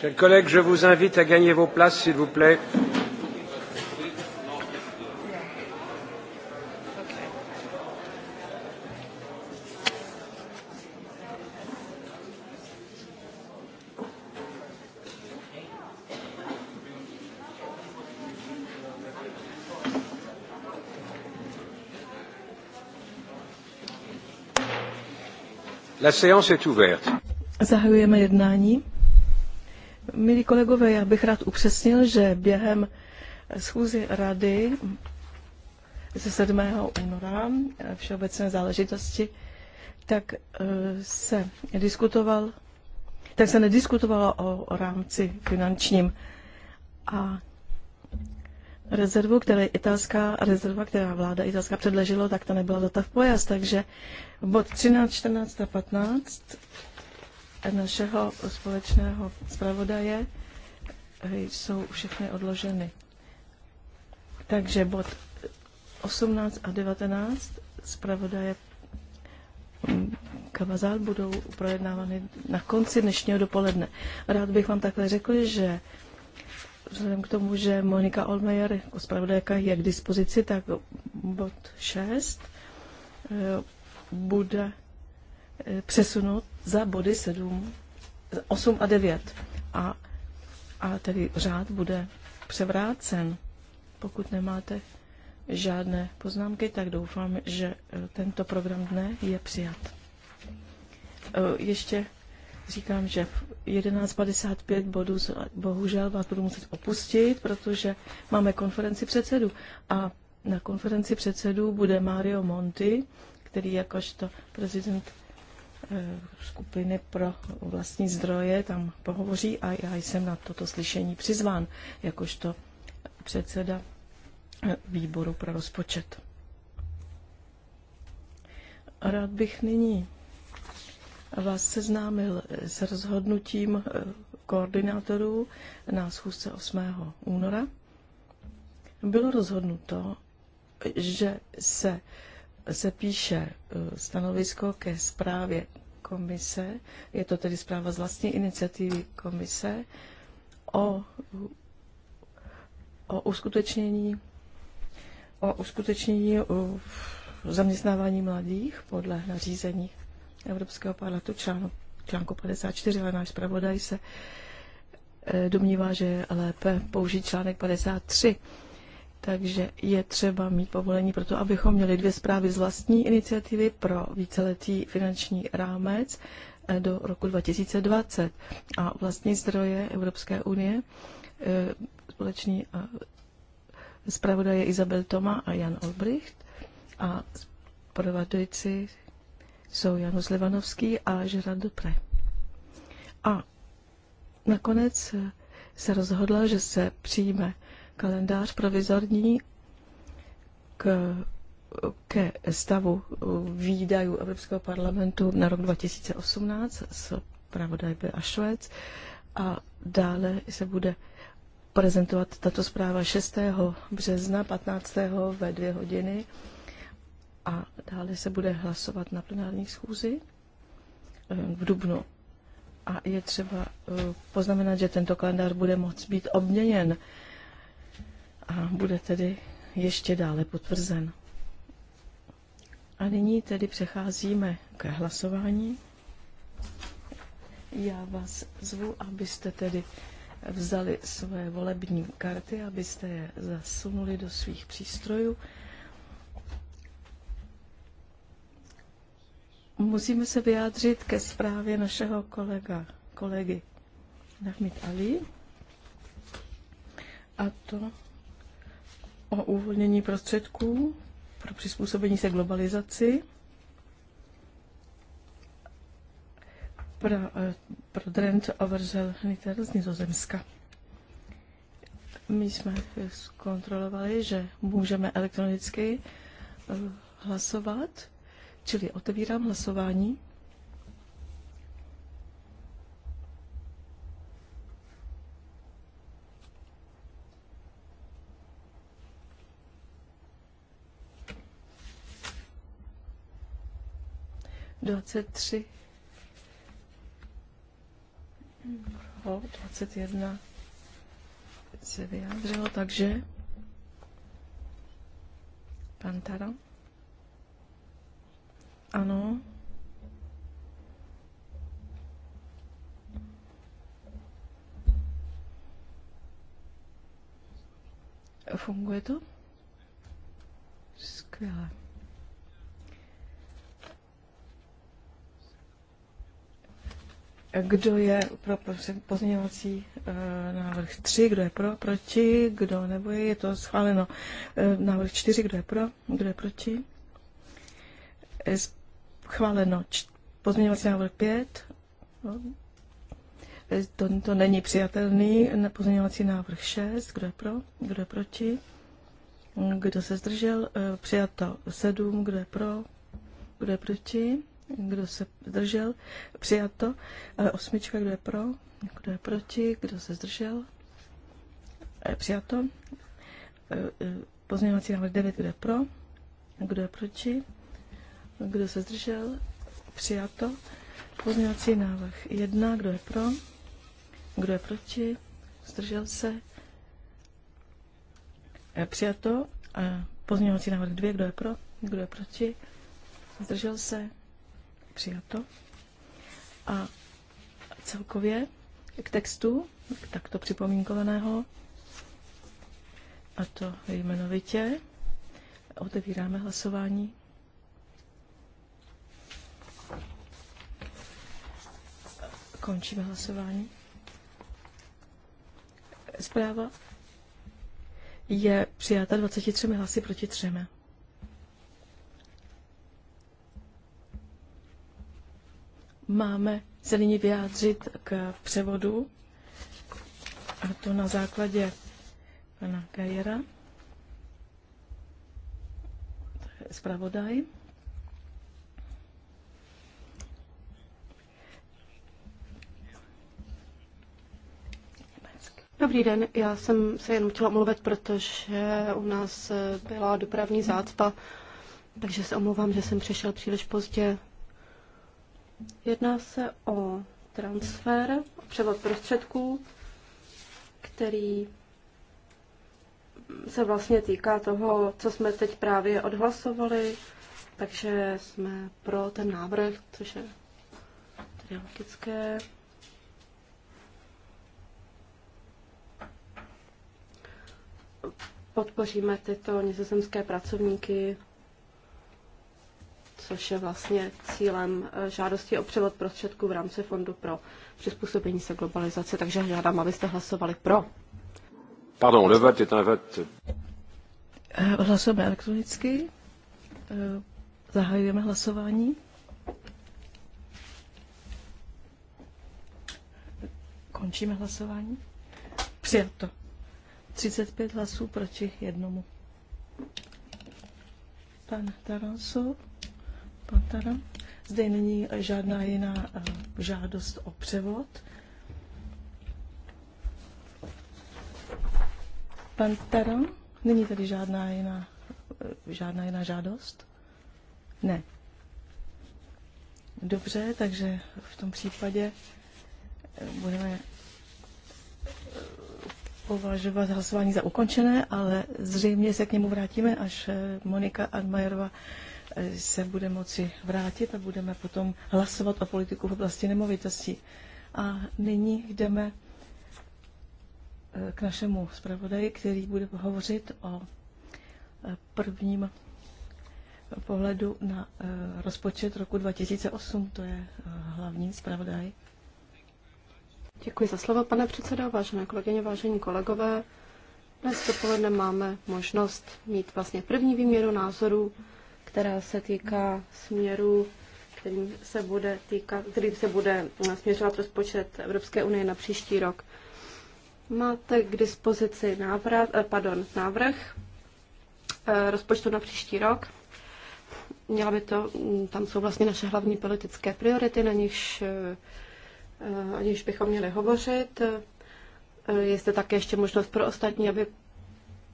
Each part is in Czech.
Chers collègues, je vous invite à gagner vos places, s'il vous plaît. La séance est ouverte. Zahajujeme jednání. Milí kolegové, já bych rád upřesnil, že během schůzy rady ze 7. února eh, všeobecné záležitosti, tak eh, se diskutoval, tak se nediskutovalo o, rámci finančním a rezervu, které italská rezerva, která vláda italská předležilo, tak to nebyla data v pojazd, takže bod 13, 14 a 15 našeho společného zpravodaje eh, jsou všechny odloženy. Takže bod 18 a 19 zpravodaje mm, Kavazal budou projednávány na konci dnešního dopoledne. Rád bych vám takhle řekl, že vzhledem k tomu, že Monika Olmeyer jako zpravodajka je k dispozici, tak bod 6 eh, bude eh, přesunut za body 7, 8 a 9. A, a tedy řád bude převrácen. Pokud nemáte žádné poznámky, tak doufám, že e, tento program dne je přijat. E, ještě říkám, že v 11.55 bodů bohužel vás budu muset opustit, protože máme konferenci předsedů. A na konferenci předsedů bude Mario Monti, který jakožto prezident Eh, skupiny pro vlastní zdroje tam pohovoří a já jsem na toto slyšení přizván jakožto předseda eh, výboru pro rozpočet. Rád bych nyní vás seznámil s rozhodnutím eh, koordinátorů na schůzce 8. února. Bylo rozhodnuto, že se sepíše e, stanovisko ke zprávě komise, je to tedy zpráva z vlastní iniciativy komise, o, o uskutečnění o uskutečnění o e, zaměstnávání mladých podle nařízení Evropského parlamentu článku, článku 54, ale náš zpravodaj se e, domnívá, že je lépe použít článek 53 takže je třeba mít povolení pro to, abychom měli dvě zprávy z vlastní iniciativy pro víceletý finanční rámec eh, do roku 2020 a vlastní zdroje Evropské unie, zpravodaj eh, zpravodaje Izabel Toma a Jan Olbricht a zpravodajci jsou Janus Levanovský a Gerard Dupré. A nakonec eh, se rozhodla, že se přijme kalendář provizorní k, ke stavu výdajů Evropského parlamentu na rok 2018 s pravodaj a Švec a dále se bude prezentovat tato zpráva 6. března 15. ve dvě hodiny a dále se bude hlasovat na plenární schůzi eh, v Dubnu. A je třeba eh, poznamenat, že tento kalendář bude moct být obměněn a bude tedy ještě dále potvrzen. A nyní tedy přecházíme k hlasování. Já vás zvu, abyste tedy vzali své volební karty, abyste je zasunuli do svých přístrojů. Musíme se vyjádřit ke zprávě našeho kolega, kolegy Nahmit Ali. A to o uvolnění prostředků pro přizpůsobení se globalizaci, pro, eh, pro Drent Overzel z Nizozemska. My jsme zkontrolovali, že můžeme elektronicky eh, hlasovat, čili otevírám hlasování. 23 pro 21 se vyjádřilo, takže pan Ano. Funguje to? Skvěle. Kdo je pro pozměňovací eh, návrh 3, kdo je pro, proti, kdo nebo je, je to schváleno. Eh, návrh 4, kdo je pro, kdo je proti. Eh, schváleno pozměňovací návrh 5. To, to není přijatelný. Pozměňovací návrh 6, kdo je pro, kdo je proti. Kdo se zdržel, přijato 7, kdo je pro, kdo je proti kdo se zdržel, to, ale osmička, kdo je pro, kdo je proti, kdo se zdržel, e, to, e, e, pozměňovací návrh 9, kdo je pro, kdo je proti, kdo se zdržel, to, pozměňovací návrh 1, kdo je pro, kdo je proti, zdržel se, to, pozměňovací návrh 2, kdo je pro, kdo je proti, zdržel se, Přijato. A celkově k textu takto připomínkovaného a to jmenovitě. Otevíráme hlasování. Končíme hlasování. Zpráva je přijata 23 hlasy proti třemi. máme se nyní vyjádřit k převodu, a to na základě pana Kajera, zpravodaj. Dobrý den, já jsem se jenom chtěla omluvit, protože u nás byla dopravní zácpa, takže se omlouvám, že jsem přišel příliš pozdě. Jedná se o transfer, o převod prostředků, který se vlastně týká toho, co jsme teď právě odhlasovali, takže jsme pro ten návrh, což je tedy logické. Podpoříme tyto nizozemské pracovníky což je vlastně cílem eh, žádosti o převod prostředků v rámci Fondu pro přizpůsobení se globalizace, takže žádám, abyste hlasovali pro. Pardon, le je est un eh, Hlasujeme elektronicky. Eh, zahajujeme hlasování. Končíme hlasování. Přijato. 35 hlasů proti jednomu. Pan Taranso. Pantara. Zde není žádná jiná eh, žádost o převod. Pan Pantara, není tady žádná jiná, eh, žádná jiná žádost? Ne. Dobře, takže v tom případě eh, budeme považovat hlasování za ukončené, ale zřejmě se k němu vrátíme, až Monika Admajerová se bude moci vrátit a budeme potom hlasovat o politiku v oblasti nemovitostí. A nyní jdeme e, k našemu zpravodaji, který bude hovořit o e, prvním pohledu na e, rozpočet roku 2008. To je hlavní zpravodaj. Děkuji za slovo, pane předsedo, vážené kolegyně, vážení kolegové. Dnes dopoledne máme možnost mít vlastně první výměru názorů která se týká směru, kterým se bude, týkat, kterým se bude směřovat rozpočet Evropské unie na příští rok. Máte k dispozici návrat, eh, pardon, návrh eh, rozpočtu na příští rok. Měla by to, mm, tam jsou vlastně naše hlavní politické priority, na nichž, eh, o nichž bychom měli hovořit. Je zde také ještě možnost pro ostatní, aby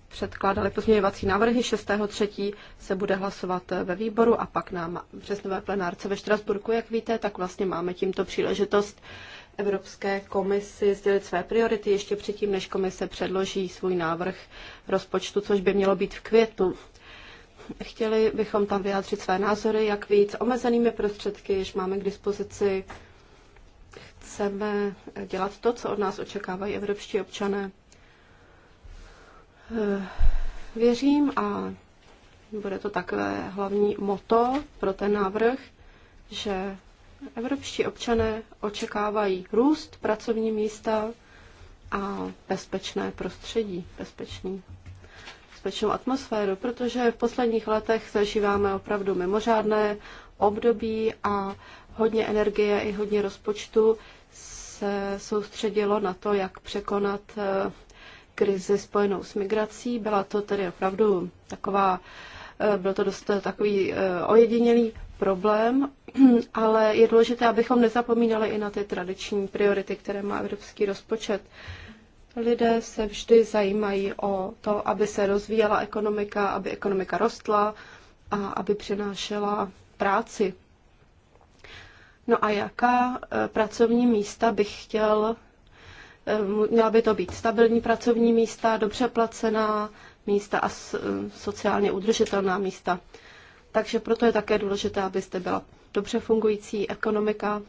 předkládali pozměňovací návrhy. 6.3. se bude hlasovat ve výboru a pak na březnové plenárce ve Štrasburku, jak víte, tak vlastně máme tímto příležitost Evropské komisi sdělit své priority ještě předtím, než komise předloží svůj návrh rozpočtu, což by mělo být v květnu. Chtěli bychom tam vyjádřit své názory, jak víc omezenými prostředky, jež máme k dispozici. Chceme dělat to, co od nás očekávají evropští občané. Eh, věřím a bude to takové hlavní moto pro ten návrh, že evropští občané očekávají růst pracovní místa a bezpečné prostředí, bezpečný, bezpečnou atmosféru, protože v posledních letech zažíváme opravdu mimořádné období a hodně energie i hodně rozpočtu se soustředilo na to, jak překonat eh, krizi spojenou s migrací. Byla to tedy opravdu taková, eh, byl to dost takový eh, ojedinělý problém, ale je důležité, abychom nezapomínali i na ty tradiční priority, které má evropský rozpočet. Lidé se vždy zajímají o to, aby se rozvíjela ekonomika, aby ekonomika rostla a aby přinášela práci. No a jaká eh, pracovní místa bych chtěl Eh, měla by to být stabilní pracovní místa, dobře placená místa a eh, sociálně udržitelná místa. Takže proto je také důležité, abyste byla dobře fungující ekonomika.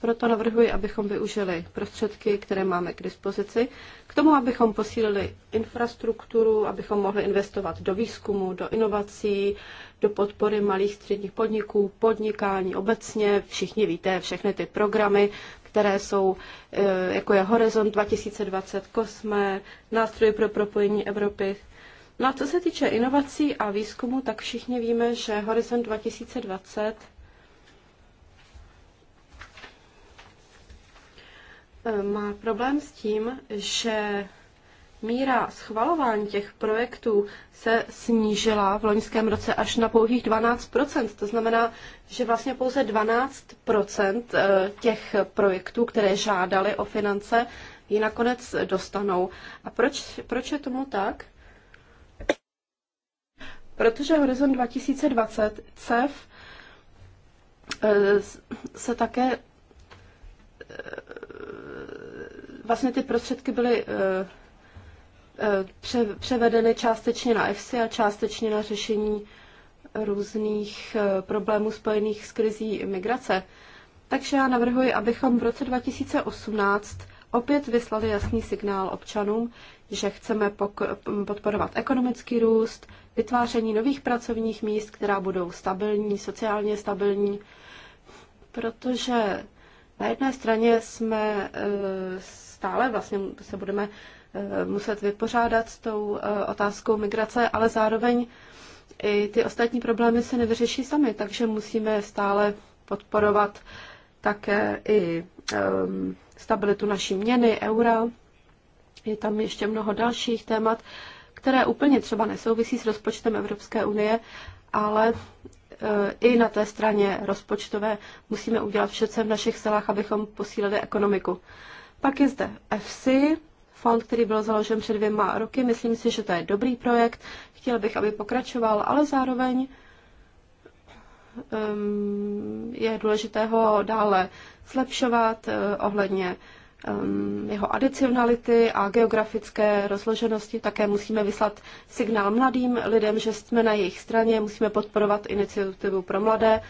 Proto navrhuji, abychom využili prostředky, které máme k dispozici, k tomu, abychom posílili infrastrukturu, abychom mohli investovat do výzkumu, do inovací, do podpory malých středních podniků, podnikání obecně. Všichni víte všechny ty programy, které jsou, eh, jako je Horizont 2020, Kosme, nástroje pro propojení Evropy. No a co se týče inovací a výzkumu, tak všichni víme, že Horizont 2020 eh, má problém s tím, že míra schvalování těch projektů se snížila v loňském roce až na pouhých 12 To znamená, že vlastně pouze 12 eh, těch projektů, které žádali o finance, ji nakonec dostanou. A proč, proč je tomu tak? Protože Horizon 2020 CEF eh, se také eh, vlastně ty prostředky byly Eh, převedeny částečně na EFSI a částečně na řešení různých eh, problémů spojených s krizí migrace. Takže já navrhuji, abychom v roce 2018 opět vyslali jasný signál občanům, že chceme podporovat ekonomický růst, vytváření nových pracovních míst, která budou stabilní, sociálně stabilní, protože na jedné straně jsme eh, stále vlastně se budeme Eh, muset vypořádat s tou eh, otázkou migrace, ale zároveň i ty ostatní problémy se nevyřeší sami, takže musíme stále podporovat také i eh, stabilitu naší měny, eura. Je tam ještě mnoho dalších témat, které úplně třeba nesouvisí s rozpočtem Evropské unie, ale i na té straně rozpočtové musíme udělat vše, co v našich silách, abychom posílili ekonomiku. Pak je zde EFSI, fond, který byl založen před dvěma roky. Myslím si, že to je dobrý projekt. Chtěl bych, aby pokračoval, ale zároveň ehm, je důležité ho dále zlepšovat eh, ohledně ehm, jeho adicionality a geografické rozloženosti. Také musíme vyslat signál mladým lidem, že jsme na jejich straně, musíme podporovat iniciativu pro mladé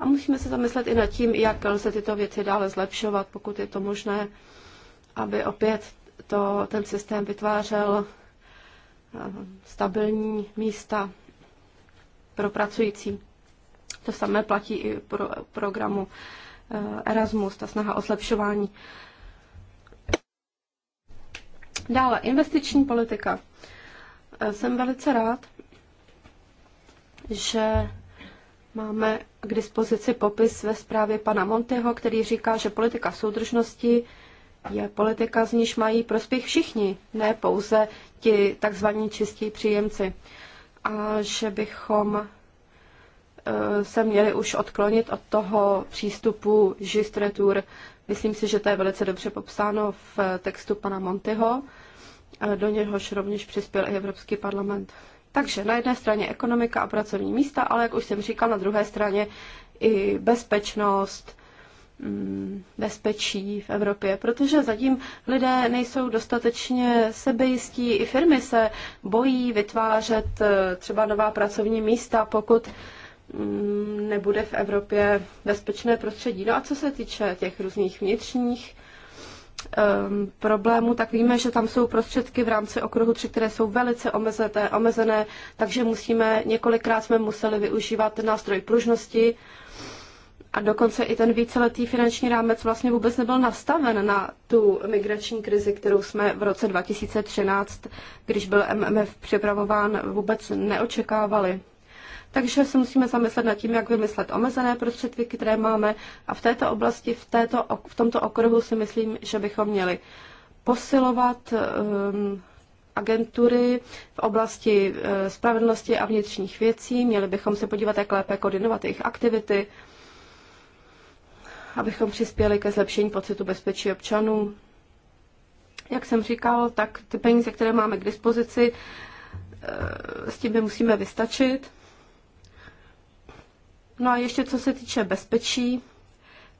a musíme se zamyslet i nad tím, jak lze tyto věci dále zlepšovat, pokud je to možné, aby opět to, ten systém vytvářel eh, stabilní místa pro pracující. To samé platí i pro programu eh, Erasmus, ta snaha o zlepšování. Dále, investiční politika. Eh, jsem velice rád, že máme k dispozici popis ve zprávě pana Monteho, který říká, že politika soudržnosti je politika, z níž mají prospěch všichni, ne pouze ti takzvaní čistí příjemci. A že bychom e, se měli už odklonit od toho přístupu žistretur. Myslím si, že to je velice dobře popsáno v textu pana Montyho, e, do něhož rovněž přispěl i Evropský parlament. Takže na jedné straně ekonomika a pracovní místa, ale jak už jsem říkal, na druhé straně i bezpečnost, Mm, bezpečí v Evropě, protože zatím lidé nejsou dostatečně sebejistí. I firmy se bojí vytvářet eh, třeba nová pracovní místa, pokud mm, nebude v Evropě bezpečné prostředí. No a co se týče těch různých vnitřních um, problémů, tak víme, že tam jsou prostředky v rámci okruhu 3, které jsou velice omezené, omezené takže musíme, několikrát jsme museli využívat nástroj pružnosti, a dokonce i ten víceletý finanční rámec vlastně vůbec nebyl nastaven na tu migrační krizi, kterou jsme v roce 2013, když byl MMF připravován, vůbec neočekávali. Takže se musíme zamyslet nad tím, jak vymyslet omezené prostředky, které máme. A v této oblasti, v, této, v tomto okruhu si myslím, že bychom měli posilovat um, agentury v oblasti uh, spravedlnosti a vnitřních věcí. Měli bychom se podívat, jak lépe koordinovat jejich aktivity abychom přispěli ke zlepšení pocitu bezpečí občanů. Jak jsem říkal, tak ty peníze, které máme k dispozici, eh, s tím by musíme vystačit. No a ještě co se týče bezpečí,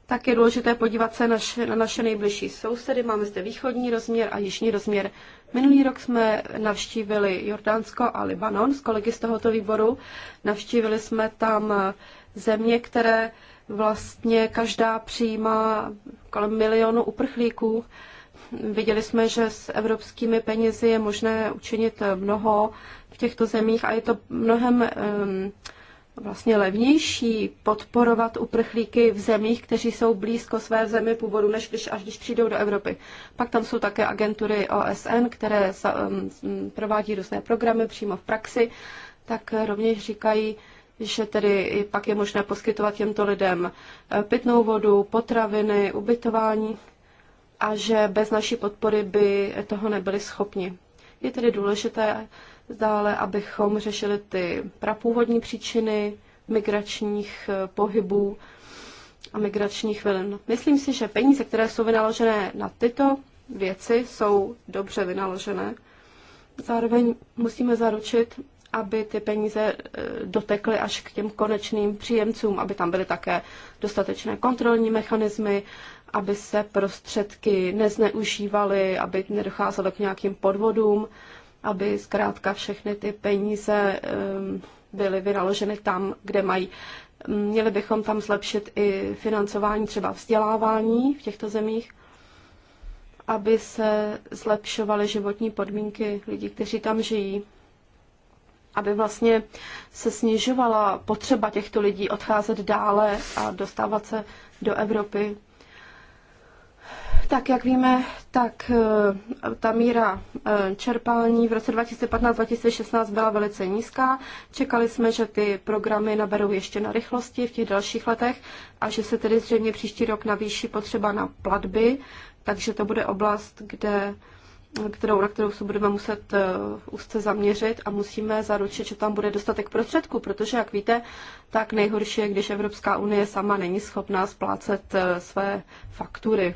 tak je důležité podívat se naš, na naše nejbližší sousedy. Máme zde východní rozměr a jižní rozměr. Minulý rok jsme navštívili Jordánsko a Libanon s kolegy z tohoto výboru. Navštívili jsme tam eh, země, které vlastně každá přijímá kolem milionu uprchlíků. Viděli jsme, že s evropskými penězi je možné učinit mnoho v těchto zemích a je to mnohem vlastně levnější podporovat uprchlíky v zemích, kteří jsou blízko své zemi původu, než když, až když přijdou do Evropy. Pak tam jsou také agentury OSN, které sa, um, provádí různé programy přímo v praxi, tak rovněž říkají, že tedy i pak je možné poskytovat těmto lidem eh, pitnou vodu, potraviny, ubytování a že bez naší podpory by toho nebyli schopni. Je tedy důležité dále, abychom řešili ty prapůvodní příčiny migračních eh, pohybů a migračních vln. Myslím si, že peníze, které jsou vynaložené na tyto věci, jsou dobře vynaložené. Zároveň musíme zaručit, aby ty peníze eh, dotekly až k těm konečným příjemcům, aby tam byly také dostatečné kontrolní mechanismy, aby se prostředky nezneužívaly, aby nedocházelo k nějakým podvodům, aby zkrátka všechny ty peníze ehm, byly vynaloženy tam, kde mají. Měli bychom tam zlepšit i financování třeba vzdělávání v těchto zemích, aby se zlepšovaly životní podmínky lidí, kteří tam žijí aby vlastně se snižovala potřeba těchto lidí odcházet dále a dostávat se do Evropy. Tak jak víme, tak eh, ta míra eh, čerpání v roce 2015-2016 byla velice nízká. Čekali jsme, že ty programy naberou ještě na rychlosti v těch dalších letech a že se tedy zřejmě příští rok navýší potřeba na platby, takže to bude oblast, kde kterou, na kterou se budeme muset eh, úzce zaměřit a musíme zaručit, že tam bude dostatek prostředků, protože, jak víte, tak nejhorší je, když Evropská unie sama není schopná splácet eh, své faktury.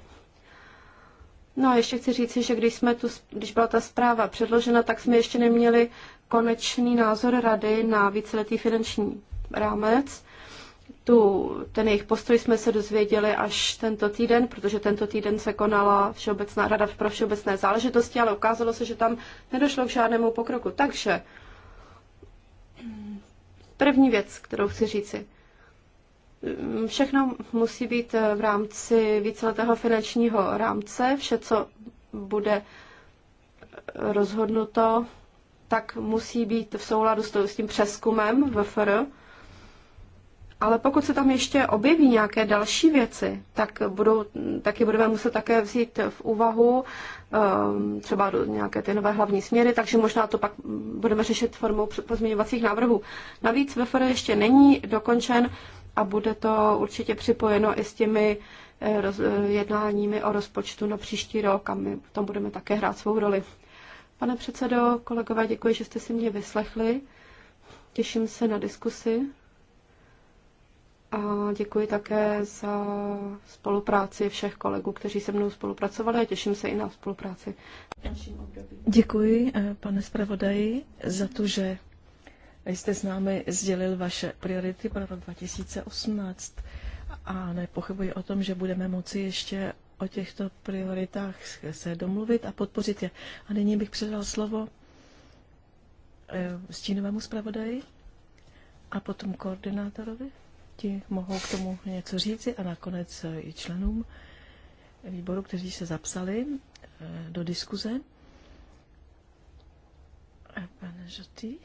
No a ještě chci říci, že když, jsme tu, když byla ta zpráva předložena, tak jsme ještě neměli konečný názor rady na víceletý finanční rámec tu, ten jejich postoj jsme se dozvěděli až tento týden, protože tento týden se konala Všeobecná rada pro všeobecné záležitosti, ale ukázalo se, že tam nedošlo k žádnému pokroku. Takže první věc, kterou chci říci. Všechno musí být v rámci víceletého finančního rámce. Vše, co bude rozhodnuto, tak musí být v souladu s tím přeskumem VFR. Ale pokud se tam ještě objeví nějaké další věci, tak budou, taky budeme muset také vzít v úvahu ehm, třeba nějaké ty nové hlavní směry, takže možná to pak budeme řešit formou pozměňovacích návrhů. Navíc VFR ještě není dokončen a bude to určitě připojeno i s těmi eh, eh, jednáními o rozpočtu na příští rok a my tam budeme také hrát svou roli. Pane předsedo, kolegové, děkuji, že jste si mě vyslechli. Těším se na diskusi. A děkuji také za spolupráci všech kolegů, kteří se mnou spolupracovali a těším se i na spolupráci. Děkuji, eh, pane zpravodaji, za to, že jste s námi sdělil vaše priority pro rok 2018 a nepochybuji o tom, že budeme moci ještě o těchto prioritách se domluvit a podpořit je. A nyní bych předal slovo eh, stínovému zpravodaji a potom koordinátorovi ti mohou k tomu něco říci a nakonec eh, i členům výboru, kteří se zapsali eh, do diskuze. A pane Žotý.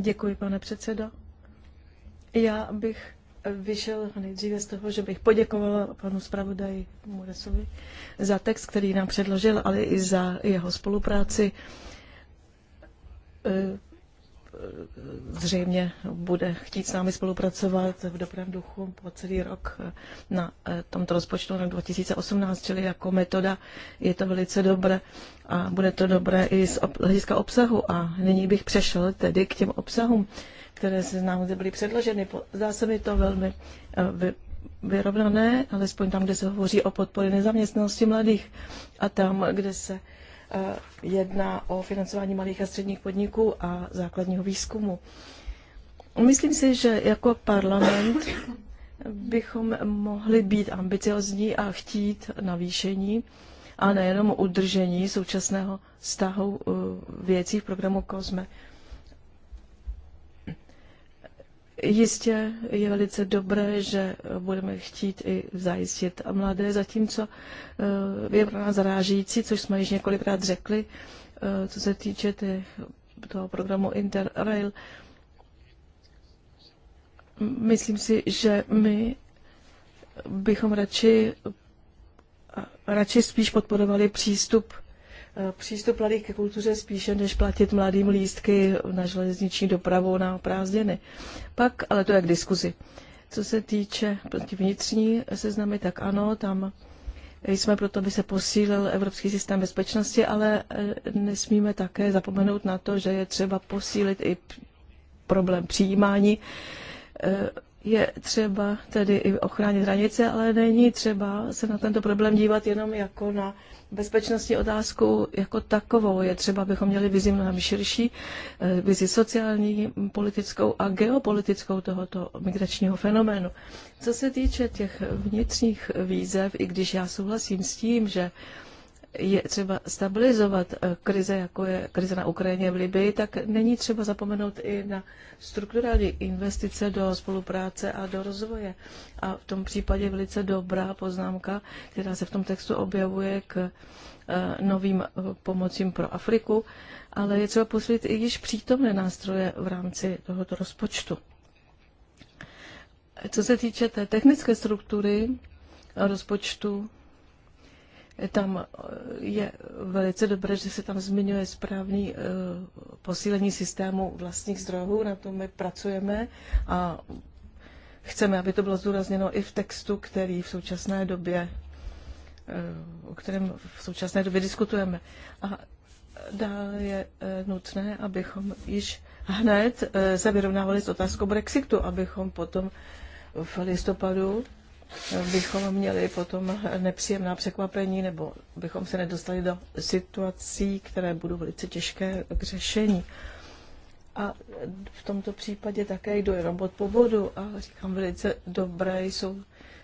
Děkuji, pane předsedo. Já bych vyšel nejdříve z toho, že bych poděkovala panu zpravodaji Muresovi za text, který nám předložil, ale i za jeho spolupráci eh, zřejmě bude chtít s námi spolupracovat v dobrém duchu po celý rok na eh, tomto rozpočtu na 2018, čili jako metoda je to velice dobré a bude to dobré i z hlediska obsahu. A nyní bych přešel tedy k těm obsahům, které se nám zde byly předloženy. Zdá se mi to velmi eh, vyrovnané, alespoň tam, kde se hovoří o podpoře nezaměstnanosti mladých a tam, kde se Eh, jedná o financování malých a středních podniků a základního výzkumu. Myslím si, že jako parlament bychom mohli být ambiciozní a chtít navýšení a nejenom udržení současného stahu eh, věcí v programu COSME. Jistě je velice dobré, že budeme chtít i zajistit a mladé, zatímco eh, je pro nás zarážící, což jsme již několikrát řekli, eh, co se týče ty, toho programu Interrail. Myslím si, že my bychom radši, radši spíš podporovali přístup přístup mladých ke kultuře spíše, než platit mladým lístky na železniční dopravu na prázdniny. Pak, ale to je k diskuzi. Co se týče vnitřní seznamy, tak ano, tam jsme proto, aby se posílil evropský systém bezpečnosti, ale e, nesmíme také zapomenout na to, že je třeba posílit i problém přijímání e, je třeba tedy i ochránit hranice, ale není třeba se na tento problém dívat jenom jako na bezpečnostní otázku jako takovou. Je třeba, abychom měli vizi mnohem širší, eh, vizi sociální, politickou a geopolitickou tohoto migračního fenoménu. Co se týče těch vnitřních výzev, i když já souhlasím s tím, že je třeba stabilizovat eh, krize, jako je krize na Ukrajině v Libii, tak není třeba zapomenout i na strukturální investice do spolupráce a do rozvoje. A v tom případě velice dobrá poznámka, která se v tom textu objevuje k eh, novým eh, pomocím pro Afriku, ale je třeba posílit i již přítomné nástroje v rámci tohoto rozpočtu. Co se týče té technické struktury rozpočtu, tam eh, je velice dobré, že se tam zmiňuje správný eh, posílení systému vlastních zdrojů, na tom my pracujeme a chceme, aby to bylo zdůrazněno i v textu, který v současné době, eh, o kterém v současné době diskutujeme. A dále je nutné, abychom již hned se vyrovnávali s otázkou Brexitu, abychom potom v listopadu bychom měli potom nepříjemná překvapení nebo bychom se nedostali do situací, které budou velice těžké k řešení. A v tomto případě také jdu jenom od povodu a říkám, velice dobré jsou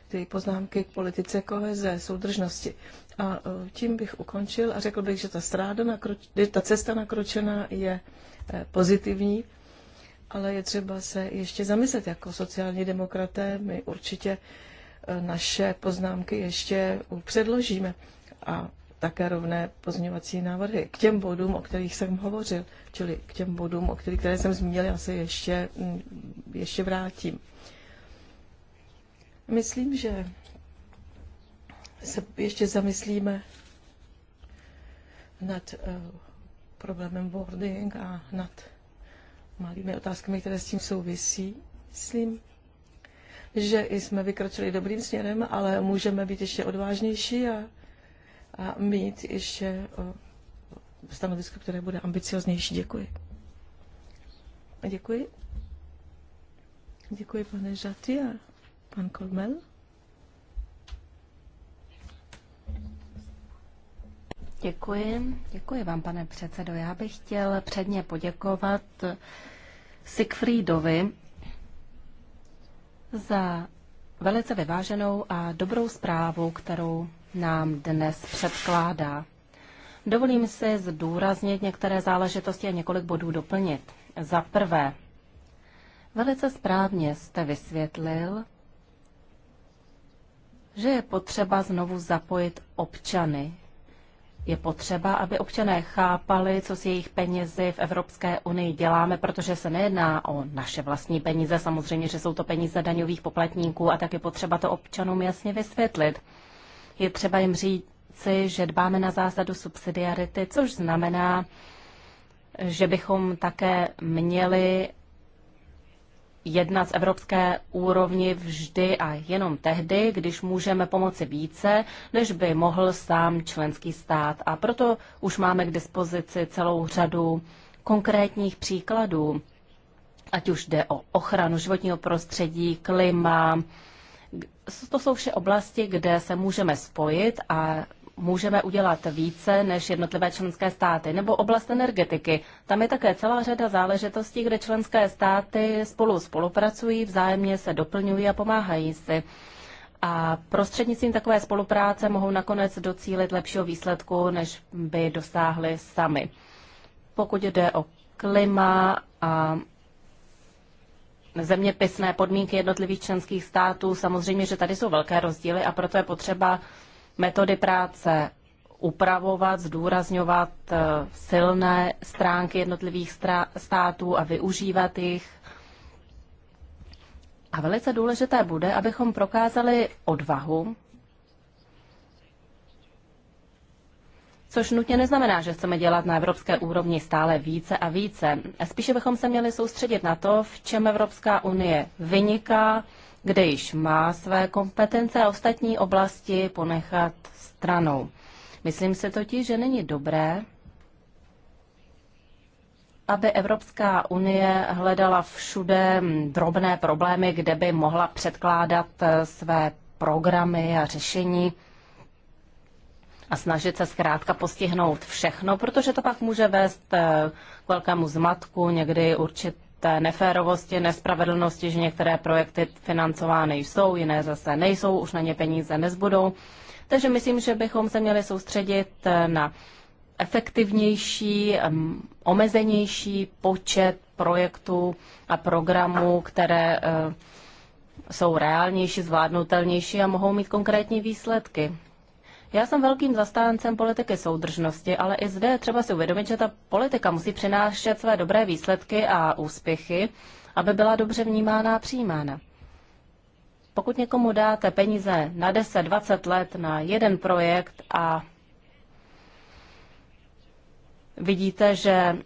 ty poznámky k politice koheze, soudržnosti. A e, tím bych ukončil a řekl bych, že ta, stráda nakroč, ta cesta nakročená je e, pozitivní, ale je třeba se ještě zamyslet jako sociální demokraté. My určitě naše poznámky ještě předložíme a také rovné pozměňovací návrhy k těm bodům, o kterých jsem hovořil, čili k těm bodům, o kterých které jsem zmínil, já se ještě, mm, ještě vrátím. Myslím, že se ještě zamyslíme nad eh, problémem boarding a nad malými otázkami, které s tím souvisí. Myslím, že jsme vykročili dobrým směrem, ale můžeme být ještě odvážnější a, a mít ještě stanovisko, které bude ambicioznější. Děkuji. Děkuji. Děkuji, pane Žaty a pan Kolmel. Děkuji. Děkuji vám, pane předsedo. Já bych chtěl předně poděkovat Sigfrídovi za velice vyváženou a dobrou zprávu, kterou nám dnes předkládá. Dovolím si zdůraznit některé záležitosti a několik bodů doplnit. Za prvé, velice správně jste vysvětlil, že je potřeba znovu zapojit občany, je potřeba, aby občané chápali, co s jejich penězi v Evropské unii děláme, protože se nejedná o naše vlastní peníze, samozřejmě, že jsou to peníze daňových poplatníků a tak je potřeba to občanům jasně vysvětlit. Je třeba jim říci, že dbáme na zásadu subsidiarity, což znamená, že bychom také měli jednat z evropské úrovni vždy a jenom tehdy, když můžeme pomoci více, než by mohl sám členský stát. A proto už máme k dispozici celou řadu konkrétních příkladů, ať už jde o ochranu životního prostředí, klima. To jsou vše oblasti, kde se můžeme spojit a můžeme udělat více než jednotlivé členské státy. Nebo oblast energetiky. Tam je také celá řada záležitostí, kde členské státy spolu spolupracují, vzájemně se doplňují a pomáhají si. A prostřednictvím takové spolupráce mohou nakonec docílit lepšího výsledku, než by dosáhli sami. Pokud jde o klima a zeměpisné podmínky jednotlivých členských států. Samozřejmě, že tady jsou velké rozdíly a proto je potřeba metody práce upravovat, zdůrazňovat eh, silné stránky jednotlivých států a využívat jich. A velice důležité bude, abychom prokázali odvahu, což nutně neznamená, že chceme dělat na evropské úrovni stále více a více. Spíše bychom se měli soustředit na to, v čem Evropská unie vyniká, kde již má své kompetence a ostatní oblasti ponechat stranou. Myslím se totiž, že není dobré, aby Evropská unie hledala všude drobné problémy, kde by mohla předkládat eh, své programy a řešení a snažit se zkrátka postihnout všechno, protože to pak může vést eh, k velkému zmatku, někdy určit, té neférovosti, nespravedlnosti, že některé projekty financovány jsou, jiné zase nejsou, už na ně peníze nezbudou. Takže myslím, že bychom se měli soustředit eh, na efektivnější, omezenější počet projektů a programů, které eh, jsou reálnější, zvládnutelnější a mohou mít konkrétní výsledky. Já jsem velkým zastáncem politiky soudržnosti, ale i zde třeba si uvědomit, že ta politika musí přinášet své dobré výsledky a úspěchy, aby byla dobře vnímána a přijímána. Pokud někomu dáte peníze na 10-20 let na jeden projekt a vidíte, že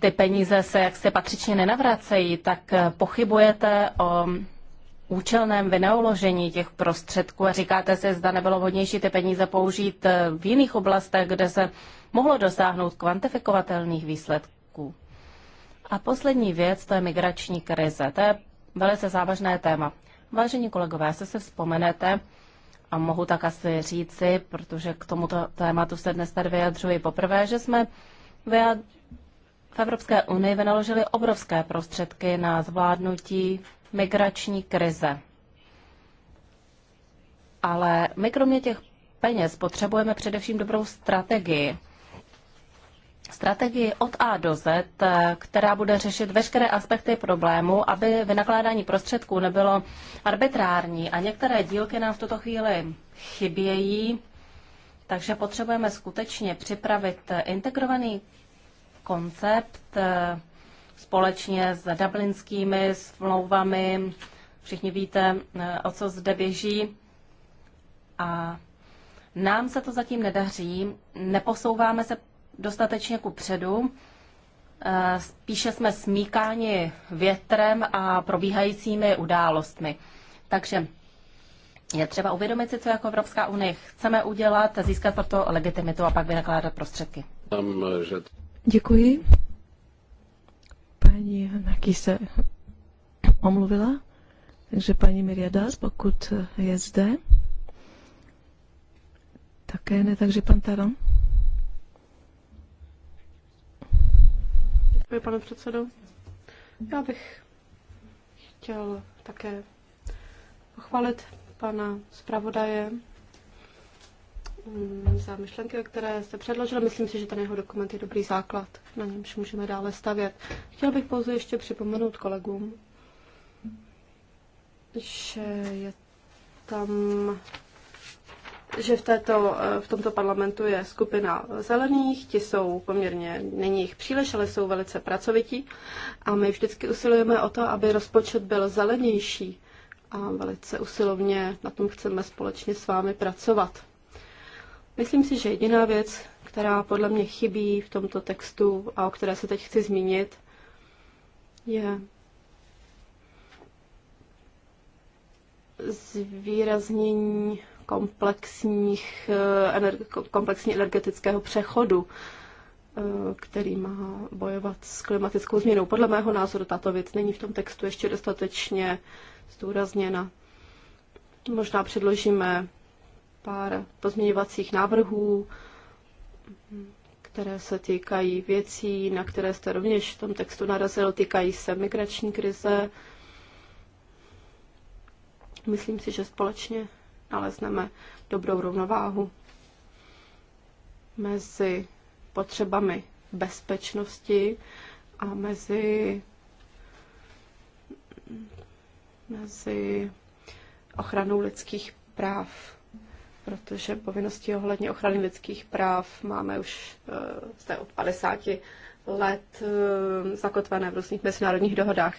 ty peníze se jaksi patřičně nenavracejí, tak pochybujete o účelném vynaložení těch prostředků a říkáte si, zda nebylo vhodnější ty peníze použít eh, v jiných oblastech, kde se mohlo dosáhnout kvantifikovatelných výsledků. A poslední věc, to je migrační krize. To je velice závažné téma. Vážení kolegové, jestli si vzpomenete, a mohu tak asi říci, protože k tomuto tématu se dnes tady vyjadřuji poprvé, že jsme v Evropské unii vynaložili obrovské prostředky na zvládnutí migrační krize. Ale my kromě těch peněz potřebujeme především dobrou strategii. Strategii od A do Z, která bude řešit veškeré aspekty problému, aby vynakládání prostředků nebylo arbitrární. A některé dílky nám v tuto chvíli chybějí, takže potřebujeme skutečně připravit integrovaný koncept společně s dublinskými smlouvami. Všichni víte, eh, o co zde běží. A nám se to zatím nedaří, neposouváme se dostatečně ku předu, eh, spíše jsme smíkáni větrem a probíhajícími událostmi. Takže je třeba uvědomit si, co jako Evropská unie chceme udělat, získat proto legitimitu a pak vynakládat prostředky. Eh, Děkuji. Paní Hanaký se omluvila, takže paní Miriadas, pokud je zde. Také ne, takže pan Taron. Děkuji, pane předsedo. Já bych chtěl také pochválit pana zpravodaje Mm, za myšlenky, které jste předložil. Myslím si, že ten jeho dokument je dobrý základ, na němž můžeme dále stavět. Chtěl bych pouze ještě připomenout kolegům, že je tam že v, této, v tomto parlamentu je skupina zelených, ti jsou poměrně, není jich příliš, ale jsou velice pracovití a my vždycky usilujeme o to, aby rozpočet byl zelenější a velice usilovně na tom chceme společně s vámi pracovat. Myslím si, že jediná věc, která podle mě chybí v tomto textu a o které se teď chci zmínit, je zvýraznění komplexních, eh, komplexní energetického přechodu, eh, který má bojovat s klimatickou změnou. Podle mého názoru tato věc není v tom textu ještě dostatečně zdůrazněna. Možná předložíme pár pozměňovacích návrhů, které se týkají věcí, na které jste rovněž v tom textu narazil, týkají se migrační krize. Myslím si, že společně nalezneme dobrou rovnováhu mezi potřebami bezpečnosti a mezi, mezi ochranou lidských práv protože povinnosti ohledně ochrany lidských práv máme už eh, zde od 50 let eh, zakotvené v různých mezinárodních dohodách.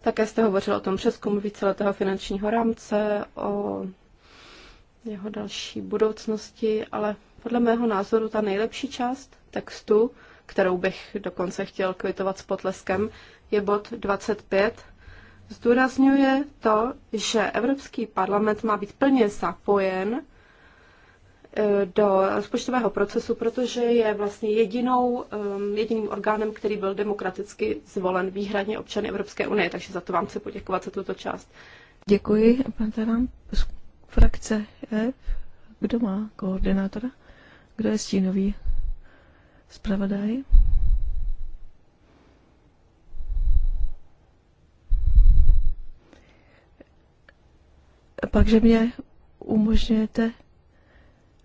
Také jste hovořil o tom přeskumu víceletého finančního rámce, o jeho další budoucnosti, ale podle mého názoru ta nejlepší část textu, kterou bych dokonce chtěl kvitovat s potleskem, je bod 25. Zdůrazňuje to, že Evropský parlament má být plně zapojen Eh, do rozpočtového procesu, protože je vlastně jedinou, jediným orgánem, který byl demokraticky zvolen výhradně občany Evropské unie. Takže za to vám chci poděkovat za tuto část. Děkuji. Pan Tarám, frakce F. Kdo má koordinátora? Kdo je stínový zpravodaj? Pak, že mě umožňujete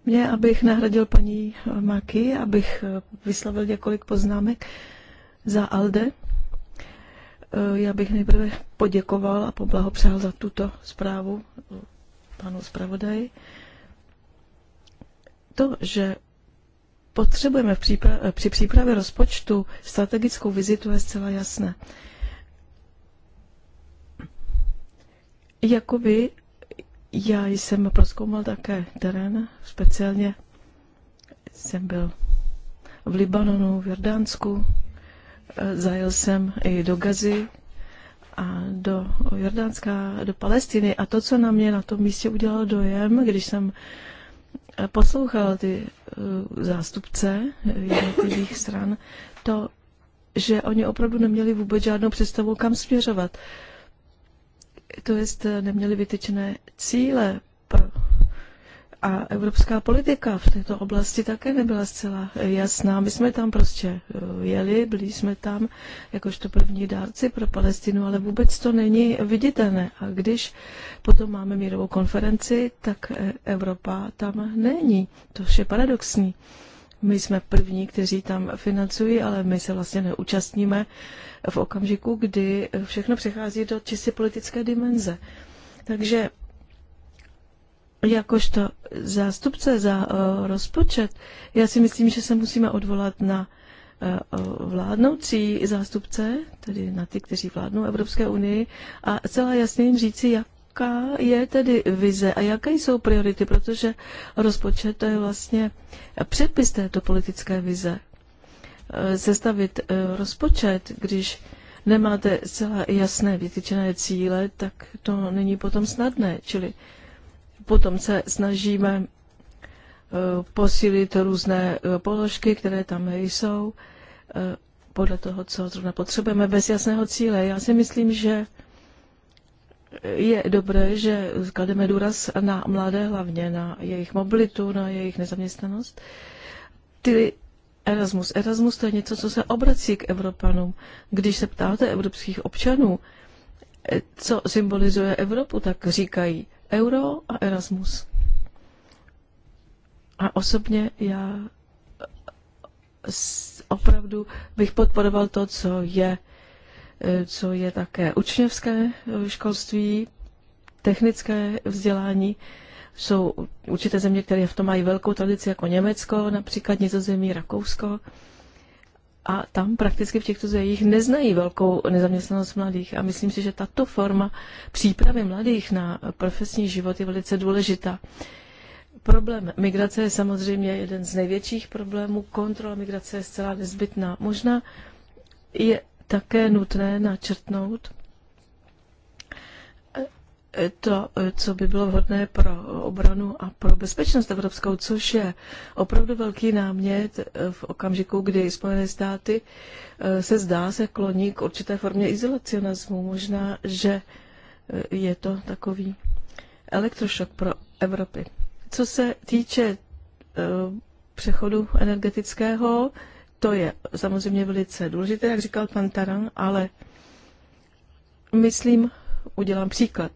mě, abych nahradil paní eh, Maky, abych eh, vyslavil několik poznámek za Alde. Eh, já bych nejprve poděkoval a poblahopřál za tuto zprávu panu zpravodaji. To, že potřebujeme v přípra- při přípravě rozpočtu strategickou vizitu, je zcela jasné. Jakoby já jsem proskoumal také terén, speciálně jsem byl v Libanonu, v Jordánsku, eh, zajel jsem i do Gazy a do Jordánska, do Palestiny. A to, co na mě na tom místě udělalo dojem, když jsem eh, poslouchal ty eh, zástupce jednotlivých stran, to, že oni opravdu neměli vůbec žádnou představu, kam směřovat to jest eh, neměli vytyčené cíle pro a evropská politika v této oblasti také nebyla zcela eh, jasná. My jsme tam prostě eh, jeli, byli jsme tam jakožto první dárci pro Palestinu, ale vůbec to není viditelné. A když potom máme mírovou konferenci, tak Evropa tam není. To je paradoxní. My jsme první, kteří tam financují, ale my se vlastně neúčastníme v okamžiku, kdy všechno přechází do čistě politické dimenze. Takže jakožto zástupce za uh, rozpočet, já si myslím, že se musíme odvolat na eh, vládnoucí zástupce, tedy na ty, kteří vládnou Evropské unii, a celá jasně jim říci, jak jaká je tedy vize a jaké jsou priority, protože rozpočet to je vlastně přepis této politické vize. Eh, sestavit eh, rozpočet, když nemáte zcela jasné vytyčené cíle, tak to není potom snadné. Čili potom se snažíme eh, posílit různé položky, které tam jsou, podle toho, co zrovna potřebujeme, bez jasného cíle. Já si myslím, že je dobré, že klademe důraz na mladé hlavně, na jejich mobilitu, na jejich nezaměstnanost. Ty Erasmus. Erasmus to je něco, co se obrací k Evropanům. Když se ptáte evropských občanů, co symbolizuje Evropu, tak říkají euro a Erasmus. A osobně já opravdu bych podporoval to, co je co je také učňovské školství, technické vzdělání. Jsou určité země, které v tom mají velkou tradici, jako Německo, například Nizozemí, Rakousko. A tam prakticky v těchto zemích neznají velkou nezaměstnanost mladých. A myslím si, že tato forma přípravy mladých na profesní život je velice důležitá. Problém migrace je samozřejmě jeden z největších problémů. Kontrola migrace je zcela nezbytná. Možná je také nutné načrtnout eh, to, eh, co by bylo vhodné pro obranu a pro bezpečnost evropskou, což je opravdu velký námět eh, v okamžiku, kdy Spojené státy se zdá se kloní k určité formě izolacionismu. Možná, že je to takový elektrošok pro Evropy. Co se týče přechodu energetického, to je samozřejmě velice důležité, jak říkal pan Taran, ale myslím, udělám příklad,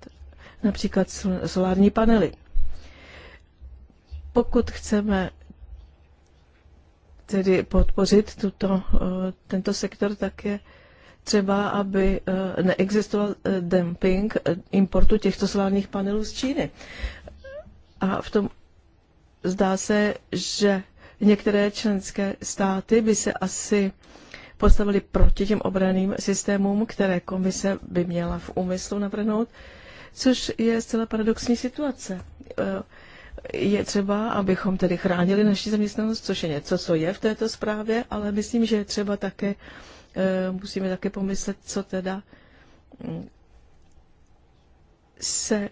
například solární panely. Pokud chceme tedy podpořit tuto, eh, tento sektor, tak je třeba, aby eh, neexistoval eh, dumping importu těchto solárních panelů z Číny. A v tom zdá se, že Některé členské státy by se asi postavili proti těm obraným systémům, které komise by měla v úmyslu navrhnout, což je zcela paradoxní situace. Eh, je třeba, abychom tedy chránili naši zaměstnanost, což je něco, co je v této zprávě, ale myslím, že je třeba také, eh, musíme také pomyslet, co teda hm, se eh,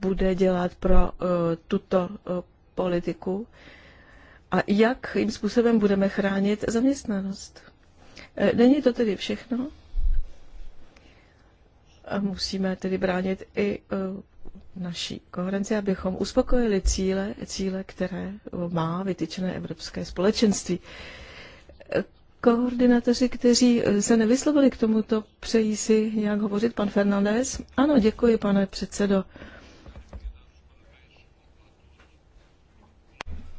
bude dělat pro tuto politiku a jim způsobem budeme chránit zaměstnanost. E, není to tedy všechno. A musíme tedy bránit i e, naší koherenci, abychom uspokojili cíle, cíle, které má vytyčené Evropské společenství. E, Koordinatoři, kteří se nevyslovili k tomuto, přejí si nějak hovořit pan Fernandez? Ano, děkuji, pane předsedo.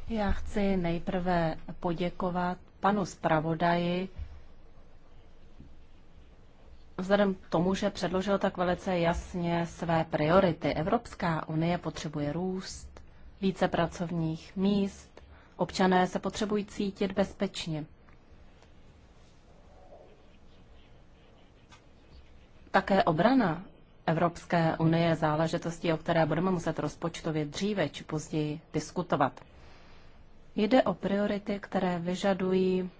Já chci nejprve poděkovat panu zpravodaji Vzhledem k tomu, že předložil tak velice jasně své priority, Evropská unie potřebuje růst, více pracovních míst, občané se potřebují cítit bezpečně. Také obrana Evropské unie záležitostí, o které budeme muset rozpočtově dříve či později diskutovat. Jde o priority, které vyžadují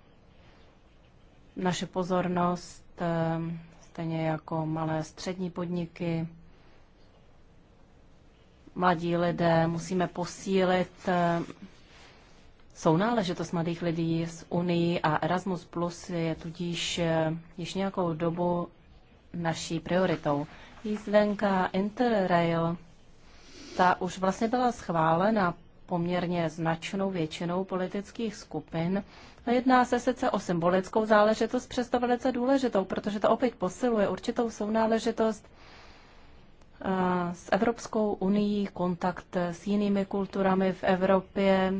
naše pozornost, eh, stejně jako malé střední podniky, mladí lidé, musíme posílit eh, sounáležitost mladých lidí z Unii a Erasmus Plus je tudíž eh, již nějakou dobu naší prioritou. Jízdenka Interrail, ta už vlastně byla schválena poměrně značnou většinou politických skupin. Jedná se sice o symbolickou záležitost, přesto velice důležitou, protože to opět posiluje určitou sounáležitost eh, s Evropskou unii, kontakt s jinými kulturami v Evropě,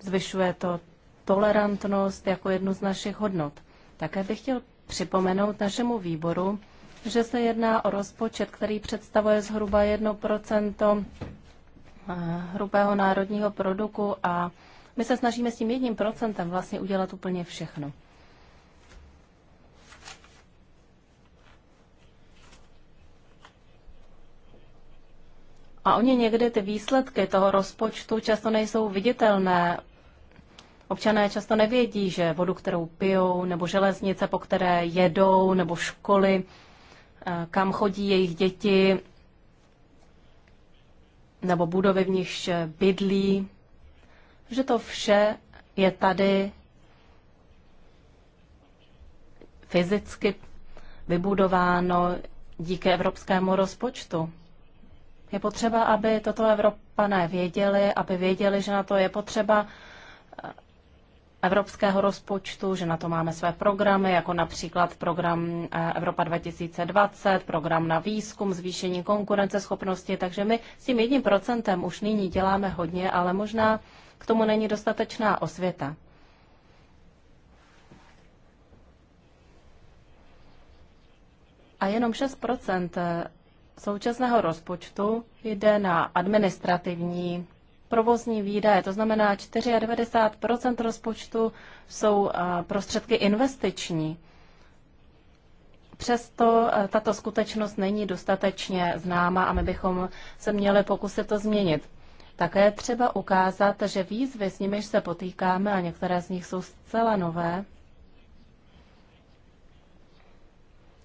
zvyšuje to tolerantnost jako jednu z našich hodnot. Také bych chtěl připomenout našemu výboru, že se jedná o rozpočet, který představuje zhruba 1 Eh, hrubého národního produktu a my se snažíme s tím jedním procentem vlastně udělat úplně všechno. A oni někdy ty výsledky toho rozpočtu často nejsou viditelné. Občané často nevědí, že vodu, kterou pijou, nebo železnice, po které jedou, nebo školy, eh, kam chodí jejich děti, nebo budovy, v nichž bydlí, že to vše je tady fyzicky vybudováno díky evropskému rozpočtu. Je potřeba, aby toto Evropané věděli, aby věděli, že na to je potřeba evropského rozpočtu, že na to máme své programy, jako například program eh, Evropa 2020, program na výzkum, zvýšení konkurenceschopnosti, takže my s tím jedním procentem už nyní děláme hodně, ale možná k tomu není dostatečná osvěta. A jenom 6 eh, současného rozpočtu jde na administrativní provozní výdaje, to znamená 94 rozpočtu jsou prostředky investiční. Přesto tato skutečnost není dostatečně známa a my bychom se měli pokusit to změnit. Také třeba ukázat, že výzvy, s nimiž se potýkáme, a některé z nich jsou zcela nové,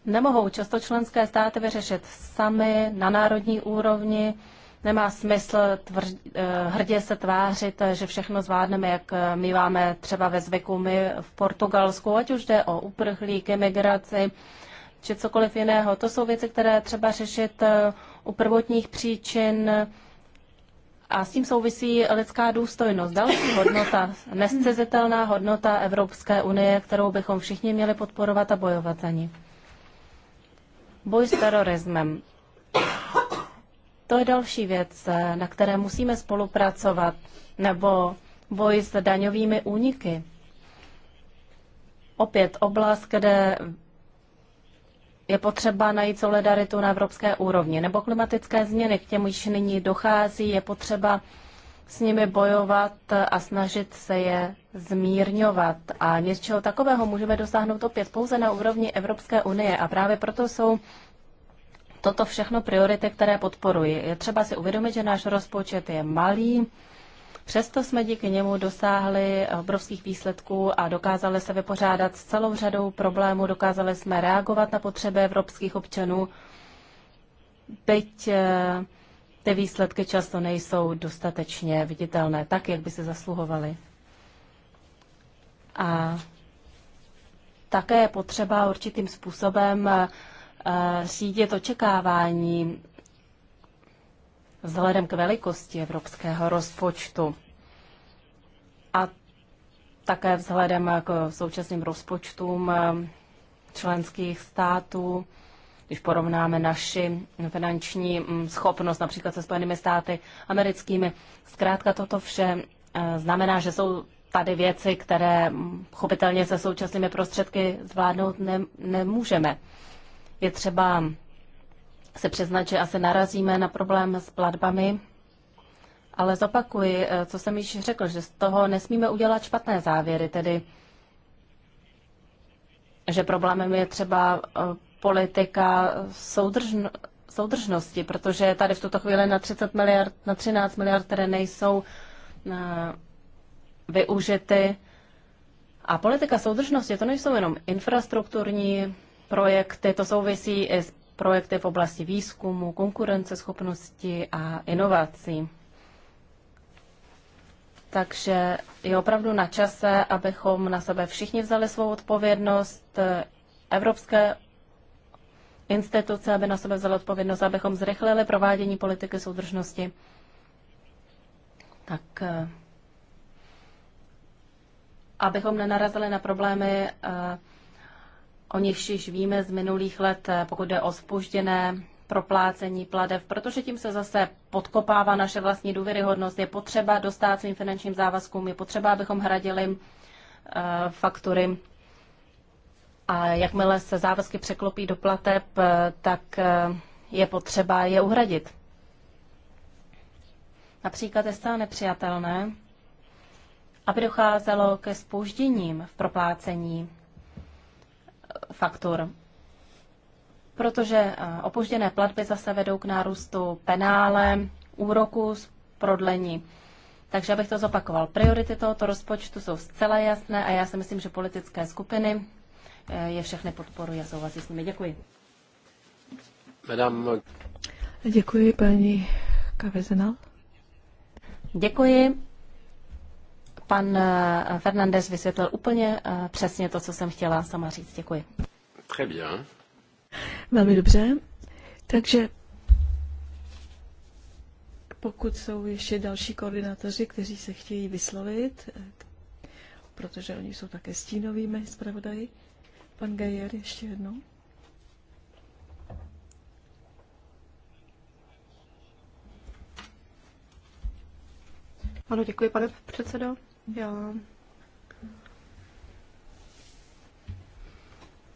nemohou často členské státy vyřešit sami na národní úrovni, Nemá smysl tvrd, eh, hrdě se tvářit, že všechno zvládneme, jak eh, máme třeba ve zvyku my v Portugalsku, ať už jde o uprchlíky, migraci či cokoliv jiného. To jsou věci, které třeba řešit eh, u prvotních příčin a s tím souvisí lidská důstojnost. Další hodnota, nescizitelná hodnota Evropské unie, kterou bychom všichni měli podporovat a bojovat za ní. Boj s terorismem. To je další věc, eh, na které musíme spolupracovat, nebo boj s daňovými úniky. Opět oblast, kde je potřeba najít solidaritu na evropské úrovni, nebo klimatické změny, k těm již nyní dochází, je potřeba s nimi bojovat a snažit se je zmírňovat. A něčeho takového můžeme dosáhnout opět pouze na úrovni Evropské unie. A právě proto jsou toto všechno priority, které podporuji. Je třeba si uvědomit, že náš rozpočet je malý, Přesto jsme díky němu dosáhli obrovských výsledků a dokázali se vypořádat s celou řadou problémů, dokázali jsme reagovat na potřeby evropských občanů, byť eh, ty výsledky často nejsou dostatečně viditelné tak, jak by se zasluhovaly. A také je potřeba určitým způsobem eh, Eh, sítět očekávání vzhledem k velikosti evropského rozpočtu a také vzhledem k současným rozpočtům eh, členských států, když porovnáme naši finanční mm, schopnost například se Spojenými státy americkými. Zkrátka toto vše eh, znamená, že jsou tady věci, které mm, chopitelně se současnými prostředky zvládnout ne, nemůžeme. Je třeba se přiznat, že asi narazíme na problém s platbami, ale zopakuji, eh, co jsem již řekl, že z toho nesmíme udělat špatné závěry, tedy že problémem je třeba eh, politika soudržn- soudržnosti, protože tady v tuto chvíli na 30 miliard, na 13 miliard, které nejsou eh, využity. A politika soudržnosti to nejsou jenom infrastrukturní projekty. To souvisí i s projekty v oblasti výzkumu, konkurenceschopnosti a inovací. Takže je opravdu na čase, abychom na sebe všichni vzali svou odpovědnost, evropské instituce, aby na sebe vzali odpovědnost, abychom zrychlili provádění politiky soudržnosti. Tak eh, abychom nenarazili na problémy eh, o nichž již víme z minulých let, eh, pokud jde o spožděné proplácení pladev, protože tím se zase podkopává naše vlastní důvěryhodnost. Je potřeba dostát svým finančním závazkům, je potřeba, abychom hradili eh, faktury. A jakmile se závazky překlopí do plateb, eh, tak je potřeba je uhradit. Například je stále nepřijatelné, aby docházelo ke spožděním v proplácení faktur. Protože eh, opožděné platby zase vedou k nárůstu penále, úroku z prodlení. Takže abych to zopakoval. Priority tohoto rozpočtu jsou zcela jasné a já si myslím, že politické skupiny eh, je všechny podporují a souhlasí s nimi. Děkuji. Madame. Děkuji, paní Kavezenal. Děkuji. Pan eh, Fernandez vysvětlil úplně eh, přesně to, co jsem chtěla sama říct. Děkuji. Très bien. Velmi dobře. Takže pokud jsou ještě další koordinátoři, kteří se chtějí vyslovit, eh, protože oni jsou také stínovými zpravodaji, pan Gajer ještě jednou. Ano, děkuji, pane předsedo. Jo,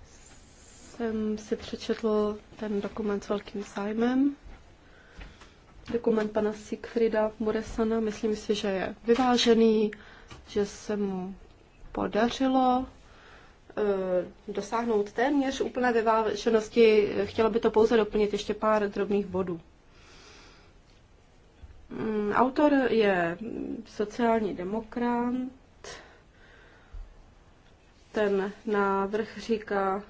jsem si přečetl ten dokument s velkým zájmem. Dokument pana Siegfrieda Muresana, myslím si, že je vyvážený, že se mu podařilo eh, dosáhnout téměř úplné vyváženosti. Chtěla by to pouze doplnit ještě pár drobných bodů. Mm, autor je sociální demokrat. Ten návrh říká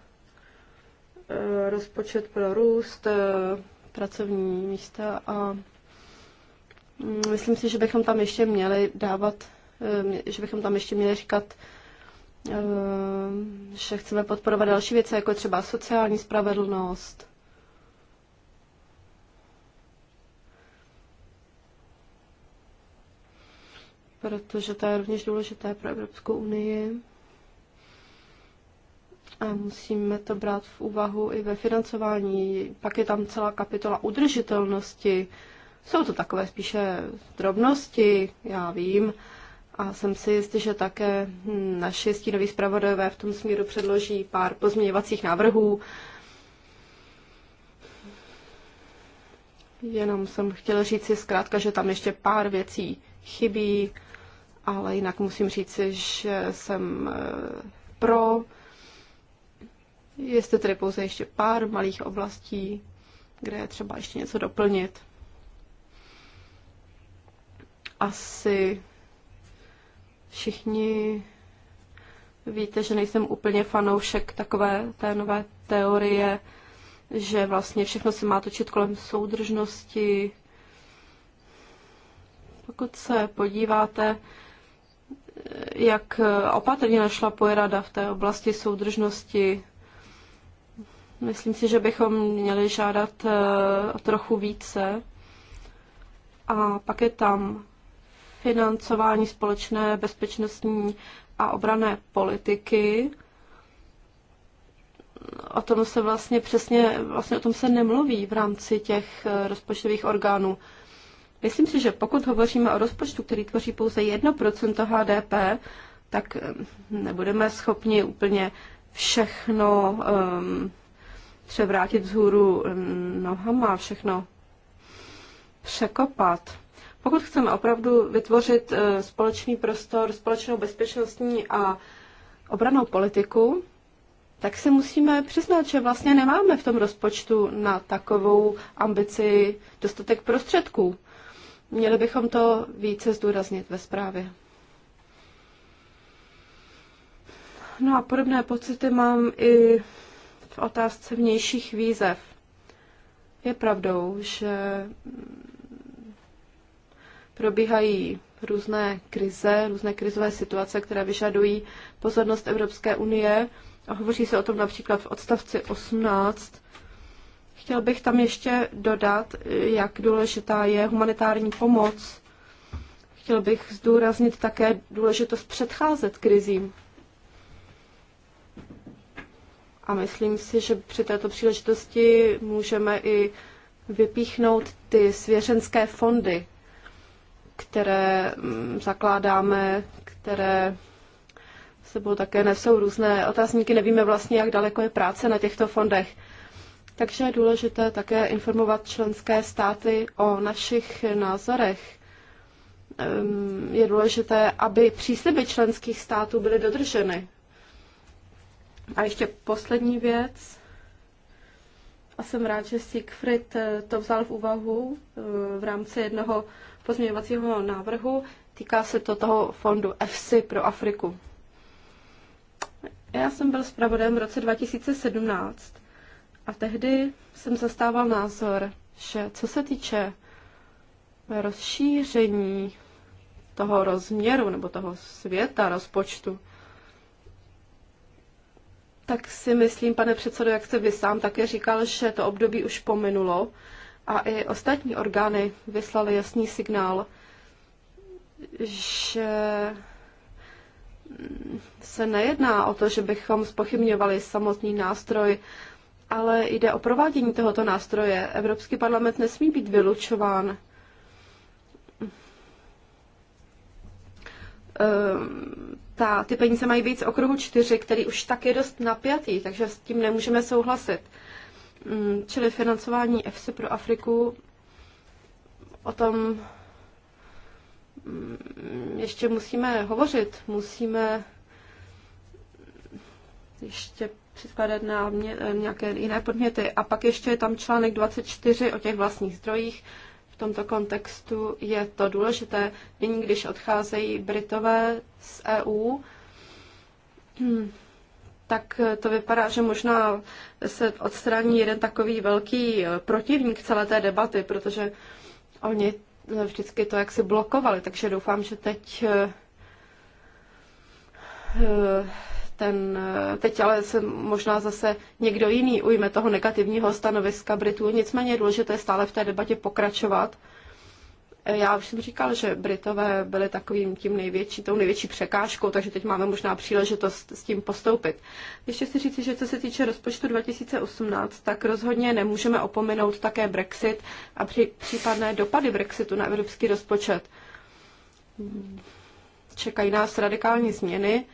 e, rozpočet pro růst, e, pracovní místa a mm, myslím si, že bychom tam ještě měli dávat, e, že bychom tam ještě měli říkat, že chceme podporovat další věci, jako třeba sociální spravedlnost, protože to je rovněž důležité pro Evropskou unii. A musíme to brát v úvahu i ve financování. Pak je tam celá kapitola udržitelnosti. Jsou to takové spíše drobnosti, já vím. A jsem si jistý, že také naši stínoví zpravodajové v tom směru předloží pár pozměňovacích návrhů. Jenom jsem chtěla říct si zkrátka, že tam ještě pár věcí chybí ale jinak musím říci, že jsem eh, pro. Je zde tedy pouze ještě pár malých oblastí, kde je třeba ještě něco doplnit. Asi všichni víte, že nejsem úplně fanoušek takové té nové teorie, že vlastně všechno se má točit kolem soudržnosti. Pokud se podíváte jak opatrně našlapuje rada v té oblasti soudržnosti. Myslím si, že bychom měli žádat eh, trochu více. A pak je tam financování společné bezpečnostní a obrané politiky. O tom se vlastně přesně, vlastně o tom se nemluví v rámci těch eh, rozpočtových orgánů. Myslím si, že pokud hovoříme o rozpočtu, který tvoří pouze 1% HDP, tak eh, nebudeme schopni úplně všechno um, převrátit vzhůru ehm, nohama, všechno překopat. Pokud chceme opravdu vytvořit eh, společný prostor, společnou bezpečnostní a obranou politiku, tak si musíme přiznat, že vlastně nemáme v tom rozpočtu na takovou ambici dostatek prostředků. Měli bychom to více zdůraznit ve zprávě. No a podobné pocity mám i v otázce vnějších výzev. Je pravdou, že probíhají různé krize, různé krizové situace, které vyžadují pozornost Evropské unie. A hovoří se o tom například v odstavci 18 Chtěl bych tam ještě dodat, jak důležitá je humanitární pomoc. Chtěl bych zdůraznit také důležitost předcházet krizím. A myslím si, že při této příležitosti můžeme i vypíchnout ty svěřenské fondy, které mm, zakládáme, které sebou také nesou různé otázníky. Nevíme vlastně, jak daleko je práce na těchto fondech. Takže je důležité také informovat členské státy o našich názorech. Ehm, je důležité, aby přísliby členských států byly dodrženy. A ještě poslední věc. A jsem rád, že Siegfried eh, to vzal v úvahu eh, v rámci jednoho pozměňovacího návrhu. Týká se to toho fondu EFSI pro Afriku. Já jsem byl zpravodajem v roce 2017 a tehdy jsem zastával názor, že co se týče rozšíření toho rozměru nebo toho světa rozpočtu, tak si myslím, pane předsedo, jak jste vy sám také říkal, že to období už pominulo a i ostatní orgány vyslali jasný signál, že se nejedná o to, že bychom spochybňovali samotný nástroj ale jde o provádění tohoto nástroje. Evropský parlament nesmí být vylučován. Ehm, ta, ty peníze mají být z okruhu čtyři, který už tak je dost napjatý, takže s tím nemůžeme souhlasit. Mm, čili financování EFSI pro Afriku, o tom mm, ještě musíme hovořit, musíme ještě připadat na eh, nějaké jiné podměty. A pak ještě je tam článek 24 o těch vlastních zdrojích. V tomto kontextu je to důležité. Nyní, když odcházejí Britové z EU, hm, tak eh, to vypadá, že možná se odstraní jeden takový velký eh, protivník celé té debaty, protože oni vždycky to jaksi blokovali, takže doufám, že teď ten, teď ale se možná zase někdo jiný ujme toho negativního stanoviska Britů. Nicméně je důležité stále v té debatě pokračovat. Já už jsem říkal, že Britové byli takovým tím největší, tou největší překážkou, takže teď máme možná příležitost s tím postoupit. Ještě si říci, že co se týče rozpočtu 2018, tak rozhodně nemůžeme opomenout také Brexit a při, případné dopady Brexitu na evropský rozpočet. Čekají nás radikální změny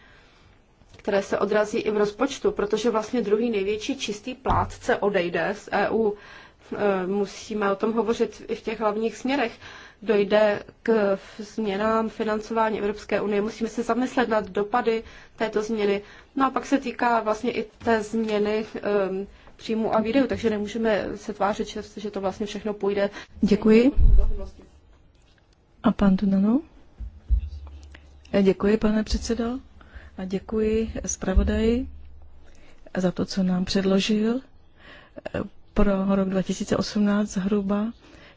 které se odrazí i v rozpočtu, protože vlastně druhý největší čistý plátce odejde z EU. E, musíme o tom hovořit i v těch hlavních směrech. Dojde k změnám financování Evropské unie. Musíme se zamyslet nad dopady této změny. No a pak se týká vlastně i té změny um, příjmu a výdejů, takže nemůžeme se tvářit, že, to vlastně všechno půjde. Děkuji. A pan Tunano? Děkuji, pane předsedo. A děkuji zpravodaji za to, co nám předložil pro rok 2018 zhruba.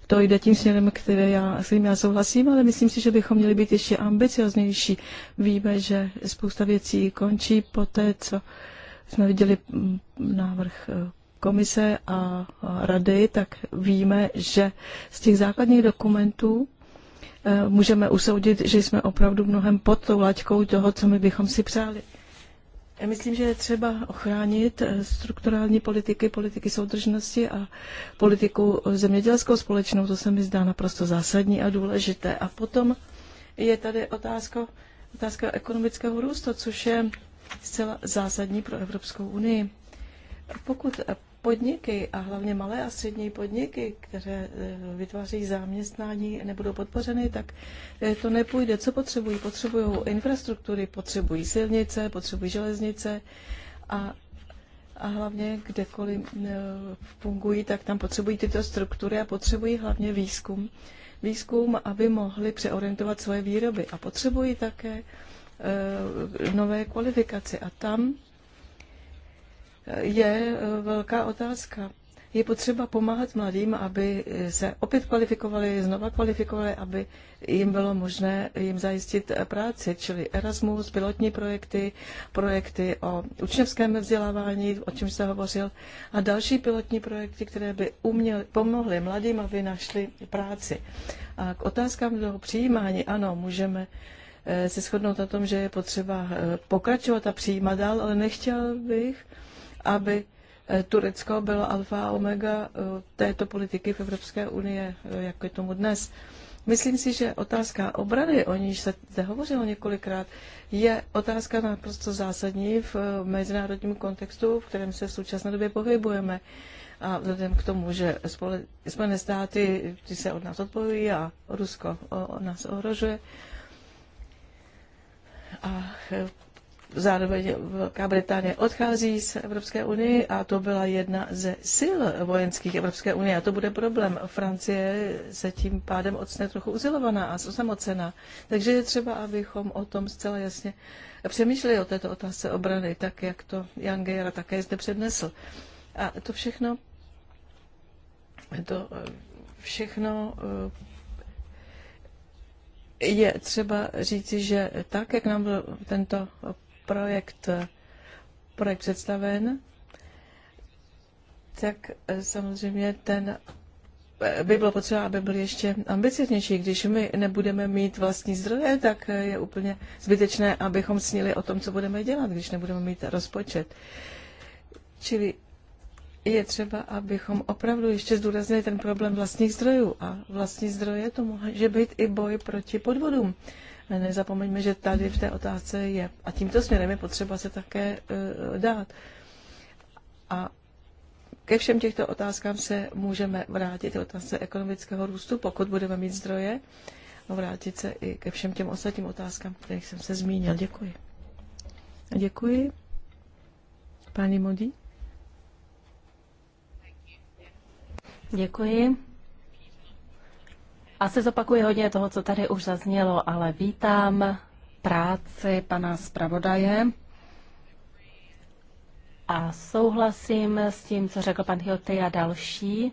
To jde tím směrem, který já, s kterým já souhlasím, ale myslím si, že bychom měli být ještě ambicioznější. Víme, že spousta věcí končí po té, co jsme viděli návrh komise a rady, tak víme, že z těch základních dokumentů Eh, můžeme usoudit, že jsme opravdu mnohem pod tou laťkou toho, co my bychom si přáli. Já myslím, že je třeba ochránit eh, strukturální politiky, politiky soudržnosti a politiku eh, zemědělskou společnou. To se mi zdá naprosto zásadní a důležité. A potom je tady otázka, otázka ekonomického růstu, což je zcela zásadní pro Evropskou unii. Pokud podniky a hlavně malé a střední podniky, které eh, vytváří zaměstnání, nebudou podpořeny, tak eh, to nepůjde. Co potřebují? Potřebují infrastruktury, potřebují silnice, potřebují železnice a a hlavně kdekoliv eh, fungují, tak tam potřebují tyto struktury a potřebují hlavně výzkum. Výzkum, aby mohli přeorientovat svoje výroby a potřebují také nové kvalifikace. A tam je eh, velká otázka. Je potřeba pomáhat mladým, aby eh, se opět kvalifikovali, znova kvalifikovali, aby jim bylo možné eh, jim zajistit práci, čili Erasmus, pilotní projekty, projekty o učňovském vzdělávání, o čem jste hovořil, a další pilotní projekty, které by uměli, pomohly mladým, aby našli práci. A k otázkám toho přijímání, ano, můžeme se shodnout na tom, že je potřeba pokračovat a přijímat dál, ale nechtěl bych, aby eh, Turecko bylo alfa a omega eh, této politiky v Evropské unie, eh, jako je tomu dnes. Myslím si, že otázka obrany, o níž se zde hovořilo několikrát, je otázka naprosto zásadní v mezinárodním kontextu, v kterém se v současné době pohybujeme. A vzhledem k tomu, že Spojené státy ty se od nás odpojují a Rusko od nás ohrožuje. A Zároveň Velká Británie odchází z Evropské unie a to byla jedna ze sil vojenských Evropské unie a to bude problém. Francie se tím pádem odsne trochu uzilovaná a osamocená. Takže je třeba, abychom o tom zcela jasně přemýšleli o této otázce obrany, tak jak to Jan Gejra také zde přednesl. A to všechno, to eh, všechno eh, je třeba říci, že tak, jak nám byl tento projekt, projekt představen, tak eh, samozřejmě ten eh, by bylo potřeba, aby byl ještě ambicioznější. Když my nebudeme mít vlastní zdroje, tak eh, je úplně zbytečné, abychom snili o tom, co budeme dělat, když nebudeme mít rozpočet. Čili je třeba, abychom opravdu ještě zdůraznili ten problém vlastních zdrojů. A vlastní zdroje to může být i boj proti podvodům nezapomeňme, že tady v té otázce je. A tímto směrem je potřeba se také eh, dát. A ke všem těchto otázkám se můžeme vrátit, otázce ekonomického růstu, pokud budeme mít zdroje, a vrátit se i ke všem těm ostatním otázkám, kterých jsem se zmínil. Děkuji. Děkuji. Pani Modi. Děkuji. Asi zopakuji hodně toho, co tady už zaznělo, ale vítám práci pana zpravodaje a souhlasím s tím, co řekl pan Hioty a další,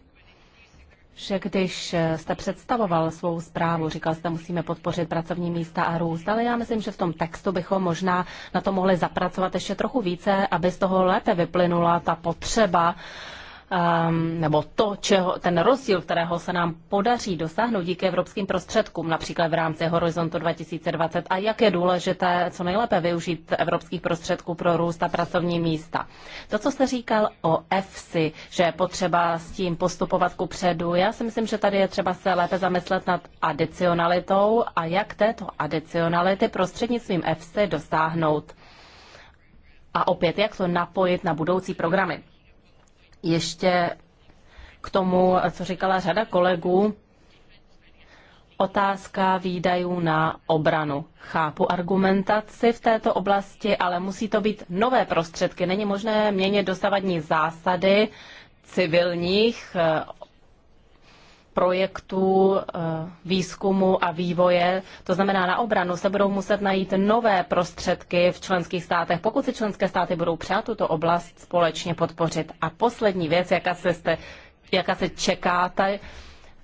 že když jste představoval svou zprávu, říkal jste, musíme podpořit pracovní místa a růst, ale já myslím, že v tom textu bychom možná na to mohli zapracovat ještě trochu více, aby z toho lépe vyplynula ta potřeba uh, Ehm, nebo to, čeho, ten rozdíl, kterého se nám podaří dosáhnout díky evropským prostředkům, například v rámci Horizontu 2020 a jak je důležité co nejlépe využít evropských prostředků pro růst a pracovní místa. To, co jste říkal o EFSI, že je potřeba s tím postupovat ku předu, já si myslím, že tady je třeba se lépe zamyslet nad adicionalitou a jak této adicionality prostřednictvím EFSI dosáhnout. A opět, jak to napojit na budoucí programy ještě k tomu, co říkala řada kolegů, otázka výdajů na obranu. Chápu argumentaci v této oblasti, ale musí to být nové prostředky. Není možné měnit dosavadní zásady civilních eh, projektů eh, výzkumu a vývoje, to znamená na obranu, se budou muset najít nové prostředky v členských státech, pokud si členské státy budou přát tuto oblast společně podpořit. A poslední věc, jaká se, jste, jaká se čekáte,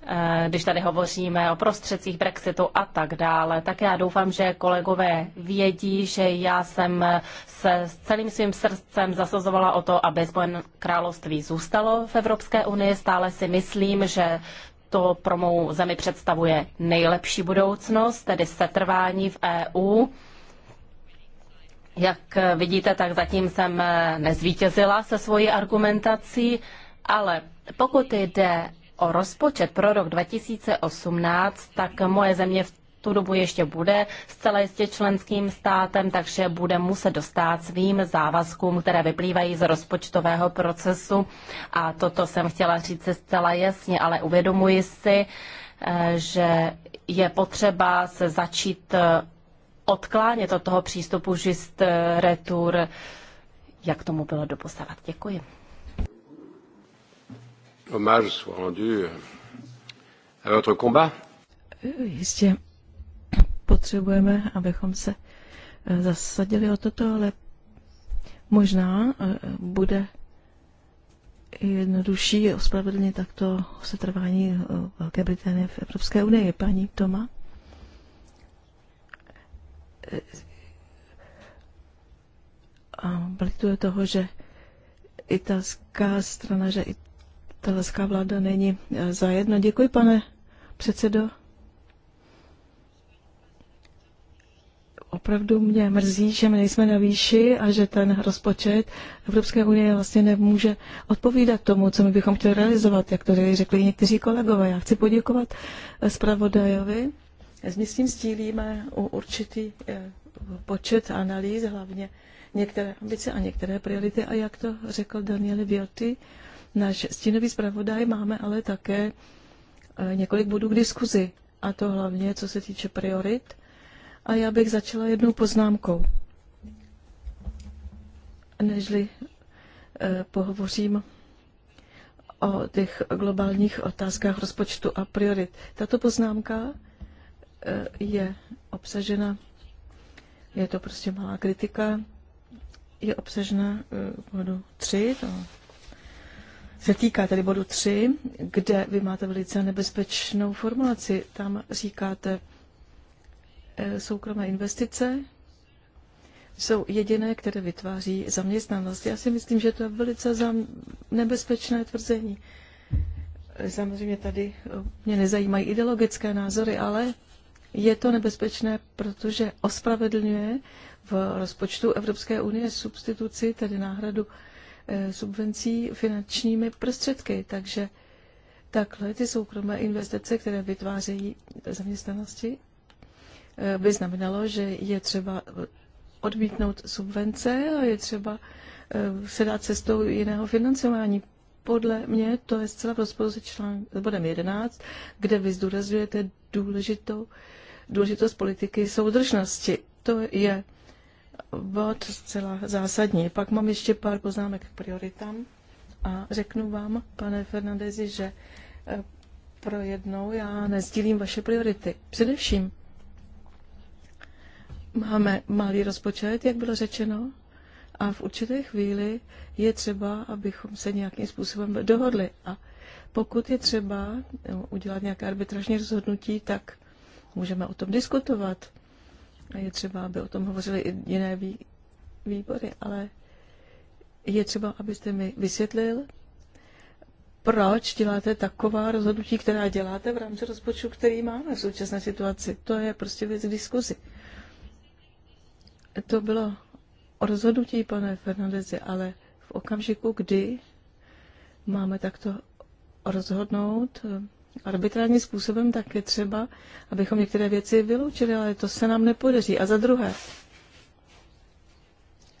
eh, když tady hovoříme o prostředcích Brexitu a tak dále, tak já doufám, že kolegové vědí, že já jsem se s celým svým srdcem zasazovala o to, aby Spojené království zůstalo v Evropské unii. Stále si myslím, že to pro mou zemi představuje nejlepší budoucnost, tedy setrvání v EU. Jak vidíte, tak zatím jsem nezvítězila se svojí argumentací, ale pokud jde o rozpočet pro rok 2018, tak moje země v tu dobu ještě bude zcela jistě členským státem, takže bude muset dostat svým závazkům, které vyplývají z rozpočtového procesu. A toto jsem chtěla říct zcela jasně, ale uvědomuji si, eh, že je potřeba se začít eh, odklánět od toho přístupu žist eh, retur, jak tomu bylo doposavat. Děkuji. Hommage soit rendu à votre combat. Euh, potřebujeme, abychom se eh, zasadili o toto, ale možná eh, bude jednodušší ospravedlnit takto setrvání eh, Velké Británie v Evropské unii. Paní Toma? A blituje toho, že italská strana, že italská vláda není zajedno. Děkuji, pane předsedo. opravdu mě mrzí, že my nejsme na výši a že ten rozpočet Evropské unie vlastně nemůže odpovídat tomu, co my bychom chtěli realizovat, jak to řekli někteří kolegové. Já chci poděkovat eh, zpravodajovi. S myslím stílíme určitý eh, počet analýz, hlavně některé ambice a některé priority. A jak to řekl Daniel Vioty, náš stínový zpravodaj, máme ale také eh, několik bodů k diskuzi. A to hlavně, co se týče priorit – a já bych začala jednou poznámkou. Nežli eh, pohovořím o těch globálních otázkách rozpočtu a priorit. Tato poznámka eh, je obsažena, je to prostě malá kritika, je obsažena eh, bodu 3, to se týká tedy bodu 3, kde vy máte velice nebezpečnou formulaci. Tam říkáte, Eh, soukromé investice jsou jediné, které vytváří zaměstnanost. Já si myslím, že to je velice nebezpečné tvrzení. Eh, samozřejmě tady eh, mě nezajímají ideologické názory, ale je to nebezpečné, protože ospravedlňuje v rozpočtu Evropské unie substituci, tedy náhradu subvencí finančními prostředky. Takže takhle ty soukromé investice, které vytvářejí zaměstnanosti, Eh, by znamenalo, že je třeba odmítnout subvence a je třeba eh, se dát cestou jiného financování. Podle mě to je zcela v rozporu se bodem 11, kde vy zdůrazujete důležitou, důležitost politiky soudržnosti. To je bod zcela zásadní. Pak mám ještě pár poznámek k prioritám a řeknu vám, pane Fernandezi, že eh, pro jednou já nezdílím vaše priority. Především Máme malý rozpočet, jak bylo řečeno, a v určité chvíli je třeba, abychom se nějakým způsobem dohodli. A pokud je třeba no, udělat nějaké arbitražní rozhodnutí, tak můžeme o tom diskutovat. A je třeba, aby o tom hovořili i jiné výbory, ale je třeba, abyste mi vysvětlil, proč děláte taková rozhodnutí, která děláte v rámci rozpočtu, který máme v současné situaci. To je prostě věc diskuzi to bylo rozhodnutí pane Fernandezi, ale v okamžiku, kdy máme takto rozhodnout eh, arbitrárním způsobem, tak je třeba, abychom některé věci vyloučili, ale to se nám nepodaří. A za druhé,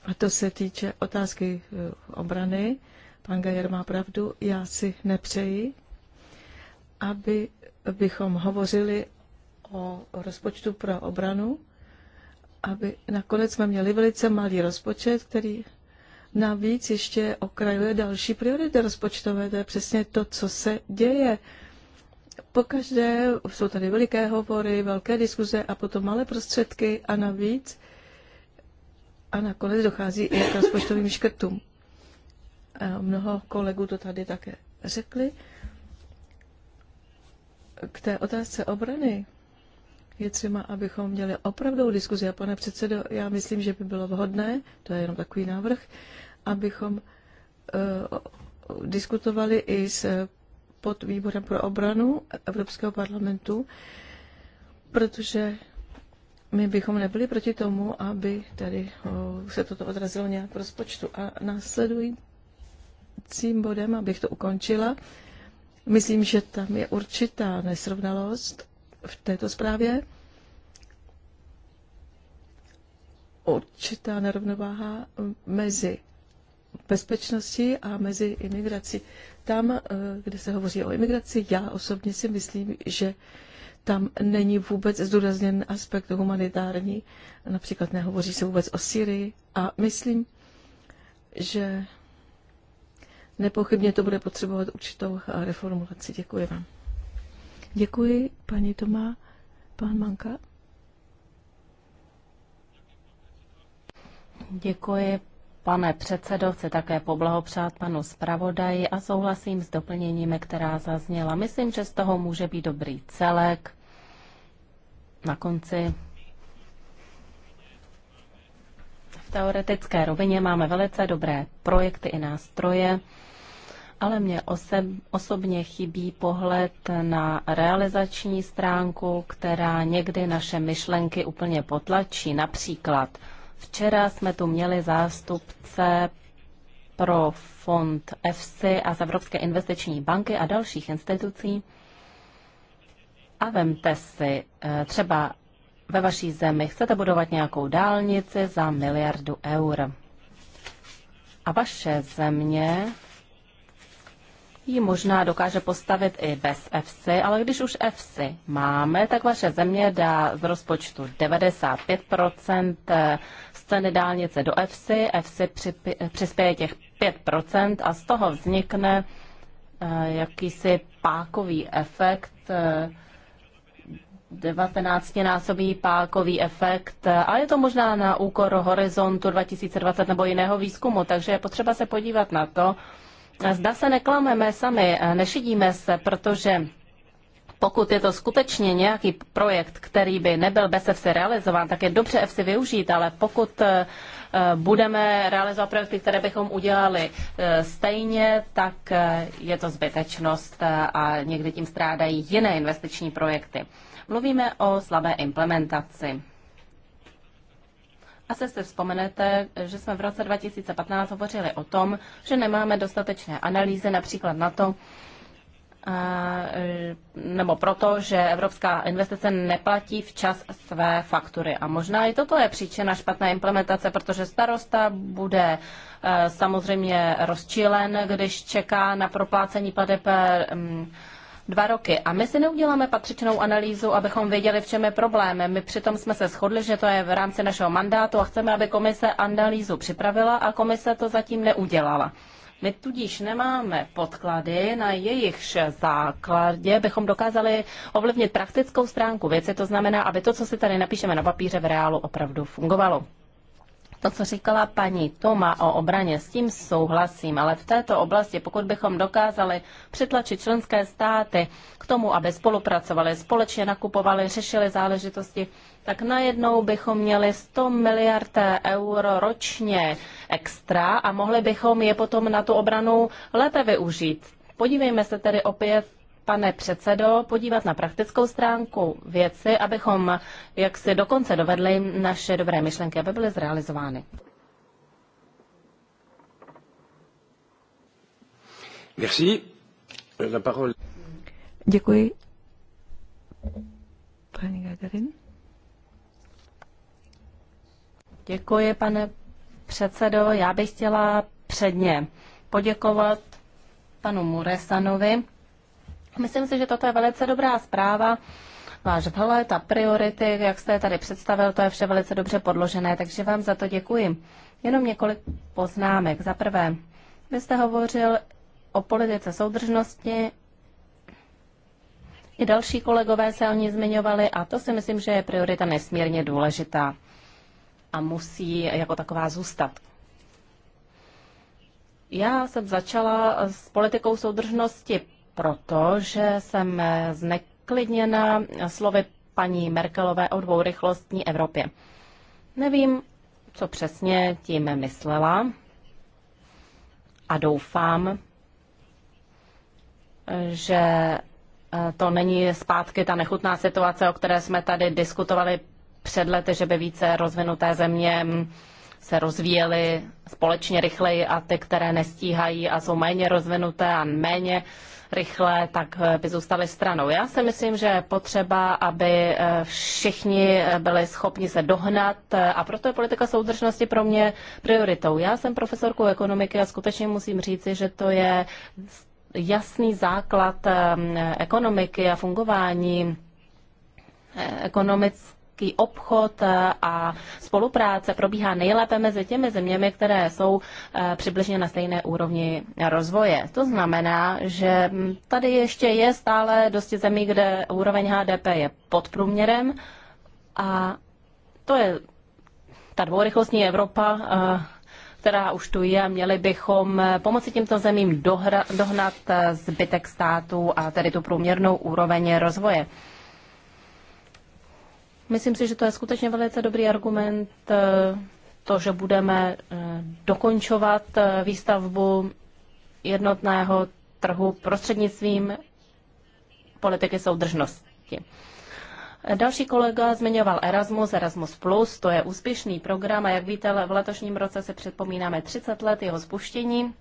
a to se týče otázky eh, obrany, pan Gajer má pravdu, já si nepřeji, aby bychom hovořili o rozpočtu pro obranu, aby nakonec jsme měli velice malý rozpočet, který navíc ještě okrajuje další priority rozpočtové. To je přesně to, co se děje. Pokaždé jsou tady veliké hovory, velké diskuze a potom malé prostředky a navíc a nakonec dochází i k rozpočtovým škrtům. A mnoho kolegů to tady také řekli. K té otázce obrany je třeba, abychom měli opravdu diskuzi. A pane předsedo, já myslím, že by bylo vhodné, to je jenom takový návrh, abychom uh, diskutovali i s eh, pod výborem pro obranu Evropského parlamentu, protože my bychom nebyli proti tomu, aby tady uh, se toto odrazilo nějak v rozpočtu. A následujícím bodem, abych to ukončila, myslím, že tam je určitá nesrovnalost v této zprávě. Určitá nerovnováha mezi bezpečností a mezi imigrací. Tam, eh, kde se hovoří o imigraci, já osobně si myslím, že tam není vůbec zdůrazněn aspekt humanitární, například nehovoří se vůbec o Syrii a myslím, že nepochybně to bude potřebovat určitou reformulaci. Děkuji vám. Děkuji, paní Tomá. Pan Manka. Děkuji, pane předsedo. Chci také poblahopřát panu zpravodaji a souhlasím s doplněními, která zazněla. Myslím, že z toho může být dobrý celek. Na konci v teoretické rovině máme velice dobré projekty i nástroje ale mě oseb, osobně chybí pohled na realizační stránku, která někdy naše myšlenky úplně potlačí. Například včera jsme tu měli zástupce pro fond EFSI a z Evropské investiční banky a dalších institucí. A vemte si, eh, třeba ve vaší zemi chcete budovat nějakou dálnici za miliardu eur. A vaše země ji možná dokáže postavit i bez FC, ale když už FC máme, tak vaše země dá z rozpočtu 95% eh, z ceny dálnice do FC. FC přispěje těch 5% a z toho vznikne eh, jakýsi pákový efekt, 19-násobý eh, pákový efekt, ale je to možná na úkor horizontu 2020 nebo jiného výzkumu, takže je potřeba se podívat na to, Zda se neklameme sami, nešidíme se, protože pokud je to skutečně nějaký projekt, který by nebyl bez FC realizován, tak je dobře FC využít, ale pokud e, budeme realizovat projekty, které bychom udělali e, stejně, tak e, je to zbytečnost a někdy tím strádají jiné investiční projekty. Mluvíme o slabé implementaci. Asi si vzpomenete, že jsme v roce 2015 hovořili o tom, že nemáme dostatečné analýzy například na to, nebo proto, že Evropská investice neplatí včas své faktury. A možná i toto je příčina špatné implementace, protože starosta bude e, samozřejmě rozčilen, když čeká na proplácení pladeb dva roky. A my si neuděláme patřičnou analýzu, abychom věděli, v čem je problém. My přitom jsme se shodli, že to je v rámci našeho mandátu a chceme, aby komise analýzu připravila a komise to zatím neudělala. My tudíž nemáme podklady, na jejichž základě bychom dokázali ovlivnit praktickou stránku věci, to znamená, aby to, co si tady napíšeme na papíře, v reálu opravdu fungovalo. To, co říkala paní Toma o obraně, s tím souhlasím, ale v této oblasti, pokud bychom dokázali přitlačit členské státy k tomu, aby spolupracovali, společně nakupovali, řešili záležitosti, tak najednou bychom měli 100 miliard euro ročně extra a mohli bychom je potom na tu obranu lépe využít. Podívejme se tedy opět pane předsedo, podívat na praktickou stránku věci, abychom jak si dokonce dovedli naše dobré myšlenky, aby byly zrealizovány. Merci. La parole. Děkuji. Pani Gagarin. Děkuji, pane předsedo. Já bych chtěla předně poděkovat panu Muresanovi Myslím si, že toto je velice dobrá zpráva. Váš vhled a priority, jak jste je tady představil, to je vše velice dobře podložené, takže vám za to děkuji. Jenom několik poznámek. Za prvé, vy jste hovořil o politice soudržnosti, i další kolegové se o ní zmiňovali a to si myslím, že je priorita nesmírně důležitá a musí jako taková zůstat. Já jsem začala s politikou soudržnosti Protože jsem zneklidněna slovy paní Merkelové o dvourychlostní Evropě. Nevím, co přesně tím myslela a doufám, že eh, to není zpátky ta nechutná situace, o které jsme tady diskutovali před lety, že by více rozvinuté země hm, se rozvíjely společně rychleji a ty, které nestíhají a jsou méně rozvinuté a méně rychle, tak eh, by zůstaly stranou. Já si myslím, že je potřeba, aby eh, všichni eh, byli schopni se dohnat a proto je politika soudržnosti pro mě prioritou. Já jsem profesorkou ekonomiky a skutečně musím říci, že to je jasný základ ekonomiky a fungování ekonomické velký obchod eh, a spolupráce probíhá nejlépe mezi těmi zeměmi, které jsou eh, přibližně na stejné úrovni rozvoje. To znamená, že mm, tady ještě je stále dosti zemí, kde úroveň HDP je pod průměrem a to je ta dvourychlostní Evropa, eh, která už tu je, měli bychom pomoci těmto zemím dohra, dohnat zbytek států a tedy tu průměrnou úroveň rozvoje. Myslím si, že to je skutečně velice dobrý argument, eh, to, že budeme eh, dokončovat eh, výstavbu jednotného trhu prostřednictvím politiky soudržnosti. Další kolega zmiňoval Erasmus, Erasmus+, Plus, to je úspěšný program a jak víte, v letošním roce se předpomínáme 30 let jeho spuštění.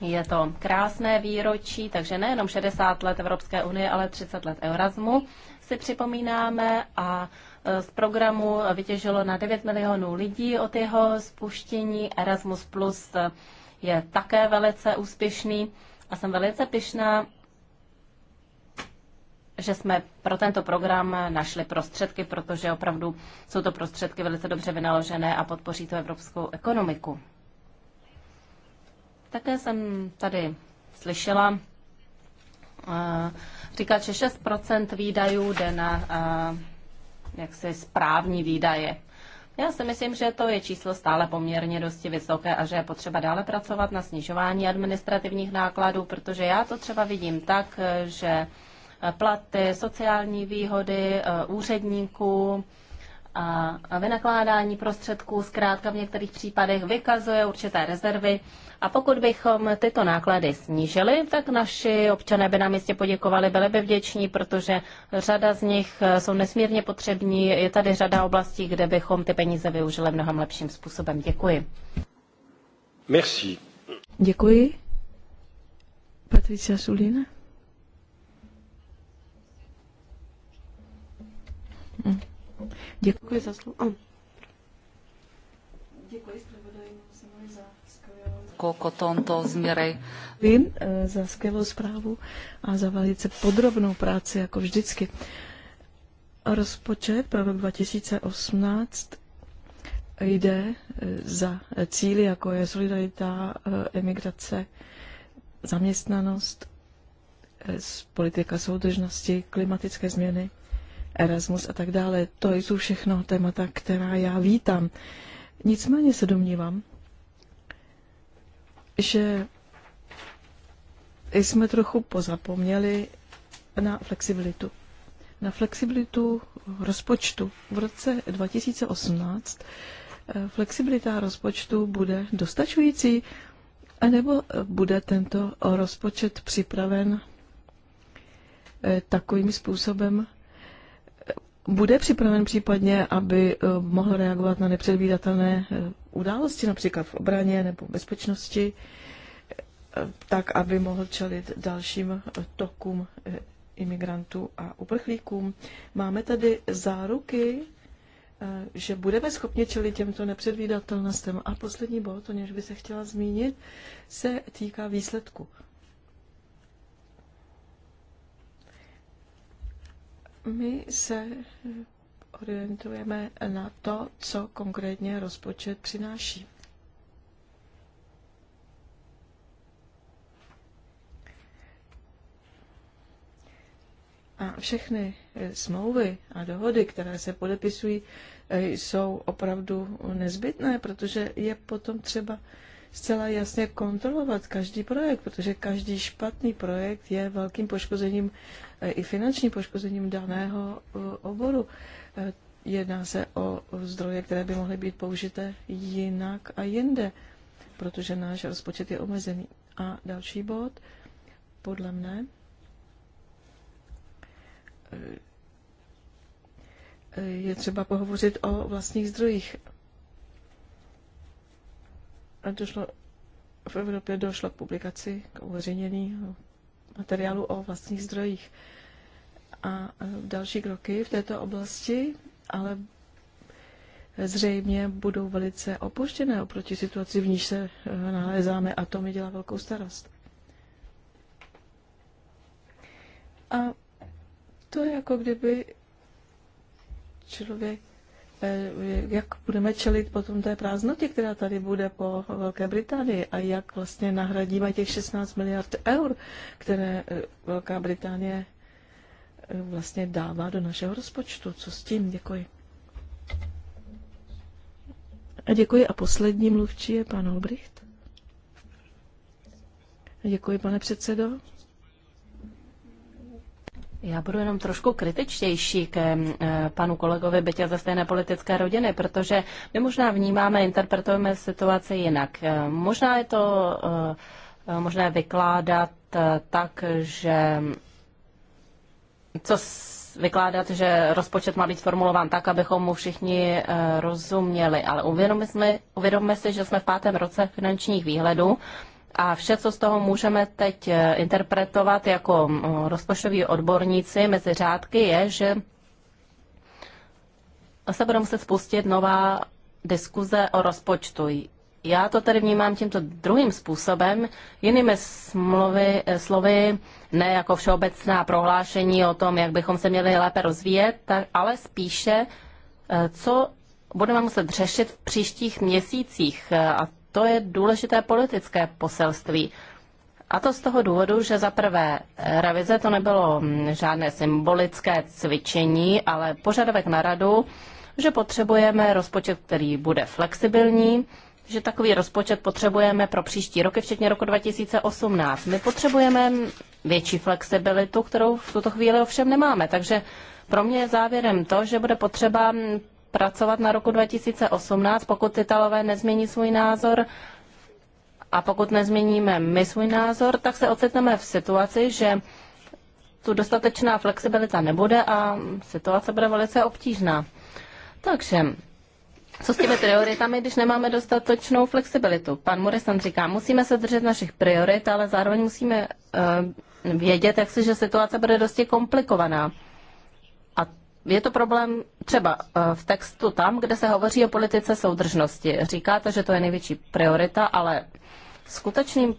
Je to krásné výročí, takže nejenom 60 let Evropské unie, ale 30 let Erasmu si připomínáme a e, z programu vytěžilo na 9 milionů lidí od jeho spuštění. Erasmus Plus je také velice úspěšný a jsem velice pyšná, že jsme pro tento program našli prostředky, protože opravdu jsou to prostředky velice dobře vynaložené a podpoří to evropskou ekonomiku. Také jsem tady slyšela říkat, že 6 výdajů jde na jaksi správní výdaje. Já si myslím, že to je číslo stále poměrně dosti vysoké a že je potřeba dále pracovat na snižování administrativních nákladů, protože já to třeba vidím tak, že platy, sociální výhody e, úředníků, a vynakládání prostředků zkrátka v některých případech vykazuje určité rezervy. A pokud bychom tyto náklady snížili, tak naši občané by nám jistě poděkovali, byli by vděční, protože řada z nich eh, jsou nesmírně potřební. Je tady řada oblastí, kde bychom ty peníze využili mnohem lepším způsobem. Děkuji. Merci. Děkuji. Patricia Sulina. Děkuji za slovo. Děkuji za Vím eh, za skvělou zprávu a za velice podrobnou práci, jako vždycky. Rozpočet pro rok 2018 jde eh, za cíly, jako je solidarita, eh, emigrace, zaměstnanost, politika soudržnosti, klimatické změny – Erasmus a tak dále. To jsou všechno témata, která já vítám. Nicméně se domnívám, že jsme trochu pozapomněli na flexibilitu. Na flexibilitu rozpočtu. V roce 2018 eh, flexibilita rozpočtu bude dostačující, anebo eh, bude tento rozpočet připraven eh, takovým způsobem, bude připraven případně, aby eh, mohl reagovat na nepředvídatelné eh, události, například v obraně nebo v bezpečnosti, eh, tak, aby mohl čelit dalším tokům imigrantů a uprchlíkům. Máme tady záruky, že budeme schopni čelit těmto nepředvídatelnostem. A poslední bod, o něž by se chtěla zmínit, se týká výsledku My se orientujeme na to, co konkrétně rozpočet přináší. A všechny smlouvy a dohody, které se podepisují, jsou opravdu nezbytné, protože je potom třeba zcela jasně kontrolovat každý projekt, protože každý špatný projekt je velkým poškozením eh, i finančním poškozením daného eh, oboru. Eh, jedná se o zdroje, které by mohly být použité jinak a jinde, protože náš rozpočet je omezený. A další bod, podle mne, je třeba pohovořit o vlastních zdrojích došlo, v Evropě došlo k publikaci, k uveřejnění materiálu o vlastních zdrojích. A e, další kroky v této oblasti ale zřejmě budou velice opuštěné oproti situaci, v níž se e, nalézáme a to mi dělá velkou starost. A to je jako kdyby člověk Eh, jak budeme čelit potom té prázdnotě, která tady bude po Velké Británii a jak vlastně nahradíme těch 16 miliard eur, které eh, Velká Británie eh, vlastně dává do našeho rozpočtu. Co s tím? Děkuji. A děkuji. A poslední mluvčí je pan Olbricht. Děkuji, pane předsedo. Já budu jenom trošku kritičtější k eh, panu kolegovi Bytě ze stejné politické rodiny, protože my možná vnímáme, interpretujeme situaci jinak. Eh, možná je to eh, možné vykládat tak, že co vykládat, že rozpočet má být formulován tak, abychom mu všichni rozuměli, ale uvědomme si, uvědomme si že jsme v pátém roce finančních výhledů a vše, co z toho můžeme teď eh, interpretovat jako mm, rozpočtoví odborníci mezi řádky, je, že se bude muset spustit nová diskuze o rozpočtu. Já to tedy vnímám tímto druhým způsobem, jinými smluvy, eh, slovy, ne jako všeobecná prohlášení o tom, jak bychom se měli lépe rozvíjet, tak, ale spíše, eh, co budeme muset řešit v příštích měsících. A to je důležité politické poselství. A to z toho důvodu, že za prvé revize to nebylo mm, žádné symbolické cvičení, ale požadavek na radu, že potřebujeme rozpočet, který bude flexibilní, že takový rozpočet potřebujeme pro příští roky, včetně roku 2018. My potřebujeme větší flexibilitu, kterou v tuto chvíli ovšem nemáme. Takže pro mě je závěrem to, že bude potřeba mm, pracovat na roku 2018, pokud Italové nezmění svůj názor. A pokud nezměníme my svůj názor, tak se ocitneme v situaci, že tu dostatečná flexibilita nebude a situace bude velice obtížná. Takže co s těmi prioritami, když nemáme dostatečnou flexibilitu? Pan Morrison říká, musíme se držet našich priorit, ale zároveň musíme uh, vědět, jak si, že situace bude dosti komplikovaná je to problém třeba eh, v textu tam, kde se hovoří o politice soudržnosti. Říkáte, že to je největší priorita, ale skutečným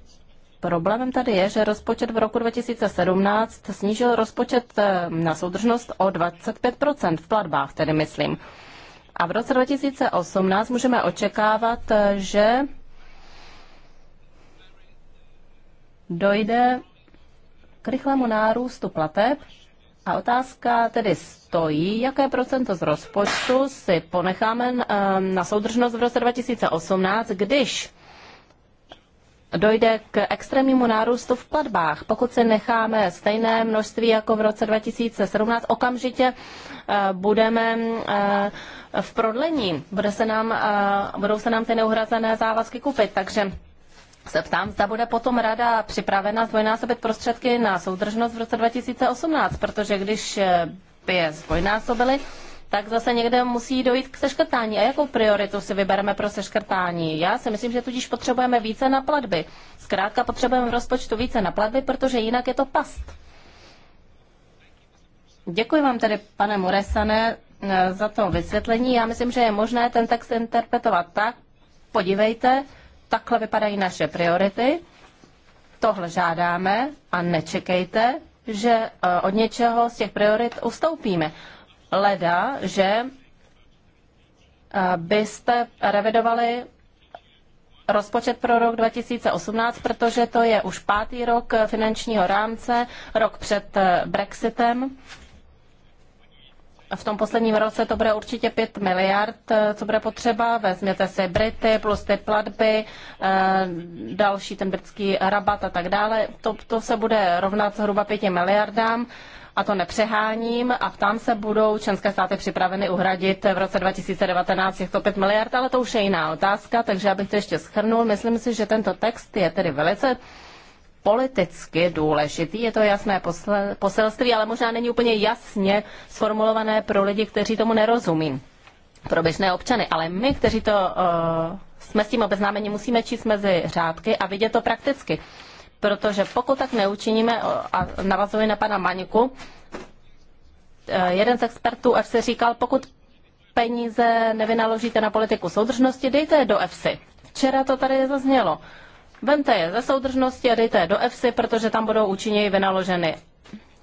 Problémem tady je, že rozpočet v roku 2017 snížil rozpočet eh, na soudržnost o 25% v platbách, tedy myslím. A v roce 2018 můžeme očekávat, eh, že dojde k rychlému nárůstu plateb. A otázka tedy stojí, jaké procento z rozpočtu si ponecháme um, na soudržnost v roce 2018, když dojde k extrémnímu nárůstu v platbách. Pokud si necháme stejné množství jako v roce 2017, okamžitě uh, budeme uh, v prodlení. Bude se nám, uh, budou se nám ty neuhrazené závazky kupit, takže se ptám, zda bude potom rada připravena zdvojnásobit prostředky na soudržnost v roce 2018, protože když eh, je zdvojnásobili, tak zase někde musí dojít k seškrtání. A jakou prioritu si vybereme pro seškrtání? Já si myslím, že tudíž potřebujeme více na platby. Zkrátka potřebujeme v rozpočtu více na platby, protože jinak je to past. Děkuji vám tedy, pane Moresane, za to vysvětlení. Já myslím, že je možné ten text interpretovat tak, podívejte, takhle vypadají naše priority, tohle žádáme a nečekejte, že eh, od něčeho z těch priorit ustoupíme. Leda, že eh, byste revidovali rozpočet pro rok 2018, protože to je už pátý rok finančního rámce, rok před eh, Brexitem v tom posledním roce to bude určitě 5 miliard, eh, co bude potřeba. Vezměte si Brity plus ty platby, eh, další ten britský rabat a tak dále. To, to se bude rovnat zhruba 5 miliardám a to nepřeháním a tam se budou členské státy připraveny uhradit v roce 2019 těchto 5 miliard, ale to už je jiná otázka, takže abych to ještě schrnul. Myslím si, že tento text je tedy velice politicky důležitý. Je to jasné poselství, ale možná není úplně jasně sformulované pro lidi, kteří tomu nerozumí, pro běžné občany. Ale my, kteří to uh, jsme s tím obeznámeni, musíme číst mezi řádky a vidět to prakticky. Protože pokud tak neučiníme, a navazuji na pana Maňku, eh, jeden z expertů se říkal, pokud peníze nevynaložíte na politiku soudržnosti, dejte je do EFSI. Včera to tady zaznělo. Vemte je ze soudržnosti a dejte je do EFSI, protože tam budou účinněji vynaloženy.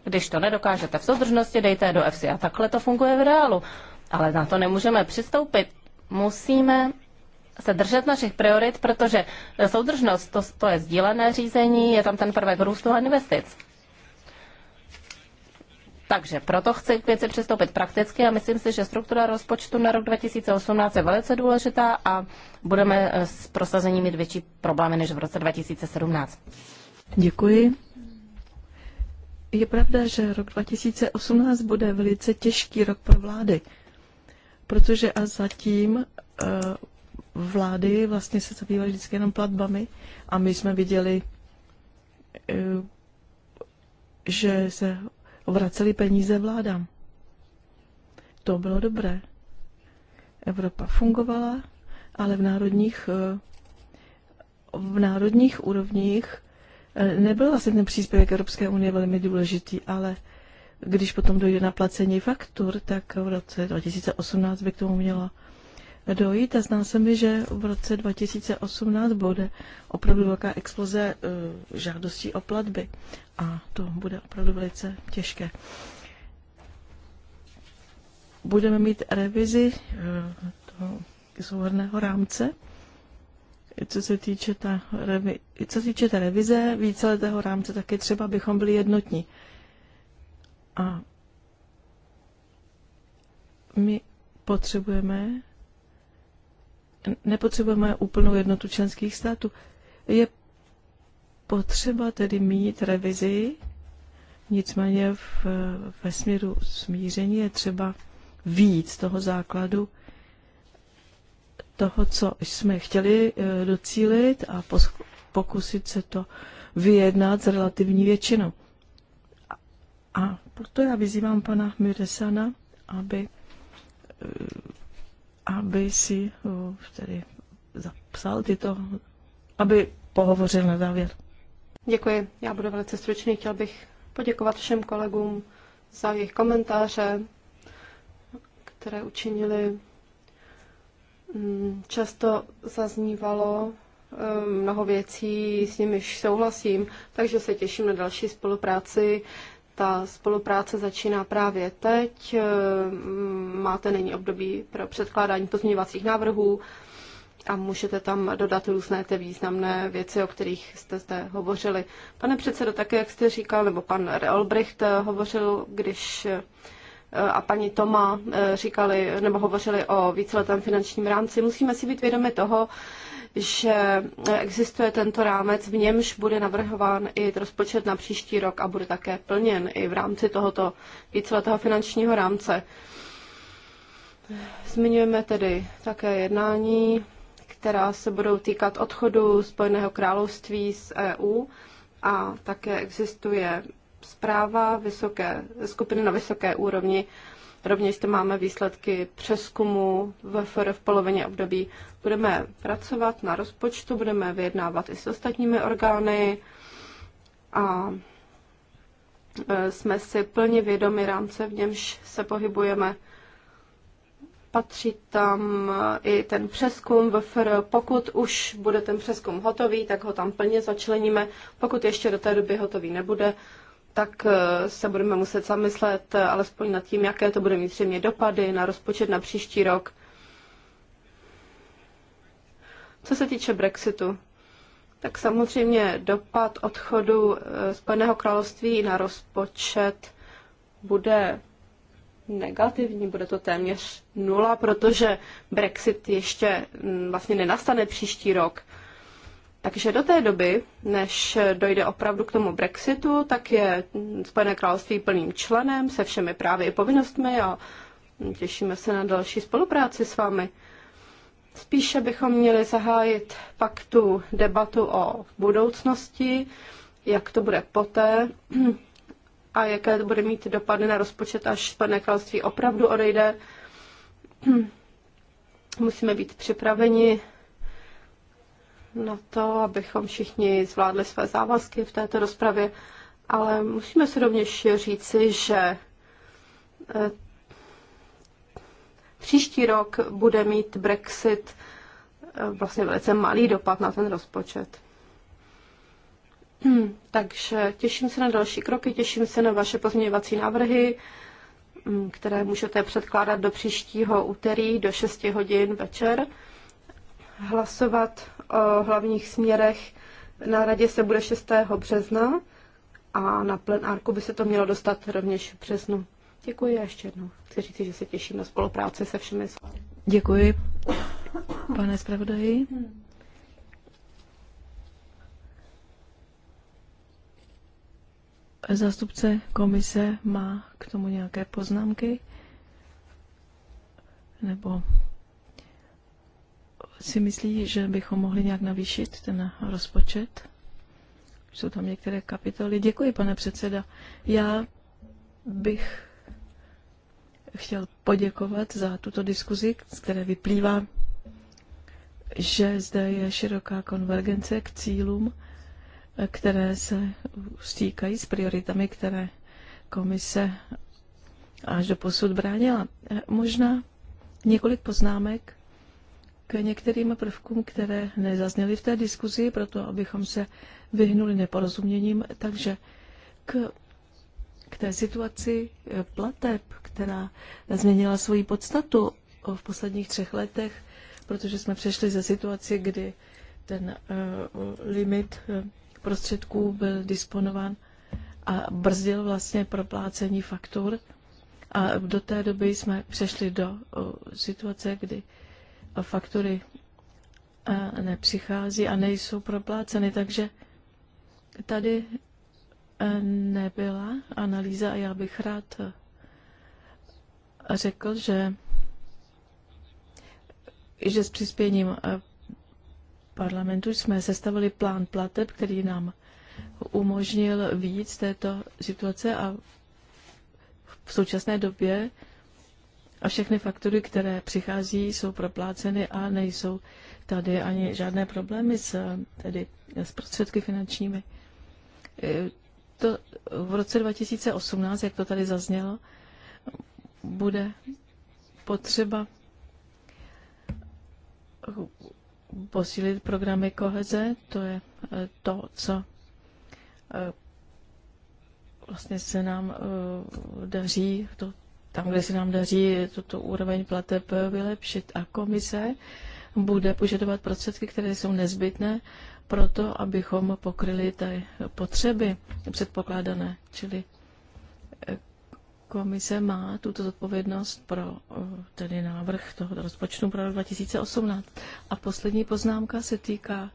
Když to nedokážete v soudržnosti, dejte je do EFSI. A takhle to funguje v reálu. Ale na to nemůžeme přistoupit. Musíme se držet našich priorit, protože soudržnost, to, to je sdílené řízení, je tam ten prvek růstu a investic. Takže proto chci k věci přistoupit prakticky a myslím si, že struktura rozpočtu na rok 2018 je velice důležitá a budeme eh, s prosazením mít větší problémy než v roce 2017. Děkuji. Je pravda, že rok 2018 bude velice těžký rok pro vlády, protože a zatím eh, vlády vlastně se zabývaly vždycky jenom platbami a my jsme viděli, eh, že se vraceli peníze vládám. To bylo dobré. Evropa fungovala, ale v národních, eh, v národních úrovních eh, nebyl vlastně ten příspěvek Evropské unie velmi důležitý, ale když potom dojde na placení faktur, tak v roce 2018 by k tomu měla dojít a zná se mi, že v roce 2018 bude opravdu velká exploze e, žádostí o platby a to bude opravdu velice těžké. Budeme mít revizi e, toho souhrného rámce, co se týče, ta revi- co se týče ta revize víceletého rámce, tak je třeba, abychom byli jednotní. A my potřebujeme nepotřebujeme úplnou jednotu členských států. Je potřeba tedy mít revizi, nicméně v, ve směru smíření je třeba víc toho základu, toho, co jsme chtěli eh, docílit a pokusit se to vyjednat s relativní většinou. A proto já vyzývám pana Miresana, aby eh, aby si tedy zapsal tyto, aby pohovořil na závěr. Děkuji, já budu velice stručný. Chtěl bych poděkovat všem kolegům za jejich komentáře, které učinili. Mm, často zaznívalo e, mnoho věcí, s nimiž souhlasím, takže se těším na další spolupráci ta spolupráce začíná právě teď. E, máte nyní období pro předkládání pozměňovacích návrhů a můžete tam dodat různé ty významné věci, o kterých jste zde hovořili. Pane předsedo, také jak jste říkal, nebo pan Reolbricht e, hovořil, když e, a paní Toma říkali, nebo hovořili o víceletém finančním rámci, musíme si být vědomi toho, že existuje tento rámec, v němž bude navrhován i rozpočet na příští rok a bude také plněn i v rámci tohoto víceletého finančního rámce. Zmiňujeme tedy také jednání, která se budou týkat odchodu Spojeného království z EU a také existuje zpráva vysoké, skupiny na vysoké úrovni Rovněž to máme výsledky přeskumu FR v polovině období. Budeme pracovat na rozpočtu, budeme vyjednávat i s ostatními orgány a e, jsme si plně vědomi rámce, v němž se pohybujeme. Patří tam e, i ten přeskum VFR. Pokud už bude ten přeskum hotový, tak ho tam plně začleníme. Pokud ještě do té doby hotový nebude, tak eh, se budeme muset zamyslet eh, alespoň nad tím, jaké to bude mít třeba dopady na rozpočet na příští rok. Co se týče Brexitu, tak samozřejmě dopad odchodu eh, Spojeného království na rozpočet bude negativní, bude to téměř nula, protože Brexit ještě mm, vlastně nenastane příští rok. Takže do té doby, než dojde opravdu k tomu Brexitu, tak je Spojené království plným členem se všemi právy i povinnostmi a těšíme se na další spolupráci s vámi. Spíše bychom měli zahájit pak tu debatu o budoucnosti, jak to bude poté a jaké to bude mít dopady na rozpočet, až Spojené království opravdu odejde. Musíme být připraveni na to, abychom všichni zvládli své závazky v této rozpravě, ale musíme si rovněž říci, že eh, příští rok bude mít Brexit eh, vlastně velice malý dopad na ten rozpočet. Hmm, takže těším se na další kroky, těším se na vaše pozměňovací návrhy, hmm, které můžete předkládat do příštího úterý do 6 hodin večer hlasovat o hlavních směrech na radě se bude 6. března a na plenárku by se to mělo dostat rovněž v březnu. Děkuji a ještě jednou chci říct, že se těším na spolupráci se všemi. Děkuji, pane zpravodaji. Zástupce komise má k tomu nějaké poznámky? Nebo si myslí, že bychom mohli nějak navýšit ten rozpočet? Jsou tam některé kapitoly. Děkuji, pane předseda. Já bych chtěl poděkovat za tuto diskuzi, z které vyplývá, že zde je široká konvergence k cílům, které se stýkají s prioritami, které komise až do posud bránila. Možná několik poznámek k některým prvkům, které nezazněly v té diskuzi, proto abychom se vyhnuli neporozuměním. Takže k, k té situaci plateb, která změnila svoji podstatu v posledních třech letech, protože jsme přešli ze situaci, kdy ten uh, limit eh, prostředků byl disponován a brzdil vlastně proplácení faktur. A do té doby jsme přešli do uh, situace, kdy faktury nepřichází a nejsou propláceny, takže tady e, nebyla analýza a já bych rád e, řekl, že, že s přispěním e, parlamentu jsme sestavili plán plateb, který nám umožnil víc této situace a v současné době a všechny faktury, které přichází, jsou propláceny a nejsou tady ani žádné problémy s, tedy, s prostředky finančními. E, to v roce 2018, jak to tady zaznělo, bude potřeba posílit programy koheze, to je e, to, co e, vlastně se nám daří, to, tam, kde se nám daří tuto úroveň plateb vylepšit. A komise bude požadovat prostředky, které jsou nezbytné pro to, abychom pokryli ty potřeby předpokládané. Čili eh, komise má tuto zodpovědnost pro eh, tedy návrh toho rozpočtu pro 2018. A poslední poznámka se týká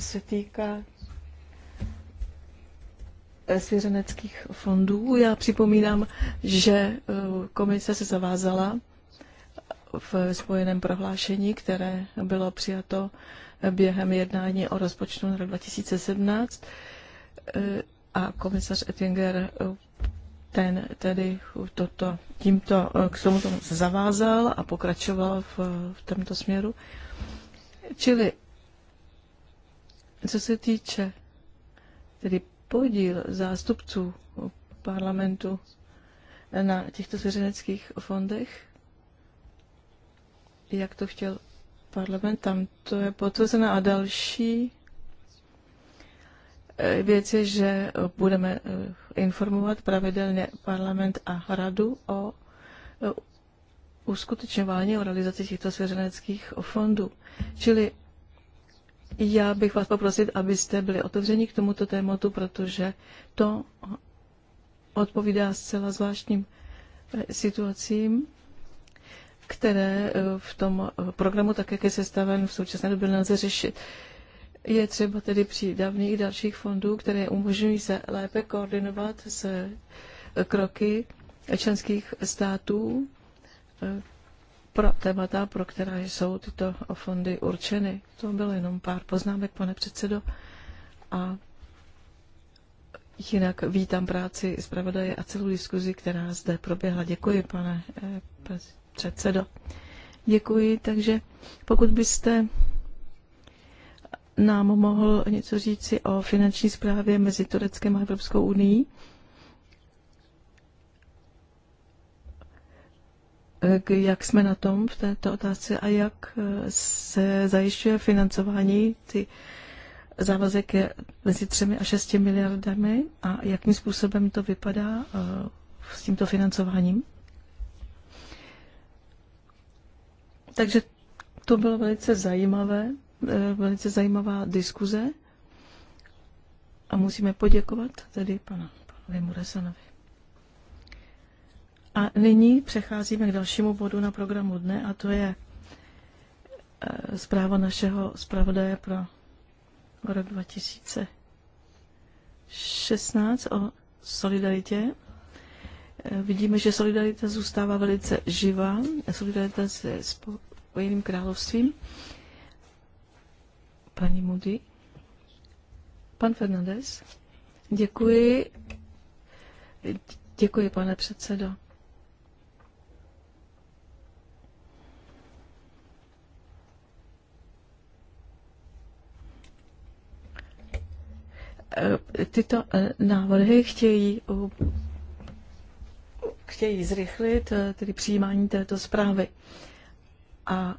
se týká eh, svěřeneckých fondů. Já připomínám, že eh, komise se zavázala v spojeném prohlášení, které bylo přijato eh, během jednání o rozpočtu na rok 2017 a komisař Ettinger ten tedy toto, tímto, k tomu se zavázal a pokračoval v, v tomto směru. Čili co se týče tedy podíl zástupců parlamentu na těchto svěřeneckých fondech, jak to chtěl parlament, tam to je potvrzeno. A další eh, věc je, že budeme eh, informovat pravidelně parlament a radu o eh, uskutečňování o realizaci těchto svěřeneckých fondů. Čili já bych vás poprosit, abyste byli otevřeni k tomuto tématu, protože to odpovídá zcela zvláštním eh, situacím, které eh, v tom eh, programu, tak jak je sestaven v současné době, nelze řešit. Je třeba tedy i dalších fondů, které umožňují se lépe koordinovat se kroky členských států pro témata, pro která jsou tyto fondy určeny. To bylo jenom pár poznámek, pane předsedo. A jinak vítám práci zpravodaje a celou diskuzi, která zde proběhla. Děkuji, pane eh, předsedo. Děkuji, takže pokud byste nám mohl něco říci o finanční zprávě mezi Tureckem a Evropskou unii, jak jsme na tom v této otázce a jak eh, se zajišťuje financování ty závazek je mezi 3 a 6 miliardami a jakým způsobem to vypadá eh, s tímto financováním. Takže to bylo velice zajímavé, eh, velice zajímavá diskuze a musíme poděkovat tedy pana, panu Muresanovi. A nyní přecházíme k dalšímu bodu na programu dne a to je eh, zpráva našeho zpravodaje pro rok 2016 o solidaritě. Eh, vidíme, že solidarita zůstává velice živá, solidarita se Spojeným královstvím. Paní Moody. Pan Fernandez. Děkuji. Děkuji, pane předsedo. Eh, tyto eh, návrhy chtějí eh, chtějí zrychlit tedy přijímání této zprávy. A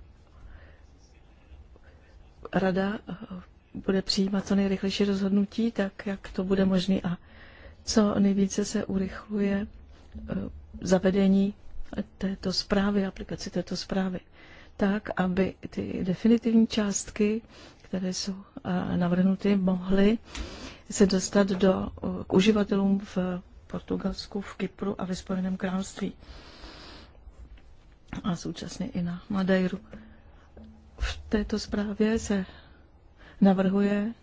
rada bude přijímat co nejrychlejší rozhodnutí, tak jak to bude možné a co nejvíce se urychluje zavedení této zprávy, aplikaci této zprávy, tak, aby ty definitivní částky, které jsou navrhnuty, mohly se dostat do, k uživatelům v Portugalsku, v Kypru a ve Spojeném království a současně i na Madeiru. V této zprávě se navrhuje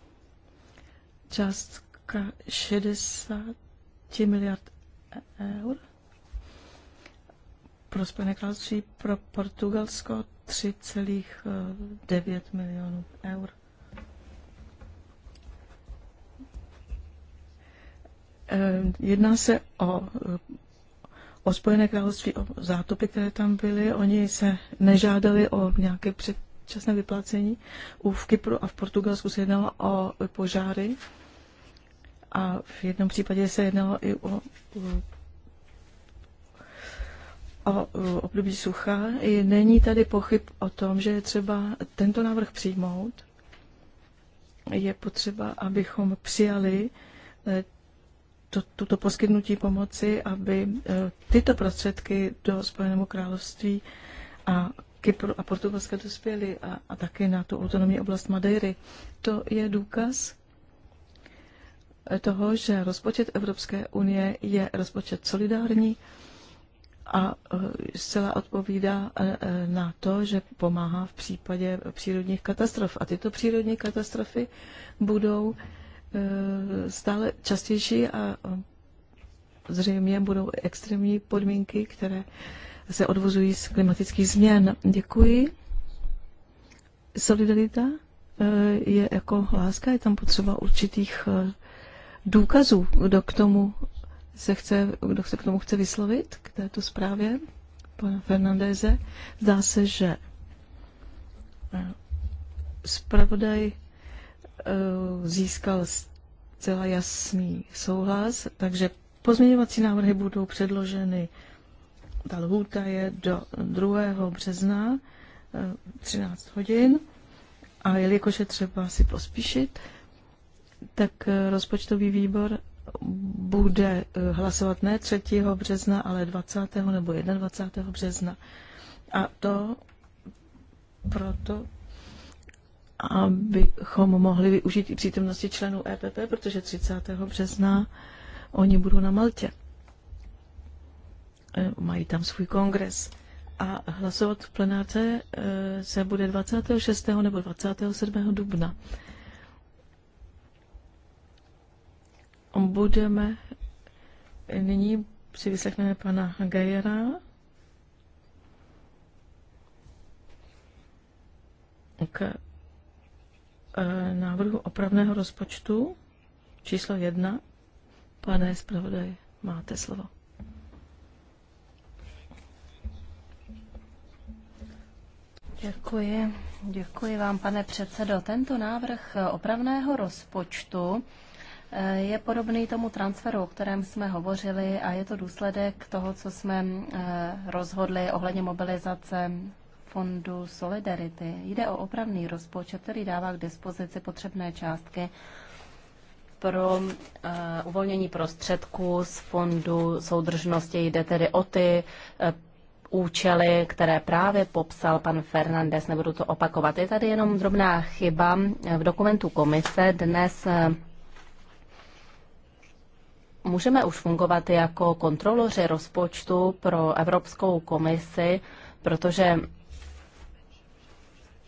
částka 60 miliard eur pro Spojené království, pro Portugalsko 3,9 eh, milionů eur. Eh, jedná se o, o Spojené království, o zátopy, které tam byly. Oni se nežádali o nějaké předčasné vyplácení. U v Kypru a v Portugalsku se jednalo o požáry a v jednom případě se jednalo i o, o, o období sucha. I není tady pochyb o tom, že je třeba tento návrh přijmout. Je potřeba, abychom přijali eh, to, tuto poskytnutí pomoci, aby eh, tyto prostředky do Spojeného království a Kypru a Portugalska dospěly a, a taky na tu autonomní oblast Madeiry. To je důkaz toho, že rozpočet Evropské unie je rozpočet solidární a eh, zcela odpovídá eh, na to, že pomáhá v případě přírodních katastrof. A tyto přírodní katastrofy budou Eh, stále častější a zřejmě budou extrémní podmínky, které se odvozují z klimatických změn. Děkuji. Solidarita eh, je jako láska, je tam potřeba určitých eh, důkazů, kdo k tomu se chce, kdo se k tomu chce vyslovit, k této zprávě pana Fernandéze. Zdá se, že zpravodaj Eh, získal zcela jasný souhlas, takže pozměňovací návrhy budou předloženy. Ta lhůta je do 2. března 13 eh, hodin a jelikož je třeba si pospíšit, tak eh, rozpočtový výbor bude hlasovat ne 3. března, ale 20. nebo 21. března. A to proto, abychom mohli využít i přítomnosti členů EPP, protože 30. března oni budou na Maltě. E, mají tam svůj kongres. A hlasovat v plenáce e, se bude 26. nebo 27. dubna. Budeme e, nyní si vyslechneme pana Gajera, k Eh, návrhu opravného rozpočtu číslo jedna. Pane zpravodaj, máte slovo. Děkuji. Děkuji vám, pane předsedo. Tento návrh opravného rozpočtu eh, je podobný tomu transferu, o kterém jsme hovořili a je to důsledek toho, co jsme eh, rozhodli ohledně mobilizace fondu Solidarity. Jde o opravný rozpočet, který dává k dispozici potřebné částky pro uh, uvolnění prostředků z fondu soudržnosti. Jde tedy o ty uh, účely, které právě popsal pan Fernandez, nebudu to opakovat. Je tady jenom drobná chyba eh, v dokumentu komise. Dnes uh, můžeme už fungovat jako kontroloři rozpočtu pro Evropskou komisi, protože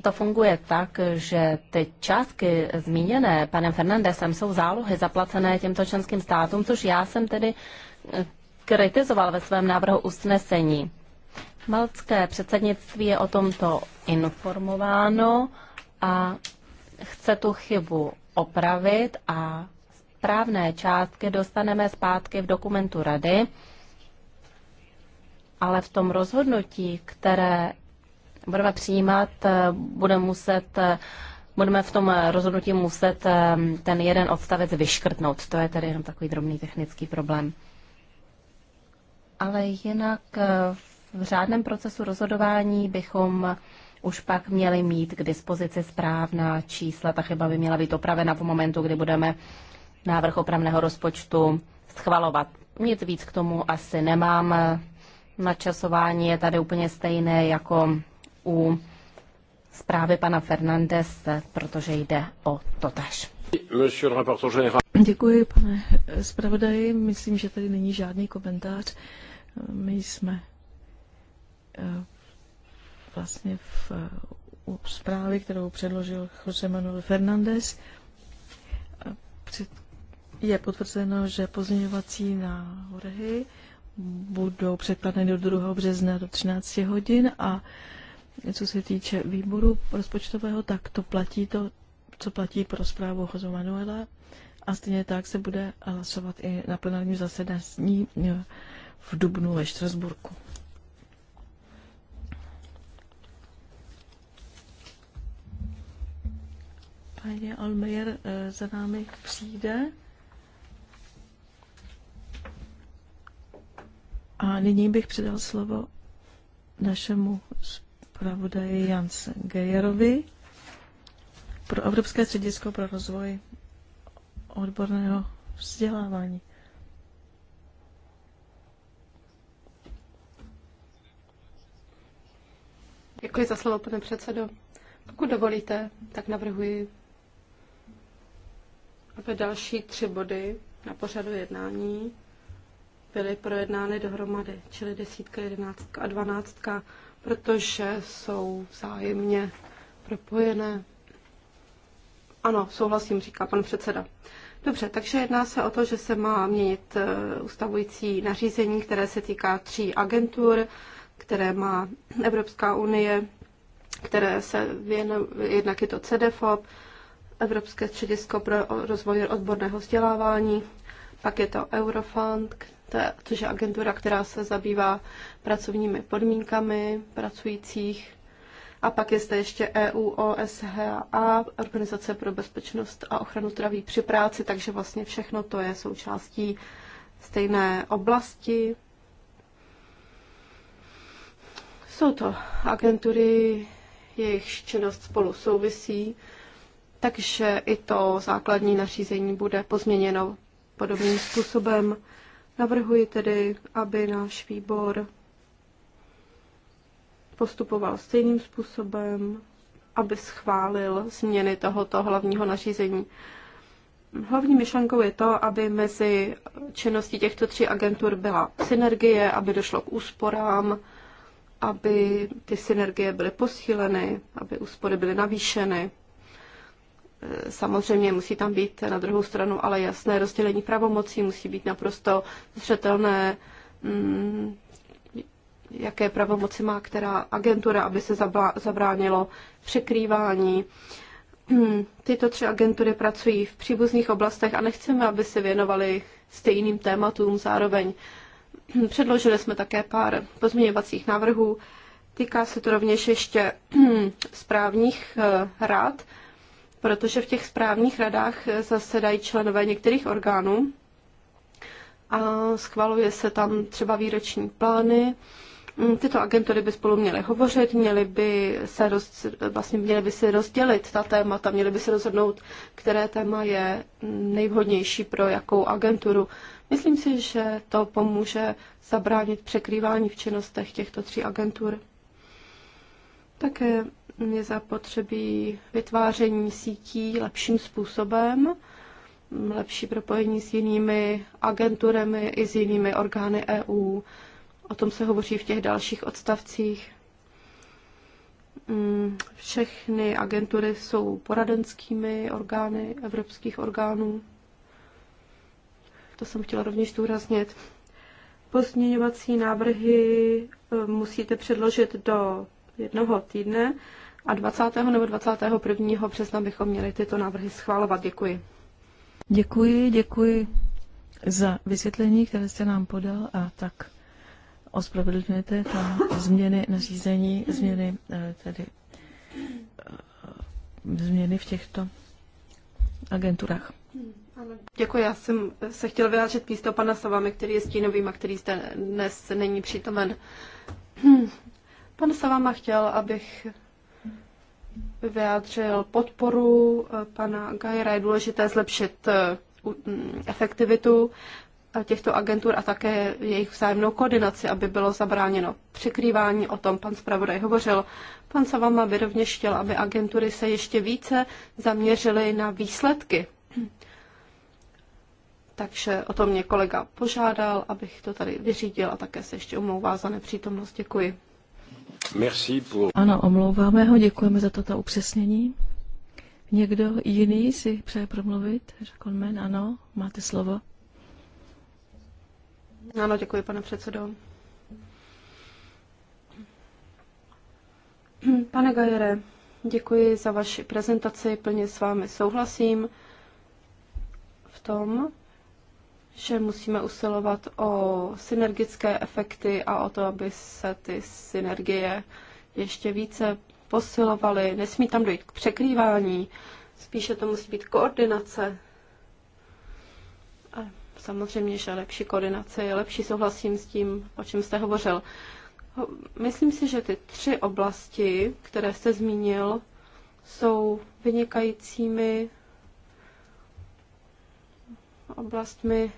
to funguje tak, že ty částky zmíněné panem Fernandesem jsou zálohy zaplacené těmto členským státům, což já jsem tedy eh, kritizoval ve svém návrhu usnesení. Malcké předsednictví je o tomto informováno a chce tu chybu opravit a správné částky dostaneme zpátky v dokumentu rady, ale v tom rozhodnutí, které budeme přijímat, eh, budeme muset eh, budeme v tom rozhodnutí muset eh, ten jeden odstavec vyškrtnout. To je tedy jenom takový drobný technický problém. Ale jinak v řádném procesu rozhodování bychom už pak měli mít k dispozici správná čísla. Ta chyba by měla být opravena v momentu, kdy budeme návrh opravného rozpočtu schvalovat. Nic víc k tomu asi nemám. Načasování je tady úplně stejné jako u zprávy pana Fernandez, protože jde o totež. Děkuji, pane zpravodaji. Myslím, že tady není žádný komentář. My jsme eh, vlastně v eh, zprávy, kterou předložil Jose Manuel Fernandez. Eh, je potvrzeno, že pozměňovací návrhy budou předkladeny do 2. března do 13 hodin a co se týče výboru rozpočtového, tak to platí to, co platí pro zprávu Jose Manuela a stejně tak se bude hlasovat i na plenárním zasedání eh, v Dubnu ve Štrasburku. Paní Almeyer eh, za námi přijde. A nyní bych předal slovo našemu zpravodaji Jans Gejerovi pro Evropské středisko pro rozvoj odborného vzdělávání. Děkuji za slovo, pane předsedo. Pokud dovolíte, tak navrhuji, aby další tři body na pořadu jednání byly projednány dohromady, čili desítka, jedenáctka a dvanáctka protože jsou vzájemně propojené. Ano, souhlasím, říká pan předseda. Dobře, takže jedná se o to, že se má měnit eh, ustavující nařízení, které se týká tří agentur, které má Evropská unie, které se věnují, jednak je to CDFOP, Evropské středisko pro rozvoj odborného vzdělávání, pak je to Eurofund, to je, což je agentura, která se zabývá pracovními podmínkami pracujících. A pak je zde ještě EU, OSHA, Organizace pro bezpečnost a ochranu zdraví při práci, takže vlastně všechno to je součástí stejné oblasti. Jsou to agentury, jejich činnost spolu souvisí, takže i to základní nařízení bude pozměněno podobným způsobem. Navrhuji tedy, aby náš výbor postupoval stejným způsobem, aby schválil změny tohoto hlavního nařízení. Hlavní myšlenkou je to, aby mezi činností těchto tří agentur byla synergie, aby došlo k úsporám, aby ty synergie byly posíleny, aby úspory byly navýšeny. Samozřejmě musí tam být na druhou stranu, ale jasné rozdělení pravomocí musí být naprosto zřetelné, mm, jaké pravomoci má která agentura, aby se zabránilo překrývání. Tyto tři agentury pracují v příbuzných oblastech a nechceme, aby se věnovali stejným tématům zároveň. Předložili jsme také pár pozměňovacích návrhů. Týká se to rovněž ještě správních eh, rad protože v těch správních radách zasedají členové některých orgánů a schvaluje se tam třeba výroční plány. Mm, Tyto agentury by spolu měly hovořit, měly by, se roz, vlastně měly by si rozdělit ta témata, měly by se rozhodnout, které téma je nejvhodnější pro jakou agenturu. Myslím si, že to pomůže zabránit překrývání v činnostech těchto tří agentur. Také je zapotřebí vytváření sítí lepším způsobem, lepší propojení s jinými agenturemi i s jinými orgány EU. O tom se hovoří v těch dalších odstavcích. Mm, všechny agentury jsou poradenskými orgány evropských orgánů. To jsem chtěla rovněž zdůraznit. Pozměňovací návrhy eh, musíte předložit do jednoho týdne a 20. nebo 21. března bychom měli tyto návrhy schválovat. Děkuji. Děkuji, děkuji za vysvětlení, které jste nám podal a tak ospravedlňujete tam změny nařízení, změny eh, tedy eh, změny v těchto agenturách. děkuji. Já jsem se chtěl vyjádřit místo pana Savamy, který je stínovým a který zde dnes není přítomen. Hm. Pan Savama chtěl, abych vyjádřil podporu eh, pana Gajera. Je důležité zlepšit eh, mm, efektivitu eh, těchto agentur a také jejich vzájemnou koordinaci, aby bylo zabráněno překrývání. O tom pan zpravodaj hovořil. Pan Savama by rovněž chtěl, aby agentury se ještě více zaměřily na výsledky. Takže o tom mě kolega požádal, abych to tady vyřídil a také se ještě omlouvá za nepřítomnost. Děkuji. Merci pour... Ano, omlouváme ho, děkujeme za toto upřesnění. Někdo jiný si přeje promluvit? Řekl men, ano, máte slovo. Ano, děkuji, pane předsedo. Pane Gajere, děkuji za vaši prezentaci, plně s vámi souhlasím v tom, že musíme usilovat o synergické efekty a o to, aby se ty synergie ještě více posilovaly. Nesmí tam dojít k překrývání, spíše to musí být koordinace. A samozřejmě, že lepší koordinace je lepší, souhlasím s tím, o čem jste hovořil. Myslím si, že ty tři oblasti, které jste zmínil, jsou vynikajícími oblastmi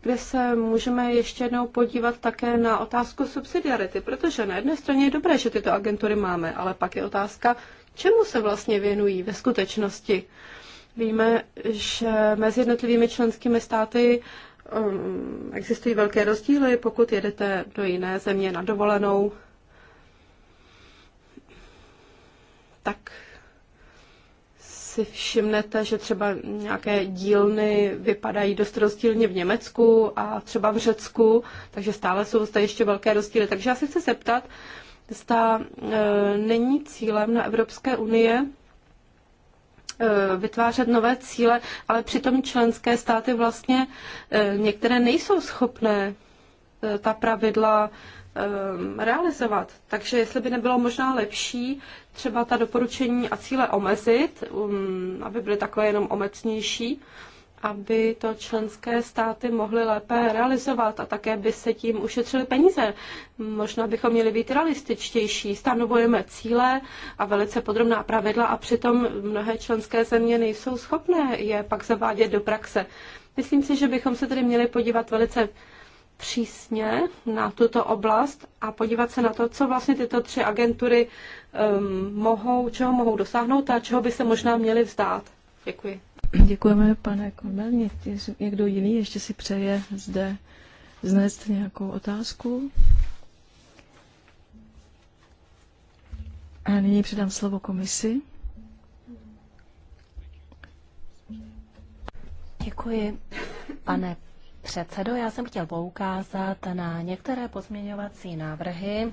kde se můžeme ještě jednou podívat také na otázku subsidiarity, protože na jedné straně je dobré, že tyto agentury máme, ale pak je otázka, čemu se vlastně věnují ve skutečnosti. Víme, že mezi jednotlivými členskými státy um, existují velké rozdíly, pokud jedete do jiné země na dovolenou, tak si všimnete, že třeba nějaké dílny vypadají dost rozdílně v Německu a třeba v Řecku, takže stále jsou zde ještě velké rozdíly. Takže já se chci zeptat, zda e, není cílem na Evropské unie e, vytvářet nové cíle, ale přitom členské státy vlastně e, některé nejsou schopné Eh, ta pravidla eh, realizovat. Takže jestli by nebylo možná lepší třeba ta doporučení a cíle omezit, um, aby byly takové jenom omecnější, aby to členské státy mohly lépe realizovat a také by se tím ušetřily peníze. Možná bychom měli být realističtější. Stanovujeme cíle a velice podrobná pravidla a přitom mnohé členské země nejsou schopné je pak zavádět do praxe. Myslím si, že bychom se tedy měli podívat velice přísně na tuto oblast a podívat se na to, co vlastně tyto tři agentury um, mohou, čeho mohou dosáhnout a čeho by se možná měly vzdát. Děkuji. Děkujeme, pane Kombel. Někdo jiný ještě si přeje zde znést nějakou otázku? A nyní předám slovo komisi. Děkuji, pane předsedo. Já jsem chtěl poukázat na některé pozměňovací návrhy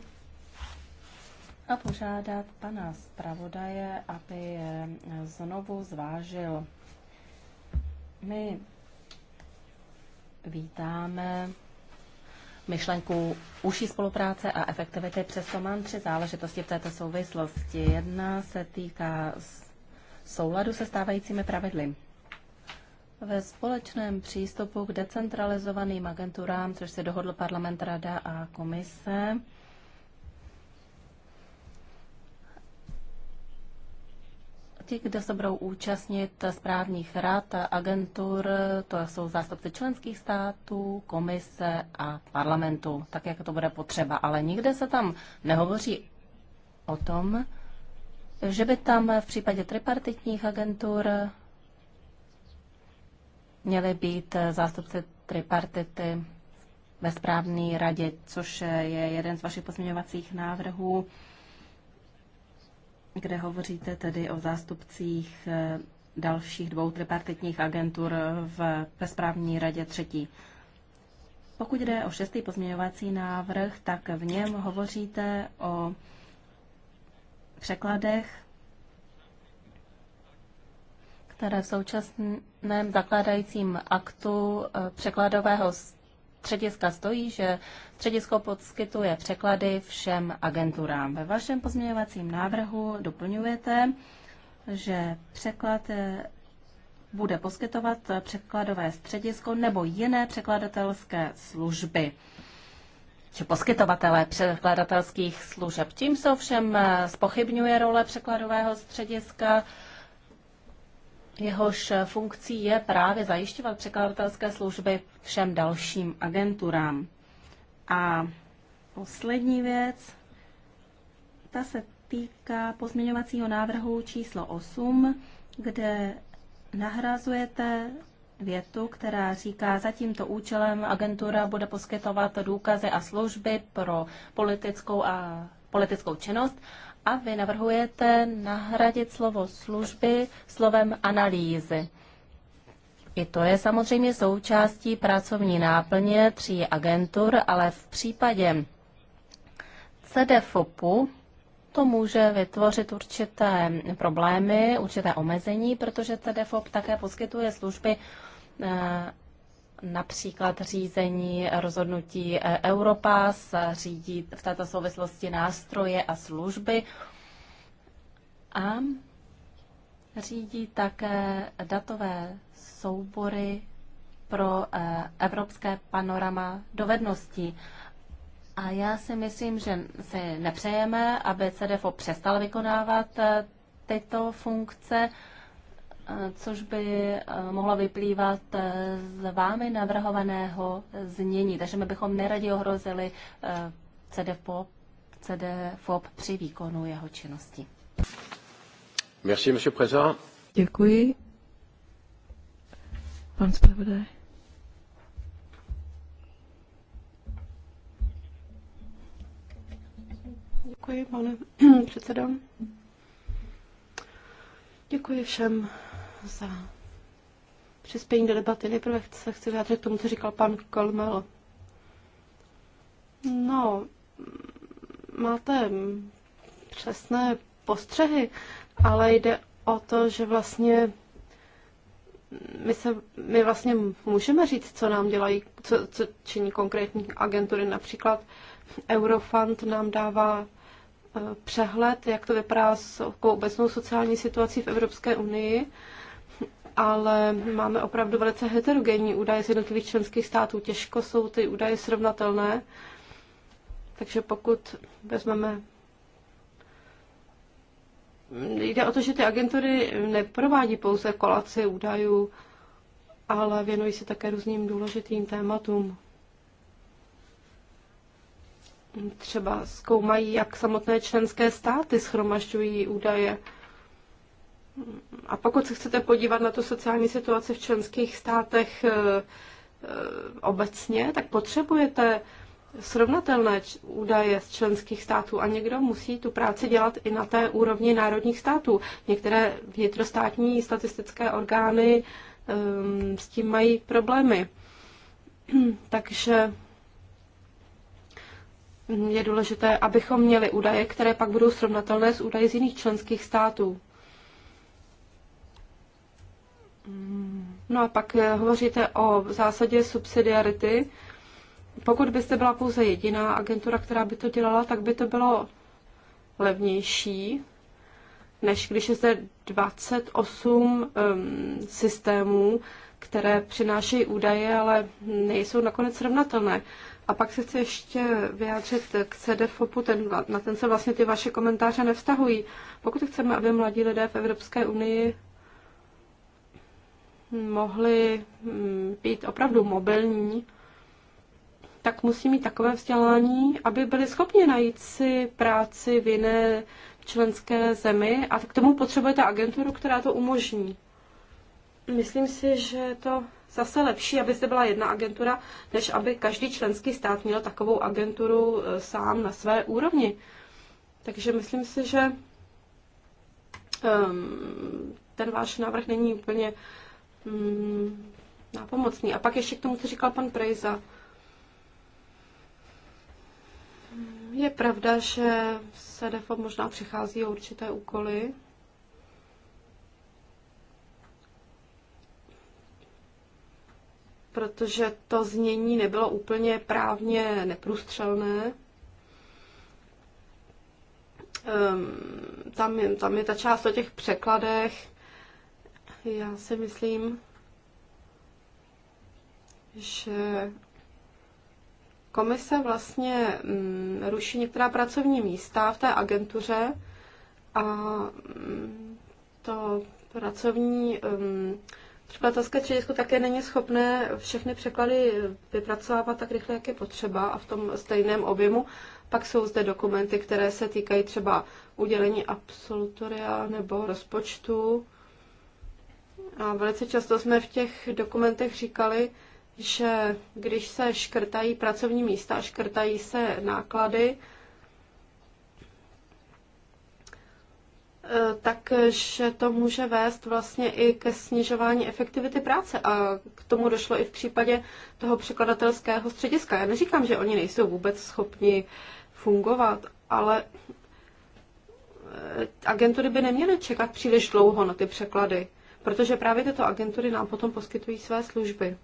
a požádat pana zpravodaje, aby je znovu zvážil. My vítáme myšlenku užší spolupráce a efektivity. Přesto mám tři záležitosti v této souvislosti. Jedna se týká souladu se stávajícími pravidly ve společném přístupu k decentralizovaným agenturám, což se dohodl parlament, rada a komise. Ti, kde se budou účastnit správních rad a agentur, to jsou zástupci členských států, komise a parlamentu, tak jak to bude potřeba. Ale nikde se tam nehovoří o tom, že by tam v případě tripartitních agentur měli být eh, zástupci tripartity ve správné radě, což eh, je jeden z vašich pozměňovacích návrhů, kde hovoříte tedy o zástupcích eh, dalších dvou tripartitních agentur v, ve správní radě třetí. Pokud jde o šestý pozměňovací návrh, tak v něm hovoříte o překladech které v současném zakládajícím aktu eh, překladového střediska stojí, že středisko poskytuje překlady všem agenturám. Ve vašem pozměňovacím návrhu doplňujete, že překlad eh, bude poskytovat eh, překladové středisko nebo jiné překladatelské služby či poskytovatelé překladatelských služeb. Tím se ovšem spochybňuje role překladového střediska jehož funkcí je právě zajišťovat překladatelské služby všem dalším agenturám. A poslední věc, ta se týká pozměňovacího návrhu číslo 8, kde nahrazujete větu, která říká, za tímto účelem agentura bude poskytovat důkazy a služby pro politickou a politickou činnost a vy navrhujete nahradit slovo služby slovem analýzy. I to je samozřejmě součástí pracovní náplně tří agentur, ale v případě CDFOPu to může vytvořit určité problémy, určité omezení, protože CDFOP také poskytuje služby eh, například řízení rozhodnutí Europass, řídí v této souvislosti nástroje a služby a řídí také datové soubory pro eh, evropské panorama dovedností. A já si myslím, že si nepřejeme, aby CDFO přestal vykonávat eh, tyto funkce, Eh, což by eh, mohlo vyplývat eh, z vámi navrhovaného znění. Takže my bychom neradi ohrozili CDFOP, CDFOP při výkonu jeho činnosti. Merci, monsieur Président. Děkuji. Pan zpravodaj. Děkuji, pane předsedo. Děkuji všem za přispění do debaty. Nejprve se chci vyjádřit k tomu, co říkal pan Kolmel. No, máte přesné postřehy, ale jde o to, že vlastně my, se, my vlastně můžeme říct, co nám dělají, co, co činí konkrétní agentury. Například Eurofund nám dává eh, přehled, jak to vypadá s obecnou sociální situací v Evropské unii ale máme opravdu velice heterogenní údaje z jednotlivých členských států. Těžko jsou ty údaje srovnatelné. Takže pokud vezmeme jde o to, že ty agentury neprovádí pouze kolaci údajů, ale věnují se také různým důležitým tématům. Třeba zkoumají, jak samotné členské státy schromažďují údaje. A pokud se chcete podívat na tu sociální situaci v členských státech eh, eh, obecně, tak potřebujete srovnatelné údaje z členských států a někdo musí tu práci dělat i na té úrovni národních států. Některé vnitrostátní statistické orgány ehm, s tím mají problémy. Takže je důležité, abychom měli údaje, které pak budou srovnatelné s údaji z jiných členských států. No a pak eh, hovoříte o zásadě subsidiarity. Pokud byste byla pouze jediná agentura, která by to dělala, tak by to bylo levnější, než když je zde 28 um, ehm, systémů, které přinášejí údaje, ale nejsou nakonec srovnatelné. A pak se chci ještě vyjádřit k CDFOPu, ten, na ten se vlastně ty vaše komentáře nevztahují. Pokud chceme, aby mladí lidé v Evropské unii mohli mm, být opravdu mobilní, tak musí mít takové vzdělání, aby byli schopni najít si práci v jiné členské zemi a k tomu potřebujete agenturu, která to umožní. Myslím si, že je to zase lepší, aby zde byla jedna agentura, než aby každý členský stát měl takovou agenturu e, sám na své úrovni. Takže myslím si, že ehm, ten váš návrh není úplně mm, nápomocný. A pak ještě k tomu, co říkal pan Prejza. Mm, je pravda, že defo možná přichází o určité úkoly. protože to znění nebylo úplně právně neprůstřelné. Ehm, tam, je, tam je ta část o těch překladech, já si myslím, že komise vlastně mm, ruší některá pracovní místa v té agentuře a mm, to pracovní mm, překladatelské středisko také není schopné všechny překlady vypracovávat tak rychle, jak je potřeba a v tom stejném objemu. Pak jsou zde dokumenty, které se týkají třeba udělení absolutoria nebo rozpočtu a velice často jsme v těch dokumentech říkali, že když se škrtají pracovní místa, škrtají se náklady, eh, takže to může vést vlastně i ke snižování efektivity práce a k tomu došlo i v případě toho překladatelského střediska. Já neříkám, že oni nejsou vůbec schopni fungovat, ale eh, agentury by neměly čekat příliš dlouho na ty překlady protože právě tyto agentury nám potom poskytují své služby,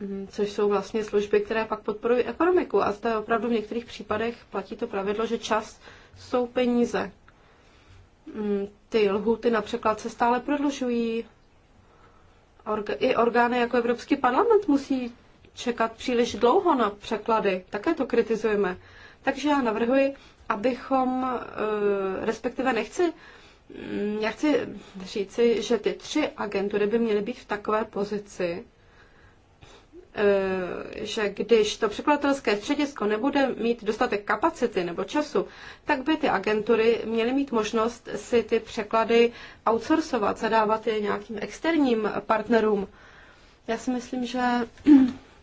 mm, což jsou vlastně služby, které pak podporují ekonomiku. A zde opravdu v některých případech platí to pravidlo, že čas jsou peníze. Mm, ty lhuty například se stále prodlužují. I orgány jako Evropský parlament musí čekat příliš dlouho na překlady. Také to kritizujeme. Takže já navrhuji, abychom, eh, respektive nechci, Mm, já chci říci, že ty tři agentury by měly být v takové pozici, eh, že když to překladatelské středisko nebude mít dostatek kapacity nebo času, tak by ty agentury měly mít možnost si ty překlady outsourcovat, zadávat je nějakým externím partnerům. Já si myslím, že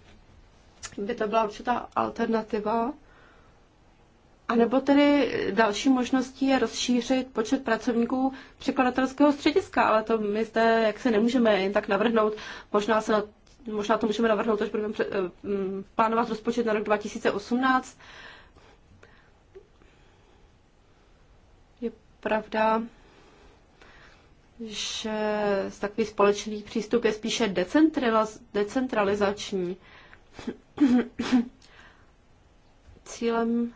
by to byla určitá alternativa a nebo tedy další možností je rozšířit počet pracovníků překladatelského střediska, ale to my zde jak se nemůžeme jen tak navrhnout. Možná, se, možná to můžeme navrhnout, až budeme eh, mm, plánovat rozpočet na rok 2018. Je pravda, že takový společný přístup je spíše decentralizační. Cílem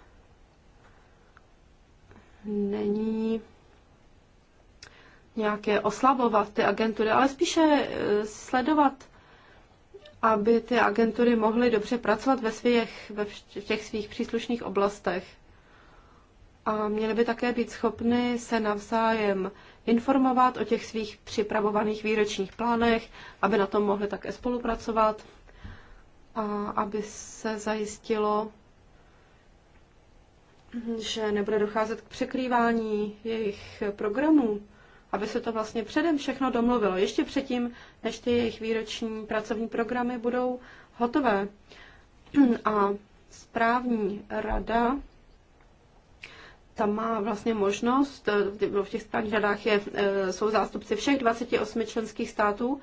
není nějaké oslabovat ty agentury, ale spíše e, sledovat, aby ty agentury mohly dobře pracovat ve, svých, ve v těch svých příslušných oblastech. A měly by také být schopny se navzájem informovat o těch svých připravovaných výročních plánech, aby na tom mohly také spolupracovat a aby se zajistilo, že nebude docházet k překrývání jejich programů, aby se to vlastně předem všechno domluvilo, ještě předtím, než ty jejich výroční pracovní programy budou hotové. A správní rada tam má vlastně možnost, v těch správních radách je, e, jsou zástupci všech 28 členských států,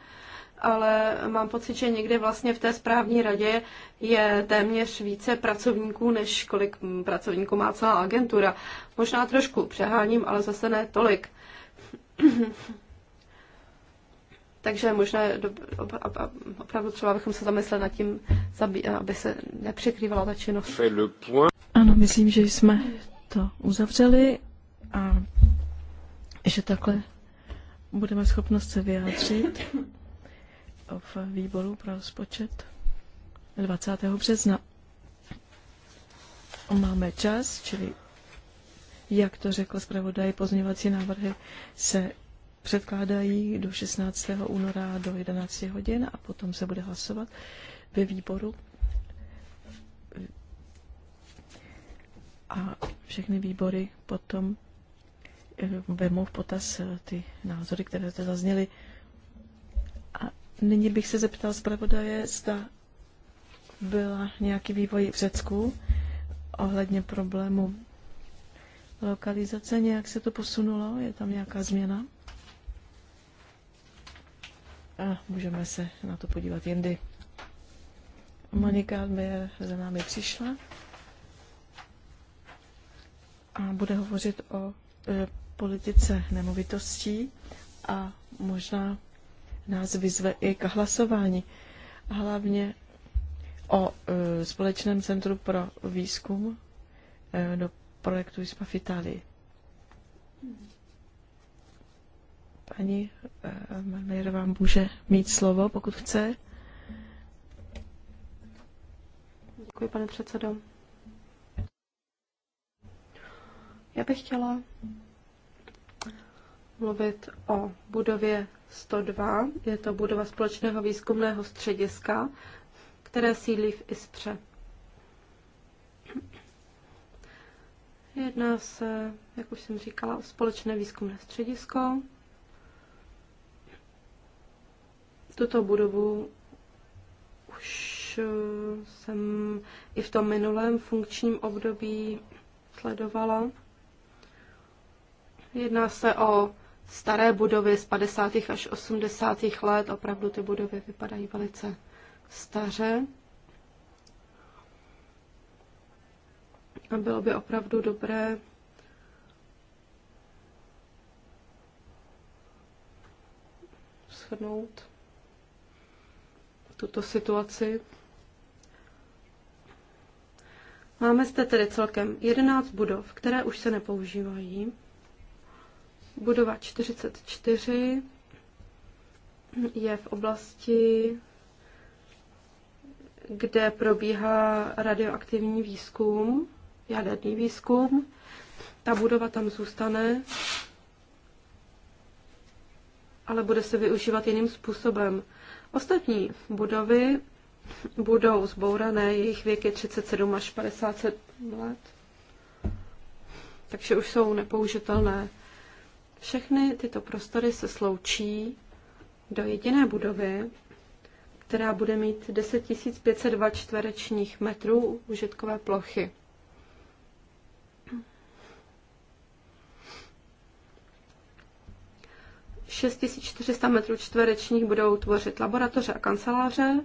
ale mám pocit, že někde vlastně v té správní radě je téměř více pracovníků, než kolik pracovníků má celá agentura. Možná trošku přeháním, ale zase ne tolik. Takže možná opravdu třeba bychom se zamysleli nad tím, aby se nepřekrývala ta činnost. Ano, myslím, že jsme to uzavřeli a že takhle budeme schopnost se vyjádřit v výboru pro rozpočet 20. března. Máme čas, čili jak to řekl zpravodaj, pozměvací návrhy se předkládají do 16. února do 11 hodin a potom se bude hlasovat ve výboru. A všechny výbory potom eh, vemou v potaz eh, ty názory, které zde zazněly. Nyní bych se zeptal zpravodaje, zda byla nějaký vývoj v Řecku ohledně problému lokalizace. Nějak se to posunulo? Je tam nějaká změna? A můžeme se na to podívat jindy. Monika Almier za námi přišla a bude hovořit o e, politice nemovitostí a možná nás vyzve i k hlasování. Hlavně o e, Společném centru pro výzkum e, do projektu ISPA v Itálii. Paní e, Manér vám může mít slovo, pokud chce. Děkuji, pane předsedo. Já bych chtěla mluvit o budově 102. Je to budova společného výzkumného střediska, které sídlí v Ispře. Jedná se, jak už jsem říkala, o společné výzkumné středisko. Tuto budovu už eh, jsem i v tom minulém funkčním období sledovala. Jedná se o staré budovy z 50. až 80. let. Opravdu ty budovy vypadají velice staře. A bylo by opravdu dobré shrnout tuto situaci. Máme zde tedy celkem 11 budov, které už se nepoužívají. Budova 44 je v oblasti, kde probíhá radioaktivní výzkum, jaderný výzkum. Ta budova tam zůstane, ale bude se využívat jiným způsobem. Ostatní budovy budou zbourané, jejich věk je 37 až 57 let, takže už jsou nepoužitelné. Všechny tyto prostory se sloučí do jediné budovy, která bude mít 10 502 čtverečních metrů užitkové plochy. Šest 6400 metrů čtverečních budou tvořit laboratoře a kanceláře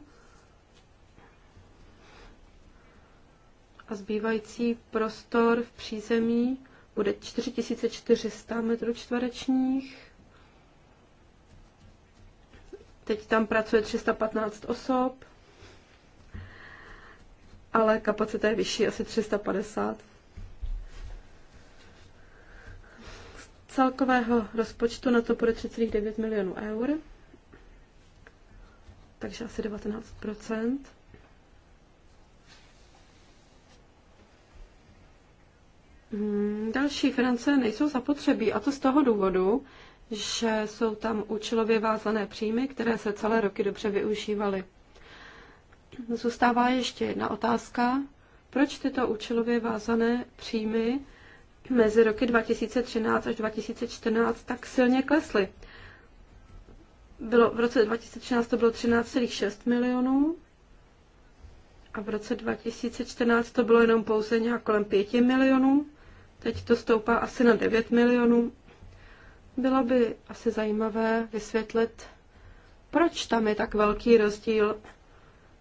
a zbývající prostor v přízemí bude 4400 metrů čtverečních. Teď tam pracuje 315 osob, ale kapacita je vyšší, asi 350. Z celkového rozpočtu na to bude 3,9 milionů eur, takže asi 19 Hmm, další finance nejsou zapotřebí a to z toho důvodu, že jsou tam účelově vázané příjmy, které se celé roky dobře využívaly. Zůstává ještě jedna otázka. Proč tyto účelově vázané příjmy mezi roky 2013 až 2014 tak silně klesly? Bylo, v roce 2013 to bylo 13,6 milionů a v roce 2014 to bylo jenom pouze nějak kolem 5 milionů teď to stoupá asi na 9 milionů. Bylo by asi zajímavé vysvětlit, proč tam je tak velký rozdíl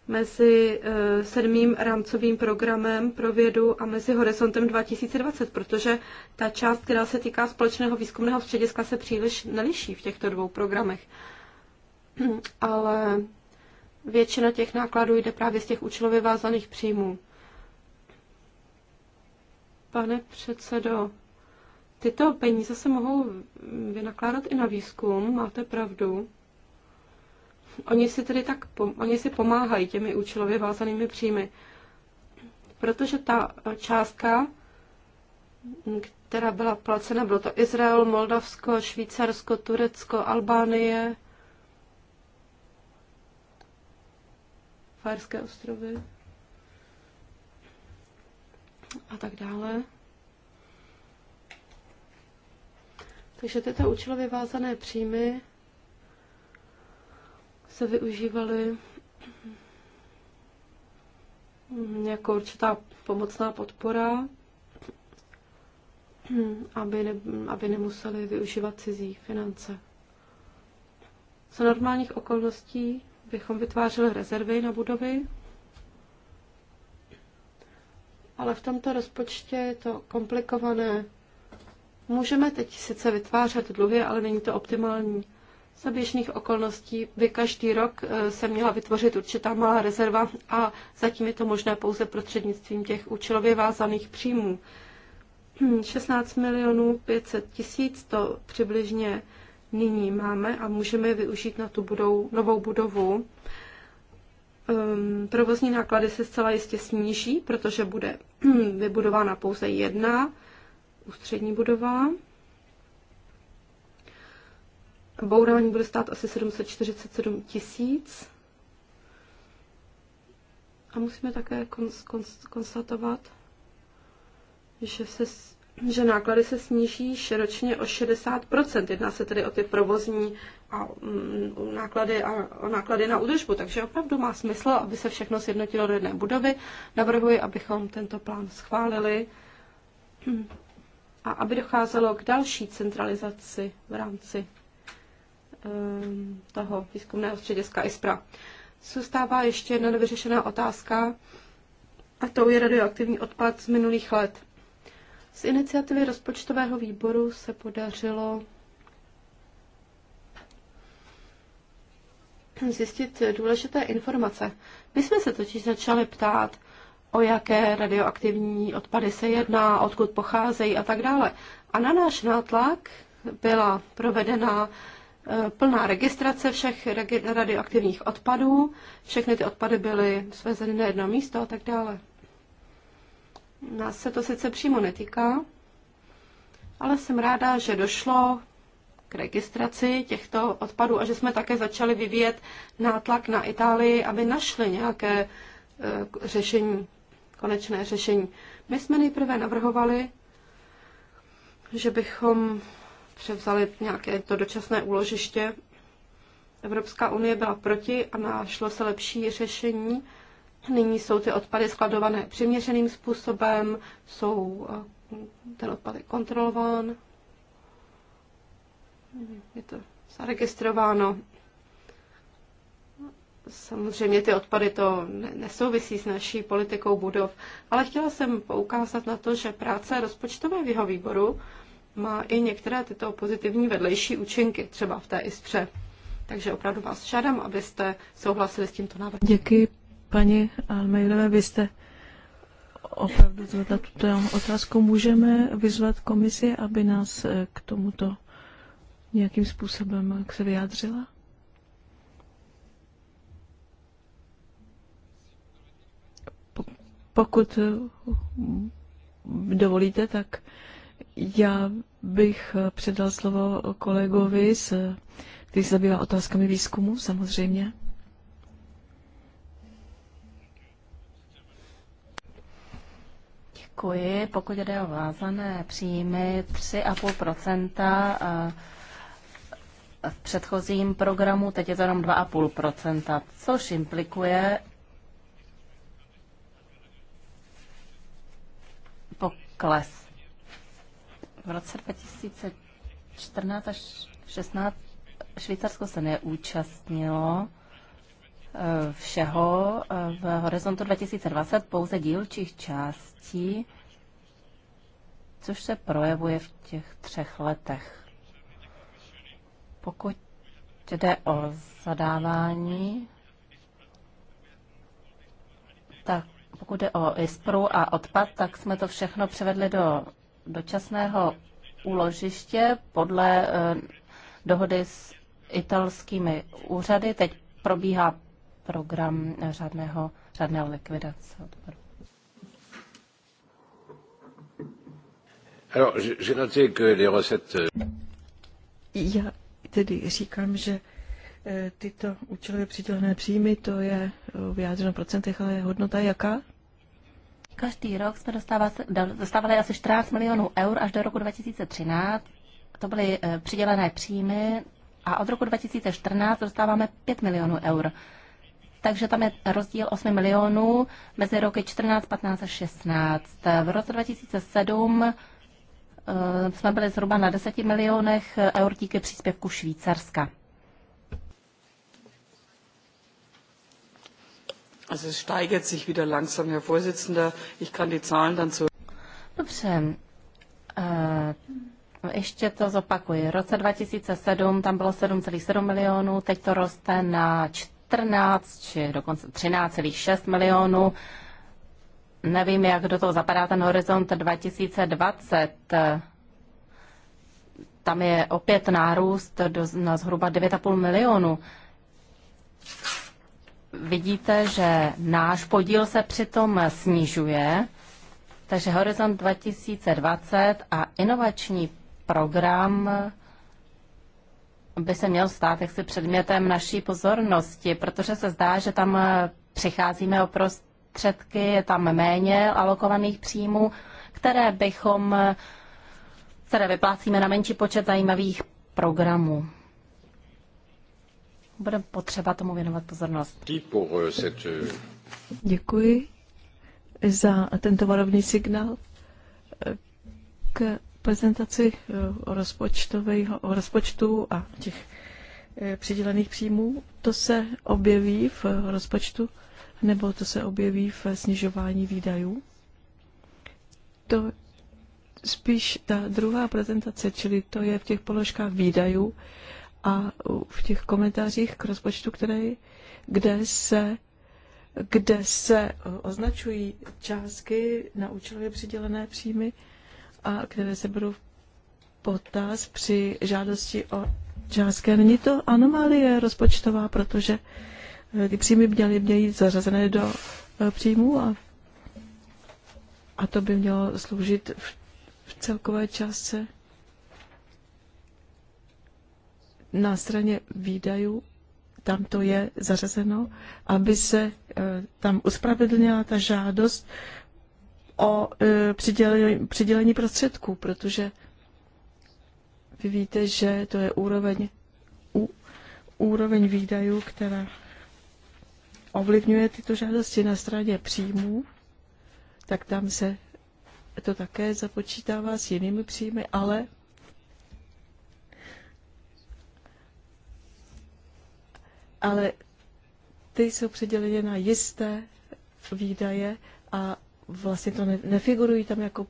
mezi eh, sedmým rámcovým programem pro vědu a mezi Horizontem 2020, protože ta část, která se týká společného výzkumného střediska, se příliš neliší v těchto dvou programech. Ale většina těch nákladů jde právě z těch účelově vázaných příjmů. Pane předsedo, tyto peníze se mohou vynakládat i na výzkum, máte pravdu. Oni si tedy tak, oni si pomáhají těmi účelově vázanými příjmy, protože ta částka, která byla placena, bylo to Izrael, Moldavsko, Švýcarsko, Turecko, Albánie, Fajerské ostrovy a tak dále. Takže tyto účelově vázané příjmy se využívaly jako určitá pomocná podpora, aby, ne, aby nemuseli využívat cizí finance. Za normálních okolností bychom vytvářeli rezervy na budovy, ale v tomto rozpočtu je to komplikované. Můžeme teď sice vytvářet dluhy, ale není to optimální. Za běžných okolností by každý rok eh, se měla vytvořit určitá malá rezerva a zatím je to možné pouze prostřednictvím těch účelově vázaných příjmů. 16 hm, milionů 500 tisíc to přibližně nyní máme a můžeme využít na tu budou, novou budovu. Ehm, provozní náklady se zcela jistě sníží, protože bude vybudována pouze jedna ústřední budova. Bourání bude stát asi 747 tisíc. A musíme také kons- kons- konstatovat, že, se, že náklady se sníží širočně o 60%. Jedná se tedy o ty provozní a mm, náklady, a náklady na údržbu. Takže opravdu má smysl, aby se všechno sjednotilo do jedné budovy. Navrhuji, abychom tento plán schválili hm, a aby docházelo k další centralizaci v rámci um, toho výzkumného střediska ISPRA. Zůstává ještě jedna nevyřešená otázka, a to je radioaktivní odpad z minulých let. Z iniciativy rozpočtového výboru se podařilo zjistit důležité informace. My jsme se totiž začali ptát, o jaké radioaktivní odpady se jedná, odkud pocházejí a tak dále. A na náš nátlak byla provedena eh, plná registrace všech radioaktivních odpadů, všechny ty odpady byly svezeny na jedno místo a tak dále. Nás se to sice přímo netýká, ale jsem ráda, že došlo k registraci těchto odpadů a že jsme také začali vyvíjet nátlak na Itálii, aby našli nějaké e, řešení, konečné řešení. My jsme nejprve navrhovali, že bychom převzali nějaké to dočasné úložiště. Evropská unie byla proti a našlo se lepší řešení. Nyní jsou ty odpady skladované přiměřeným způsobem, jsou, e, ten odpad je kontrolován. Je to zaregistrováno. Samozřejmě ty odpady to nesouvisí s naší politikou budov, ale chtěla jsem poukázat na to, že práce rozpočtového výboru má i některé tyto pozitivní vedlejší účinky, třeba v té ISPře. Takže opravdu vás žádám, abyste souhlasili s tímto návrhem. Děkuji, paní Almeidové, vy jste opravdu zvedla tuto otázku. Můžeme vyzvat komisi, aby nás eh, k tomuto nějakým způsobem jak se vyjádřila? Pokud eh, dovolíte, tak já bych eh, předal slovo kolegovi, který se zabývá otázkami výzkumu, samozřejmě. Děkuji. Pokud jde o vázané příjmy, 3,5 v předchozím programu, teď je to jenom 2,5%, což implikuje pokles. V roce 2014 až 2016 Švýcarsko se neúčastnilo eh, všeho eh, v horizontu 2020 pouze dílčích částí, což se projevuje v těch třech letech. Pokud jde o zadávání, tak pokud jde o ISPRu a odpad, tak jsme to všechno převedli do dočasného úložiště podle eh, dohody s italskými úřady. Teď probíhá program řádného, řádné likvidace odpadu. Alors, j'ai noté que les recettes. Yeah. Tedy říkám, že e, tyto účelově přidělené příjmy, to je e, vyjádřeno v procentech, ale hodnota jaká? Každý rok jsme dostávali, dostávali asi 14 milionů eur až do roku 2013. To byly e, přidělené příjmy a od roku 2014 dostáváme 5 milionů eur. Takže tam je rozdíl 8 milionů mezi roky 14, 15 a 16. V roce 2007 Eh, jsme byli zhruba na 10 milionech eur díky příspěvku Švýcarska. Also steigert sich wieder langsam, Herr Vorsitzender. Ich kann die Zahlen dann zu. Dobře. Eh, ještě to zopakuji. V roce 2007 tam bylo 7,7 milionů, teď to roste na 14 či dokonce 13,6 milionů nevím, jak do toho zapadá ten horizont 2020. Tam je opět nárůst do, na zhruba 9,5 milionu. Vidíte, že náš podíl se přitom snižuje, takže Horizont 2020 a inovační program by se měl stát jaksi předmětem naší pozornosti, protože se zdá, že tam přicházíme o prost prostředky, je tam méně alokovaných příjmů, které bychom, které vyplácíme na menší počet zajímavých programů. Bude potřeba tomu věnovat pozornost. Děkuji za tento varovný signál k prezentaci eh, o, o rozpočtu a těch eh, přidělených příjmů. To se objeví v eh, rozpočtu nebo to se objeví v snižování výdajů. To spíš ta druhá prezentace, čili to je v těch položkách výdajů a v těch komentářích k rozpočtu, které, kde se kde se označují částky na účelově přidělené příjmy, a které se budou potaz při žádosti o částky. Není to anomálie rozpočtová, protože uh, Eh, ty příjmy měly, měly být zařazené do eh, příjmů a, a to by mělo sloužit v, v celkové částce na straně výdajů, tam to je zařazeno, aby se eh, tam uspravedlnila ta žádost o přidělení, přidělení prostředků, protože vy víte, že to je úroveň, úroveň výdajů, která ovlivňuje tyto žádosti na straně příjmů, tak tam se to také započítává s jinými příjmy, ale ale ty jsou předěleny na jisté výdaje a vlastně to nefigurují tam jako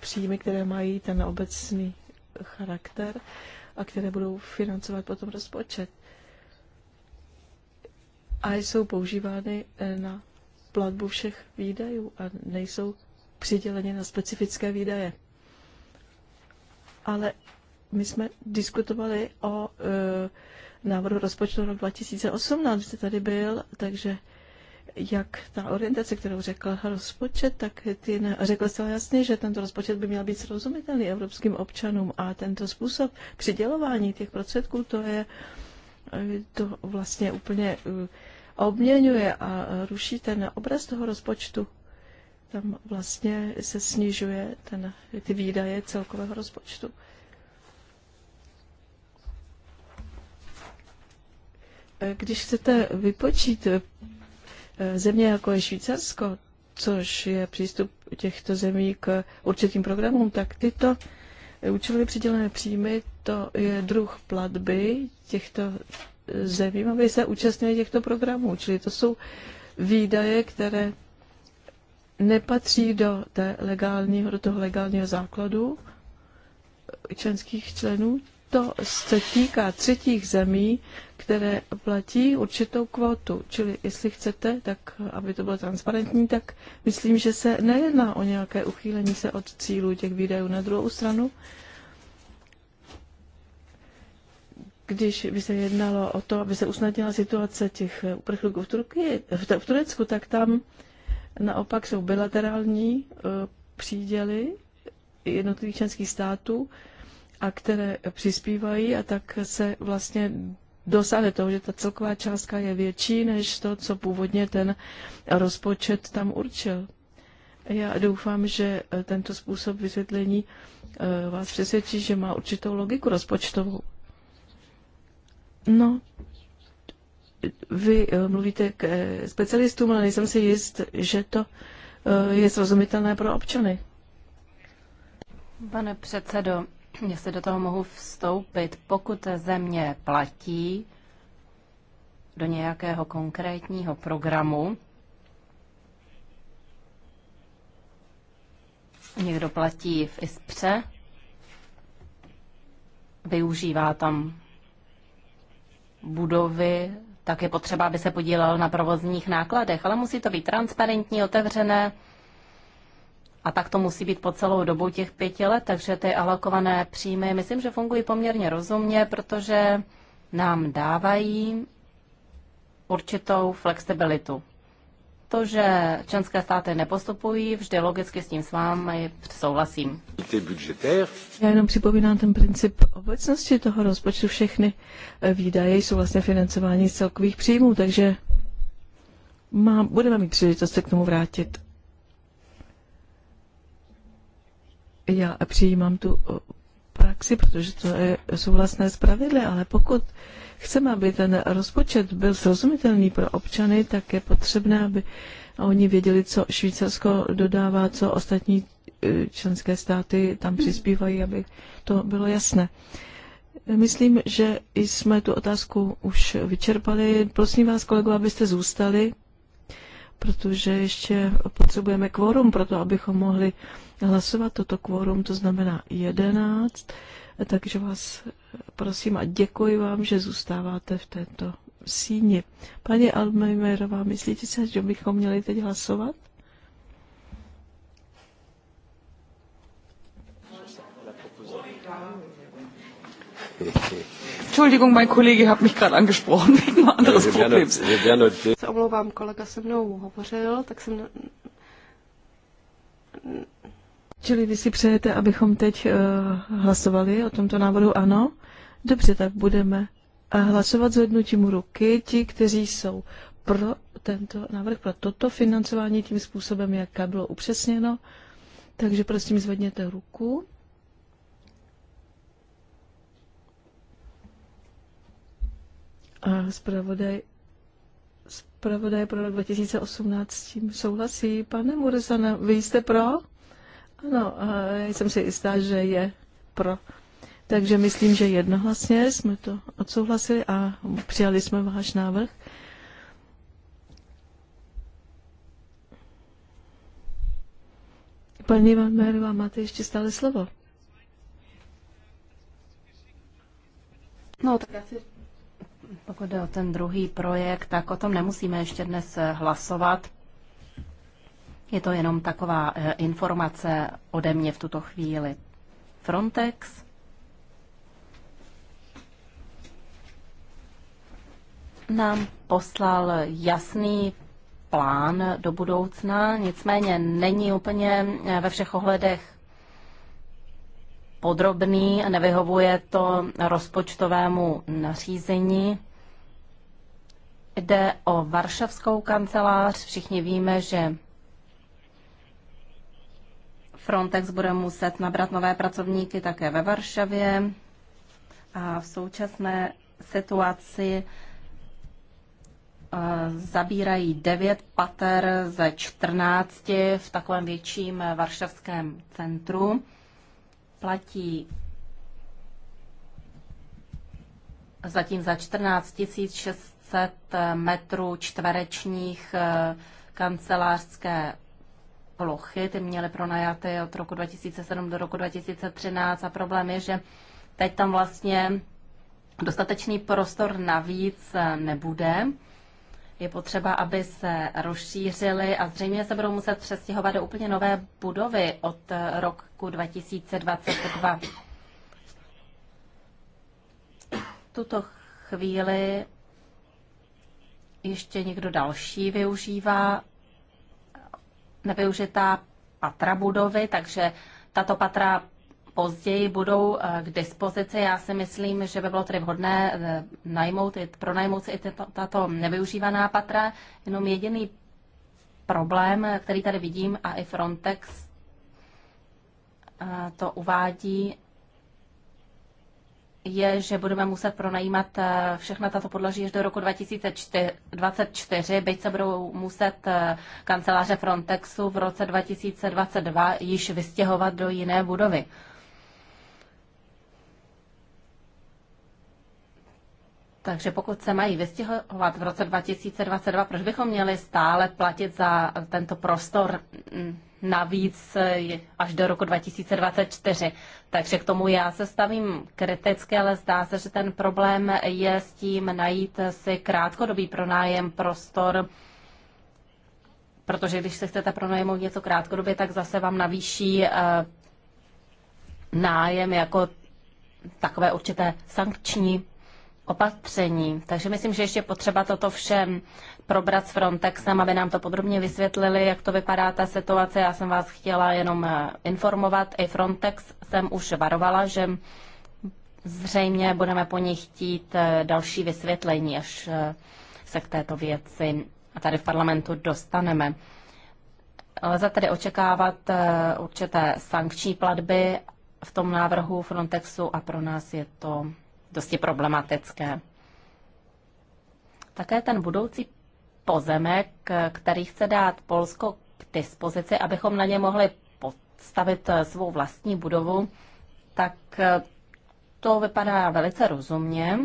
příjmy, které mají ten obecný charakter a které budou financovat potom rozpočet a jsou používány eh, na platbu všech výdajů a nejsou přiděleny na specifické výdaje. Ale my jsme diskutovali o e, návrhu rozpočtu rok 2018, jste tady byl, takže jak ta orientace, kterou řekl rozpočet, tak ty řekl zcela jasně, že tento rozpočet by měl být srozumitelný evropským občanům a tento způsob přidělování těch prostředků, to je eh, to vlastně úplně obměňuje a ruší ten obraz toho rozpočtu. Tam vlastně se snižuje ten, ty výdaje celkového rozpočtu. Když chcete vypočít eh, země jako je Švýcarsko, což je přístup těchto zemí k určitým programům, tak tyto účelově přidělené příjmy, to je druh platby těchto zemím, aby se účastnili těchto programů. Čili to jsou výdaje, které nepatří do, té legálního, do toho legálního základu členských členů. To se týká třetích zemí, které platí určitou kvotu. Čili jestli chcete, tak aby to bylo transparentní, tak myslím, že se nejedná o nějaké uchýlení se od cílů těch výdajů. Na druhou stranu když by se jednalo o to, aby se usnadnila situace těch uprchlíků v, v Turecku, tak tam naopak jsou bilaterální eh, příděly jednotlivých členských států, a které přispívají a tak se vlastně dosáhne toho, že ta celková částka je větší než to, co původně ten rozpočet tam určil. Já doufám, že eh, tento způsob vysvětlení eh, vás přesvědčí, že má určitou logiku rozpočtovou. No, vy eh, mluvíte k eh, specialistům, ale nejsem si jist, že to eh, je srozumitelné pro občany. Pane předsedo, jestli do toho mohu vstoupit, pokud země platí do nějakého konkrétního programu, někdo platí v ISPře, využívá tam budovy, tak je potřeba, aby se podílel na provozních nákladech, ale musí to být transparentní, otevřené a tak to musí být po celou dobu těch pěti let, takže ty alokované příjmy, myslím, že fungují poměrně rozumně, protože nám dávají určitou flexibilitu to, že členské státy nepostupují, vždy logicky s tím s vámi souhlasím. Já jenom připomínám ten princip obecnosti toho rozpočtu. Všechny eh, výdaje jsou vlastně financování z celkových příjmů, takže má, budeme mít příležitost se k tomu vrátit. Já přijímám tu eh, praxi, protože to je souhlasné s pravidly, ale pokud chceme, aby ten rozpočet byl srozumitelný pro občany, tak je potřebné, aby oni věděli, co Švýcarsko dodává, co ostatní e, členské státy tam přispívají, aby to bylo jasné. Myslím, že jsme tu otázku už vyčerpali. Prosím vás, kolego, abyste zůstali protože ještě potřebujeme kvórum pro to, abychom mohli hlasovat toto kvórum, to znamená 11. Takže vás prosím a děkuji vám, že zůstáváte v této síni. Paní Almejmerová, myslíte si, že bychom měli teď hlasovat? you. Entschuldigung, mein Kollege hat mich gerade angesprochen wegen anderes Problems. Se omlouvám, kolega se mnou hovořil, tak jsem... Čili vy si přejete, abychom teď uh, hlasovali o tomto návodu ano? Dobře, tak budeme eh, hlasovat s hodnutím ruky. Ti, kteří jsou pro tento návrh, pro toto financování tím způsobem, jak bylo upřesněno. Takže prosím zvedněte ruku. zpravodaj, spravodaj pro rok 2018 s tím souhlasí. Pane Murzana, vy jste pro? Ano, jsem si jistá, že je pro. Takže myslím, že jednohlasně jsme to odsouhlasili a přijali jsme váš návrh. Paní Van Merová, máte ještě stále slovo. No, tak já si pokud jde o ten druhý projekt, tak o tom nemusíme ještě dnes eh, hlasovat. Je to jenom taková eh, informace ode mě v tuto chvíli. Frontex. nám poslal jasný plán do budoucna, nicméně není úplně eh, ve všech ohledech podrobný, nevyhovuje to rozpočtovému nařízení. Jde o varšavskou kancelář. Všichni víme, že Frontex bude muset nabrat nové pracovníky také ve Varšavě. A v současné situaci eh, zabírají 9 pater ze 14 v takovém větším eh, varšavském centru. Platí zatím za 14 600 20 metrů čtverečních eh, kancelářské plochy. Ty měly pronajaty od roku 2007 do roku 2013 a problém je, že teď tam vlastně dostatečný prostor navíc eh, nebude. Je potřeba, aby se rozšířili a zřejmě se budou muset přestěhovat do úplně nové budovy od eh, roku 2022. V tuto chvíli ještě někdo další využívá nevyužitá patra budovy, takže tato patra později budou eh, k dispozici. Já si myslím, že by bylo tedy vhodné eh, najmout, pronajmout si i tato, tato nevyužívaná patra. Jenom jediný problém, který tady vidím, a i Frontex eh, to uvádí, je, že budeme muset pronajímat eh, všechna tato podloží až do roku 2024, byť se budou muset eh, kanceláře Frontexu v roce 2022 již vystěhovat do jiné budovy. Takže pokud se mají vystěhovat v roce 2022, proč bychom měli stále platit za tento prostor? Mm navíc eh, až do roku 2024. Takže k tomu já se stavím kriticky, ale zdá se, že ten problém je s tím najít si krátkodobý pronájem prostor, protože když se chcete pronajmout něco krátkodobě, tak zase vám navýší eh, nájem jako takové určité sankční opatření. Takže myslím, že ještě potřeba toto všem probrat s Frontexem, aby nám to podrobně vysvětlili, jak to vypadá ta situace. Já jsem vás chtěla jenom eh, informovat. I Frontex jsem už varovala, že zřejmě budeme po nich chtít eh, další vysvětlení, až eh, se k této věci tady v parlamentu dostaneme. Lze tedy očekávat určité sankční platby v tom návrhu Frontexu a pro nás je to dosti problematické. Také ten budoucí pozemek, který chce dát Polsko k dispozici, abychom na ně mohli postavit eh, svou vlastní budovu, tak eh, to vypadá velice rozumně.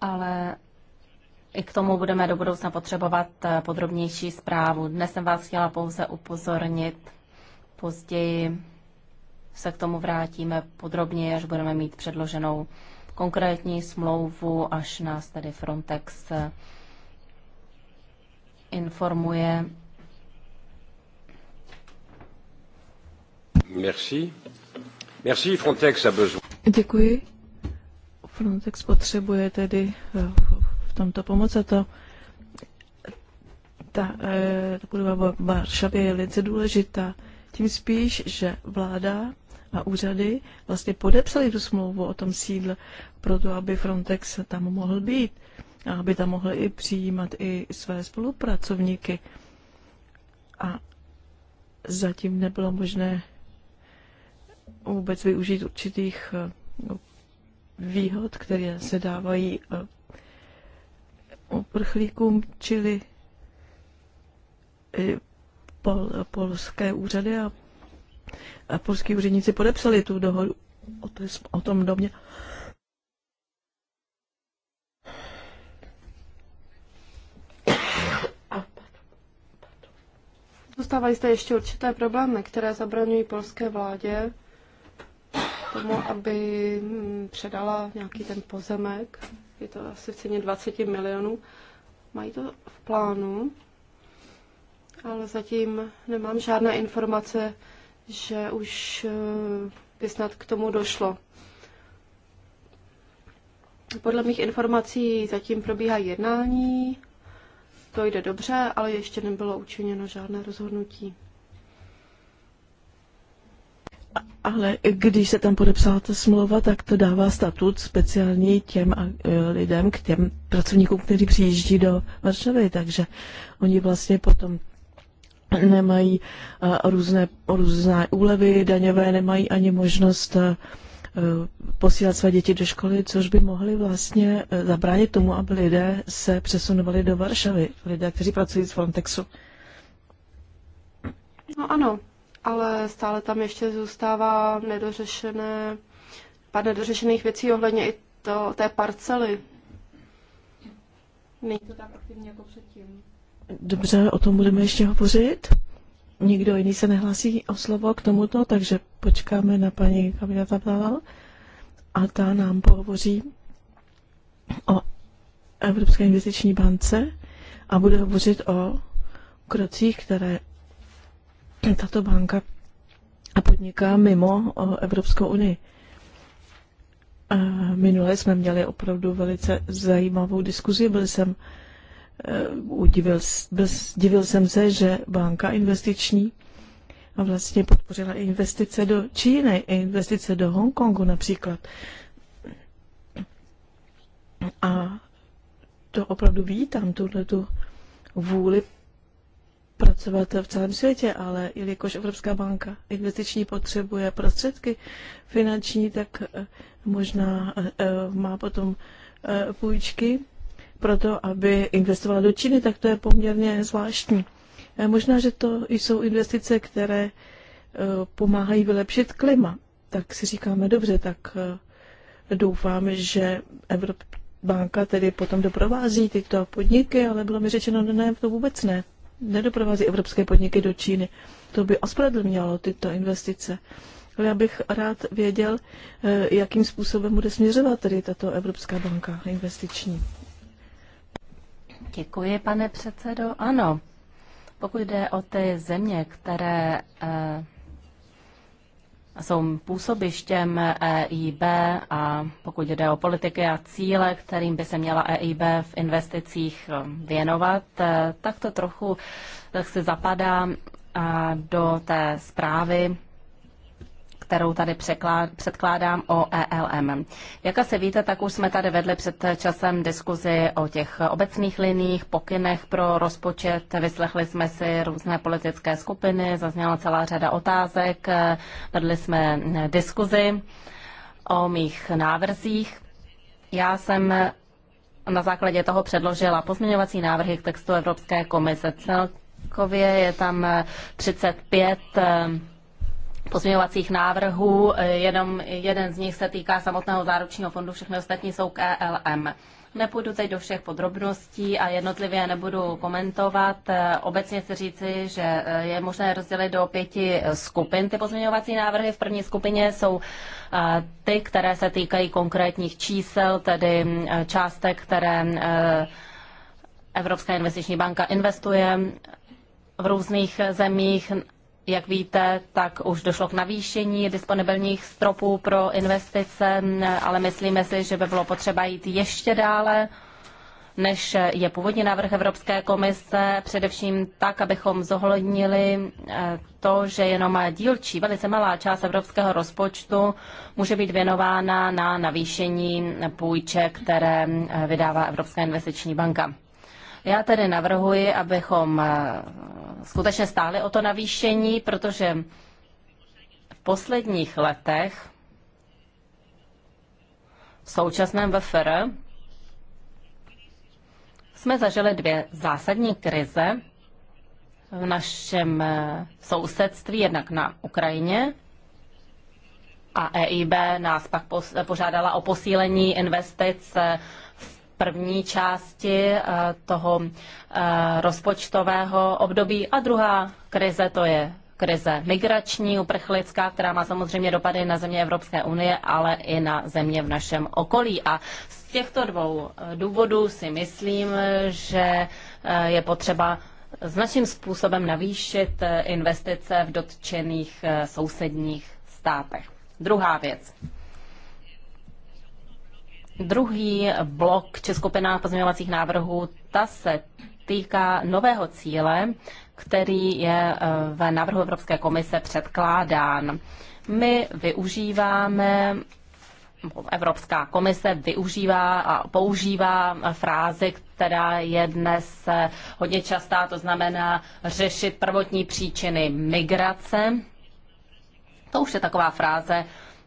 Ale i k tomu budeme do budoucna potřebovat eh, podrobnější zprávu. Dnes jsem vás chtěla pouze upozornit. Později se k tomu vrátíme podrobně, až budeme mít předloženou konkrétní smlouvu, až nás tedy Frontex eh, informuje. Merci. Merci, Frontex a besoin. Děkuji. Frontex potřebuje tedy eh, v tomto pomoc a to ta, eh, ta budova v Varšavě je velice důležitá. Tím spíš, že vláda a úřady vlastně podepsali tu smlouvu o tom sídle, proto aby Frontex tam mohl být a aby tam mohli i přijímat i své spolupracovníky. A zatím nebylo možné vůbec využít určitých eh, no, výhod, které se dávají eh, uprchlíkům, čili eh, polské úřady a polský úředníci podepsali tu dohodu o, té, o tom domě. Zůstávají zde ještě určité problémy, které zabraňují polské vládě tomu, aby mm, předala nějaký ten pozemek. Je to asi v ceně 20 milionů. Mají to v plánu, ale zatím nemám žádné informace, že už eh, by snad k tomu došlo. Podle mých informací zatím probíhá jednání, to jde dobře, ale ještě nebylo učiněno žádné rozhodnutí. Ale když se tam podepsala ta smlouva, tak to dává statut speciální těm eh, lidem, k těm pracovníkům, kteří přijíždí do Varšavy, takže oni vlastně potom nemají eh, různé, různé úlevy daňové, nemají ani možnost eh, posílat své děti do školy, což by mohli vlastně eh, zabránit tomu, aby lidé se přesunovali do Varšavy, lidé, kteří pracují z Frontexu. No ano, ale stále tam ještě zůstává nedořešené, pár nedořešených věcí ohledně i to, té parcely. Není to tak aktivní jako předtím. Dobře, o tom budeme ještě hovořit. Nikdo jiný se nehlásí o slovo k tomuto, takže počkáme na paní kabineta Ptala a ta nám pohovoří o Evropské investiční bance a bude hovořit o krocích, které tato banka podniká mimo Evropskou unii. Eh, minule jsme měli opravdu velice zajímavou diskuzi, byl jsem Eh, udivil, byl, divil jsem se, že banka investiční a vlastně podpořila i investice do Číny, i investice do Hongkongu například. A to opravdu vítám, tuhle tu vůli pracovat v celém světě, ale jelikož Evropská banka investiční potřebuje prostředky finanční, tak eh, možná eh, má potom půjčky pro to, aby investovala do Číny, tak to je poměrně zvláštní. E, možná, že to jsou investice, které e, pomáhají vylepšit klima. Tak si říkáme, dobře, tak e, doufám, že Evropa banka tedy potom doprovází tyto podniky, ale bylo mi řečeno, ne, to vůbec ne. Nedoprovází evropské podniky do Číny. To by ospravedlnilo tyto investice. Ale já bych rád věděl, jakým způsobem bude směřovat tedy tato Evropská banka investiční. Děkuji, pane předsedo. Ano, pokud jde o ty země, které eh, jsou působištěm EIB a pokud jde o politiky a cíle, kterým by se měla EIB v investicích eh, věnovat, eh, tak to trochu tak se zapadá do té zprávy kterou tady předkládám o ELM. Jak asi víte, tak už jsme tady vedli před časem diskuzi o těch obecných liních, pokynech pro rozpočet. Vyslechli jsme si různé politické skupiny, zazněla celá řada otázek, vedli jsme diskuzi o mých návrzích. Já jsem na základě toho předložila pozměňovací návrhy k textu Evropské komise. Celkově je tam 35 pozměňovacích návrhů, e, jenom jeden z nich se týká samotného záručního fondu, všechny ostatní jsou k ELM. Nepůjdu teď do všech podrobností a jednotlivě nebudu komentovat. E, obecně chci říci, že e, je možné rozdělit do pěti skupin ty pozměňovací návrhy. V první skupině jsou ty, které se týkají konkrétních čísel, tedy částek, které Evropská investiční banka investuje v různých zemích jak víte, tak už došlo k navýšení disponibilních stropů pro investice, ale myslíme si, že by bylo potřeba jít ještě dále než je původní návrh Evropské komise, především tak, abychom zohlednili eh, to, že jenom dílčí, velice malá část evropského rozpočtu může být věnována na navýšení půjček, které eh, vydává Evropská investiční banka. Já tedy navrhuji, abychom eh, skutečně stáli o to navýšení, protože v posledních letech v současném VFR jsme zažili dvě zásadní krize v našem eh, sousedství, jednak na Ukrajině, a EIB nás pak požádala o posílení investic eh, první části eh, toho eh, rozpočtového období a druhá krize to je krize migrační, uprchlická, která má samozřejmě dopady na země Evropské unie, ale i na země v našem okolí. A z těchto dvou eh, důvodů si myslím, že je potřeba značným způsobem navýšit investice v dotčených sousedních státech. Druhá věc. Druhý blok či skupina pozměňovacích návrhů, ta se týká nového cíle, který je eh, v návrhu Evropské komise předkládán. My využíváme Evropská komise využívá a používá frázi, která je dnes eh, hodně častá, to znamená řešit prvotní příčiny migrace. To už je taková fráze,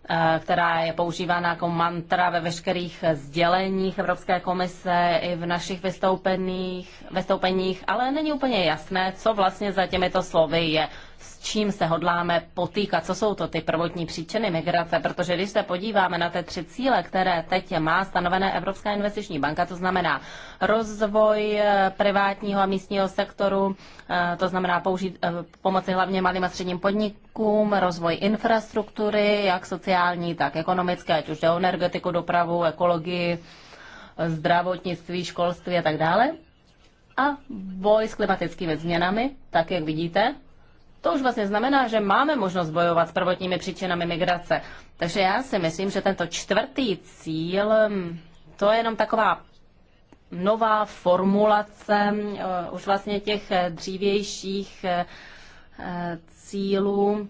Eh, která je používána jako mantra ve veškerých sděleních Evropské komise i v našich vystoupeních, vystoupeních, ale není úplně jasné, co vlastně za těmito slovy je s čím se hodláme potýkat, co jsou to ty prvotní příčiny migrace, protože když se podíváme na ty tři cíle, které teď má stanovené Evropská investiční banka, to znamená rozvoj eh, privátního a místního sektoru, eh, to znamená použít, eh, pomoci hlavně malým a středním podnikům, rozvoj infrastruktury, jak sociální, tak ekonomické, ať už jde o energetiku, dopravu, ekologii, zdravotnictví, školství a tak dále. A boj s klimatickými změnami, tak jak vidíte, to už vlastně znamená, že máme možnost bojovat s prvotními příčinami migrace. Takže já si myslím, že tento čtvrtý cíl, hm, to je jenom taková nová formulace hm, eh, už vlastně těch eh, dřívějších eh, cílů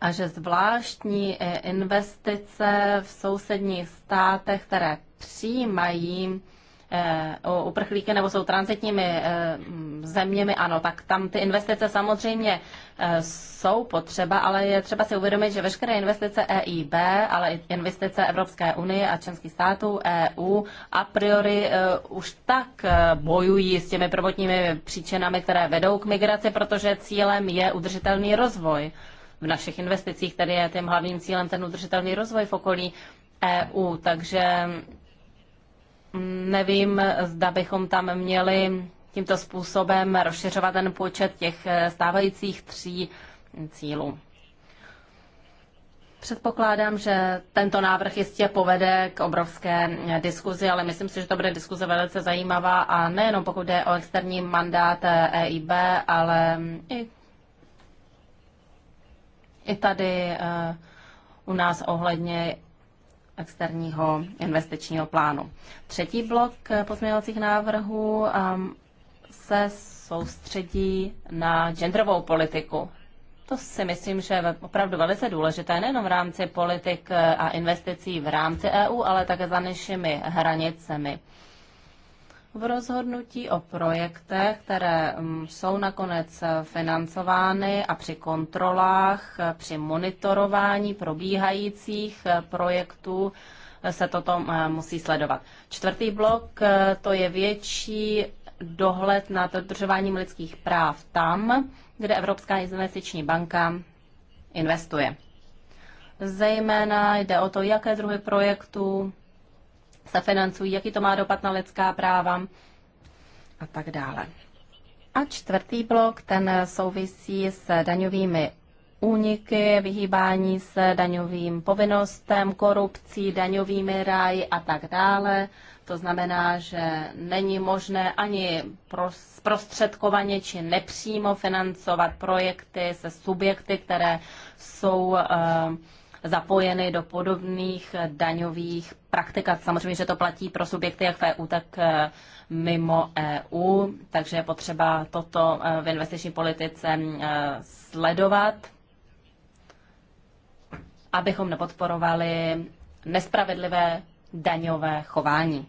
a že zvláštní investice v sousedních státech, které přijímají Eh, o uprchlíky nebo jsou transitními eh, zeměmi, ano, tak tam ty investice samozřejmě eh, jsou potřeba, ale je třeba si uvědomit, že veškeré investice EIB, ale i investice Evropské unie a členských států EU a priori už tak bojují s těmi prvotními příčinami, které vedou k migraci, protože cílem je udržitelný rozvoj v našich investicích, tedy je tím hlavním cílem ten udržitelný rozvoj v okolí EU. Takže nevím, zda bychom tam měli tímto způsobem rozšiřovat ten počet těch eh, stávajících tří cílů. Předpokládám, že tento návrh jistě povede k obrovské eh, diskuzi, ale myslím si, že to bude diskuze velice zajímavá a nejenom pokud jde o externí mandát EIB, eh, e ale mm, i, i tady u nás ohledně externího investičního plánu. Třetí blok pozměňovacích návrhů um, se soustředí na genderovou politiku. To si myslím, že je opravdu velice důležité nejen v rámci politik a investicí v rámci EU, ale také za našimi hranicemi v rozhodnutí o projektech, které mm, jsou nakonec financovány a při kontrolách, při monitorování probíhajících eh, projektů eh, se toto eh, musí sledovat. Čtvrtý blok to je větší dohled nad dodržováním lidských práv tam, kde Evropská investiční banka investuje. Zejména jde o to, jaké druhy projektů se financují, jaký to má dopad na lidská práva a tak dále. A čtvrtý blok, ten souvisí s daňovými úniky, vyhýbání se daňovým povinnostem, korupcí, daňovými ráji a tak dále. To znamená, že není možné ani zprostředkovaně či nepřímo financovat projekty se subjekty, které jsou uh, zapojeny do podobných daňových praktik. A samozřejmě, že to platí pro subjekty jak v EU, tak eh, mimo EU, takže je potřeba toto eh, v investiční politice eh, sledovat, abychom nepodporovali nespravedlivé daňové chování.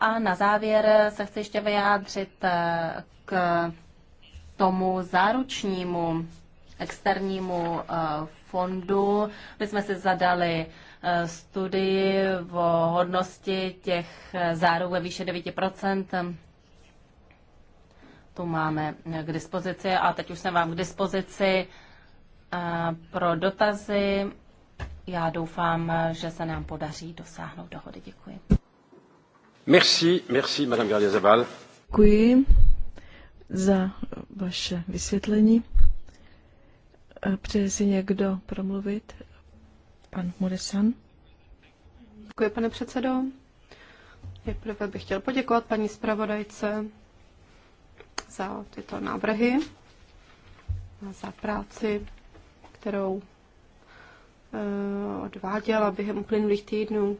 A na závěr se chci ještě vyjádřit k tomu záručnímu externímu fondu. My jsme si zadali eh, studii o hodnosti těch eh, záruk ve výše 9%. Tu máme eh, k dispozici a teď už jsem vám k dispozici pro dotazy. Já doufám, že se nám podaří dosáhnout dohody. Děkuji. Merci, merci, Madame Gardiazabal. Děkuji za vaše vysvětlení. Eh, přeje si někdo promluvit? Pan Muresan. Děkuji, pane předsedo. Nejprve bych chtěl poděkovat paní zpravodajce za tyto návrhy a za práci, kterou eh, odváděla během uplynulých týdnů.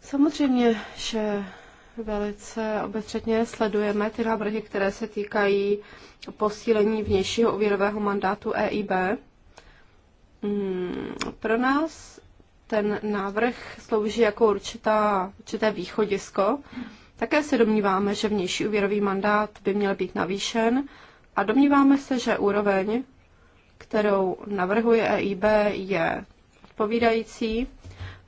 Samozřejmě, že velice obezřetně sledujeme ty návrhy, které se týkají posílení vnějšího úvěrového mandátu EIB. Hmm, pro nás ten návrh slouží jako určitá, určité východisko. Také se domníváme, že vnější úvěrový mandát by měl být navýšen a domníváme se, že úroveň, kterou navrhuje EIB, je odpovídající.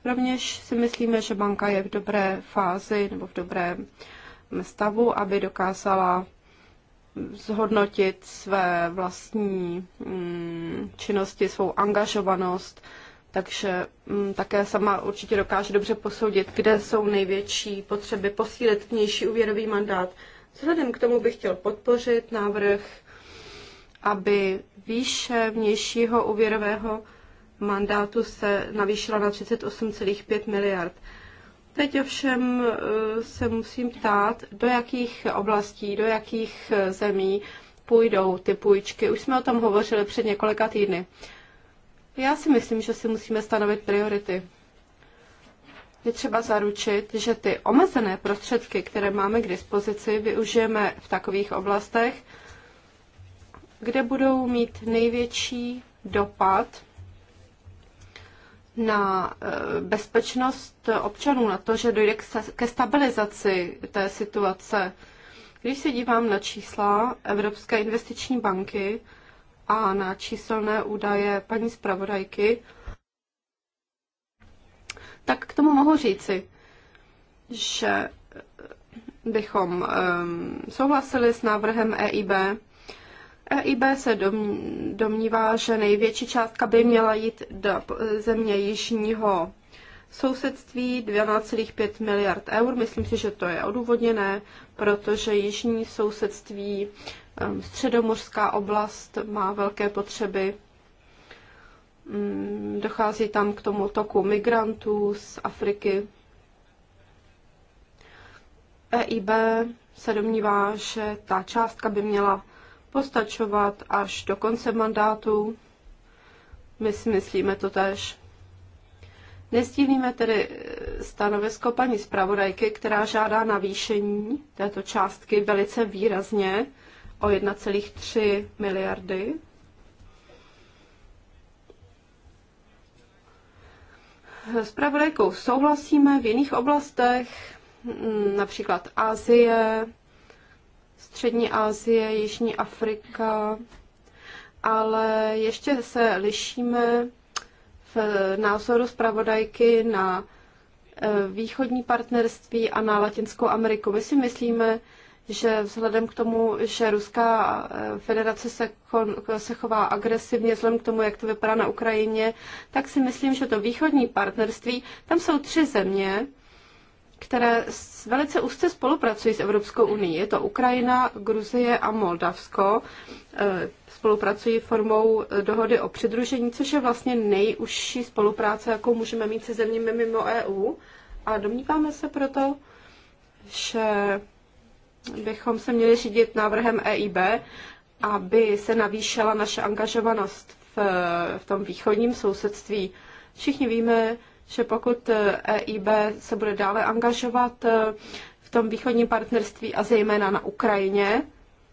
Rovněž si myslíme, že banka je v dobré fázi nebo v dobrém stavu, aby dokázala zhodnotit své vlastní mm, činnosti, svou angažovanost, takže mm, také sama určitě dokáže dobře posoudit, kde jsou největší potřeby posílit vnější úvěrový mandát. Vzhledem k tomu bych chtěl podpořit návrh, aby výše vnějšího úvěrového mandátu se navýšila na 38,5 miliard. Teď ovšem eh, se musím ptát, do jakých oblastí, do jakých eh, zemí půjdou ty půjčky. Už jsme o tom hovořili před několika týdny. Já si myslím, že si musíme stanovit priority. Je třeba zaručit, že ty omezené prostředky, které máme k dispozici, využijeme v takových oblastech, kde budou mít největší dopad na eh, bezpečnost občanů, na to, že dojde ke stabilizaci té situace. Když se dívám na čísla Evropské investiční banky a na číselné údaje paní zpravodajky, tak k tomu mohu říci, že bychom ehm, souhlasili s návrhem EIB, EIB se domnívá, že největší částka by měla jít do země jižního sousedství 12,5 miliard eur. Myslím si, že to je odůvodněné, protože jižní sousedství, středomořská oblast má velké potřeby. Mm, dochází tam k tomu toku migrantů z Afriky. EIB se domnívá, že ta částka by měla postačovat až do konce mandátu. My si myslíme to tež. Nestílíme tedy eh, stanovisko paní zpravodajky, která žádá navýšení této částky velice výrazně o 1,3 miliardy. Eh, s pravodajkou souhlasíme v jiných oblastech, mm, například Asie, Střední Asie, Jižní Afrika, ale ještě se lišíme v názoru zpravodajky na eh, východní partnerství a na Latinskou Ameriku. My si myslíme, že vzhledem k tomu, že Ruská eh, federace se, kon, se chová agresivně, vzhledem k tomu, jak to vypadá na Ukrajině, tak si myslím, že to východní partnerství, tam jsou tři země, které velice úzce spolupracují s Evropskou unii. Je to Ukrajina, Gruzie a Moldavsko. E, spolupracují formou e, dohody o přidružení, což je vlastně nejužší spolupráce, jakou můžeme mít se zeměmi mimo EU. A domníváme se proto, že bychom se měli řídit návrhem EIB, aby se navýšila naše angažovanost v, v tom východním sousedství. Všichni víme, že pokud EIB eh, e se bude dále angažovat eh, v tom východním partnerství a zejména na Ukrajině,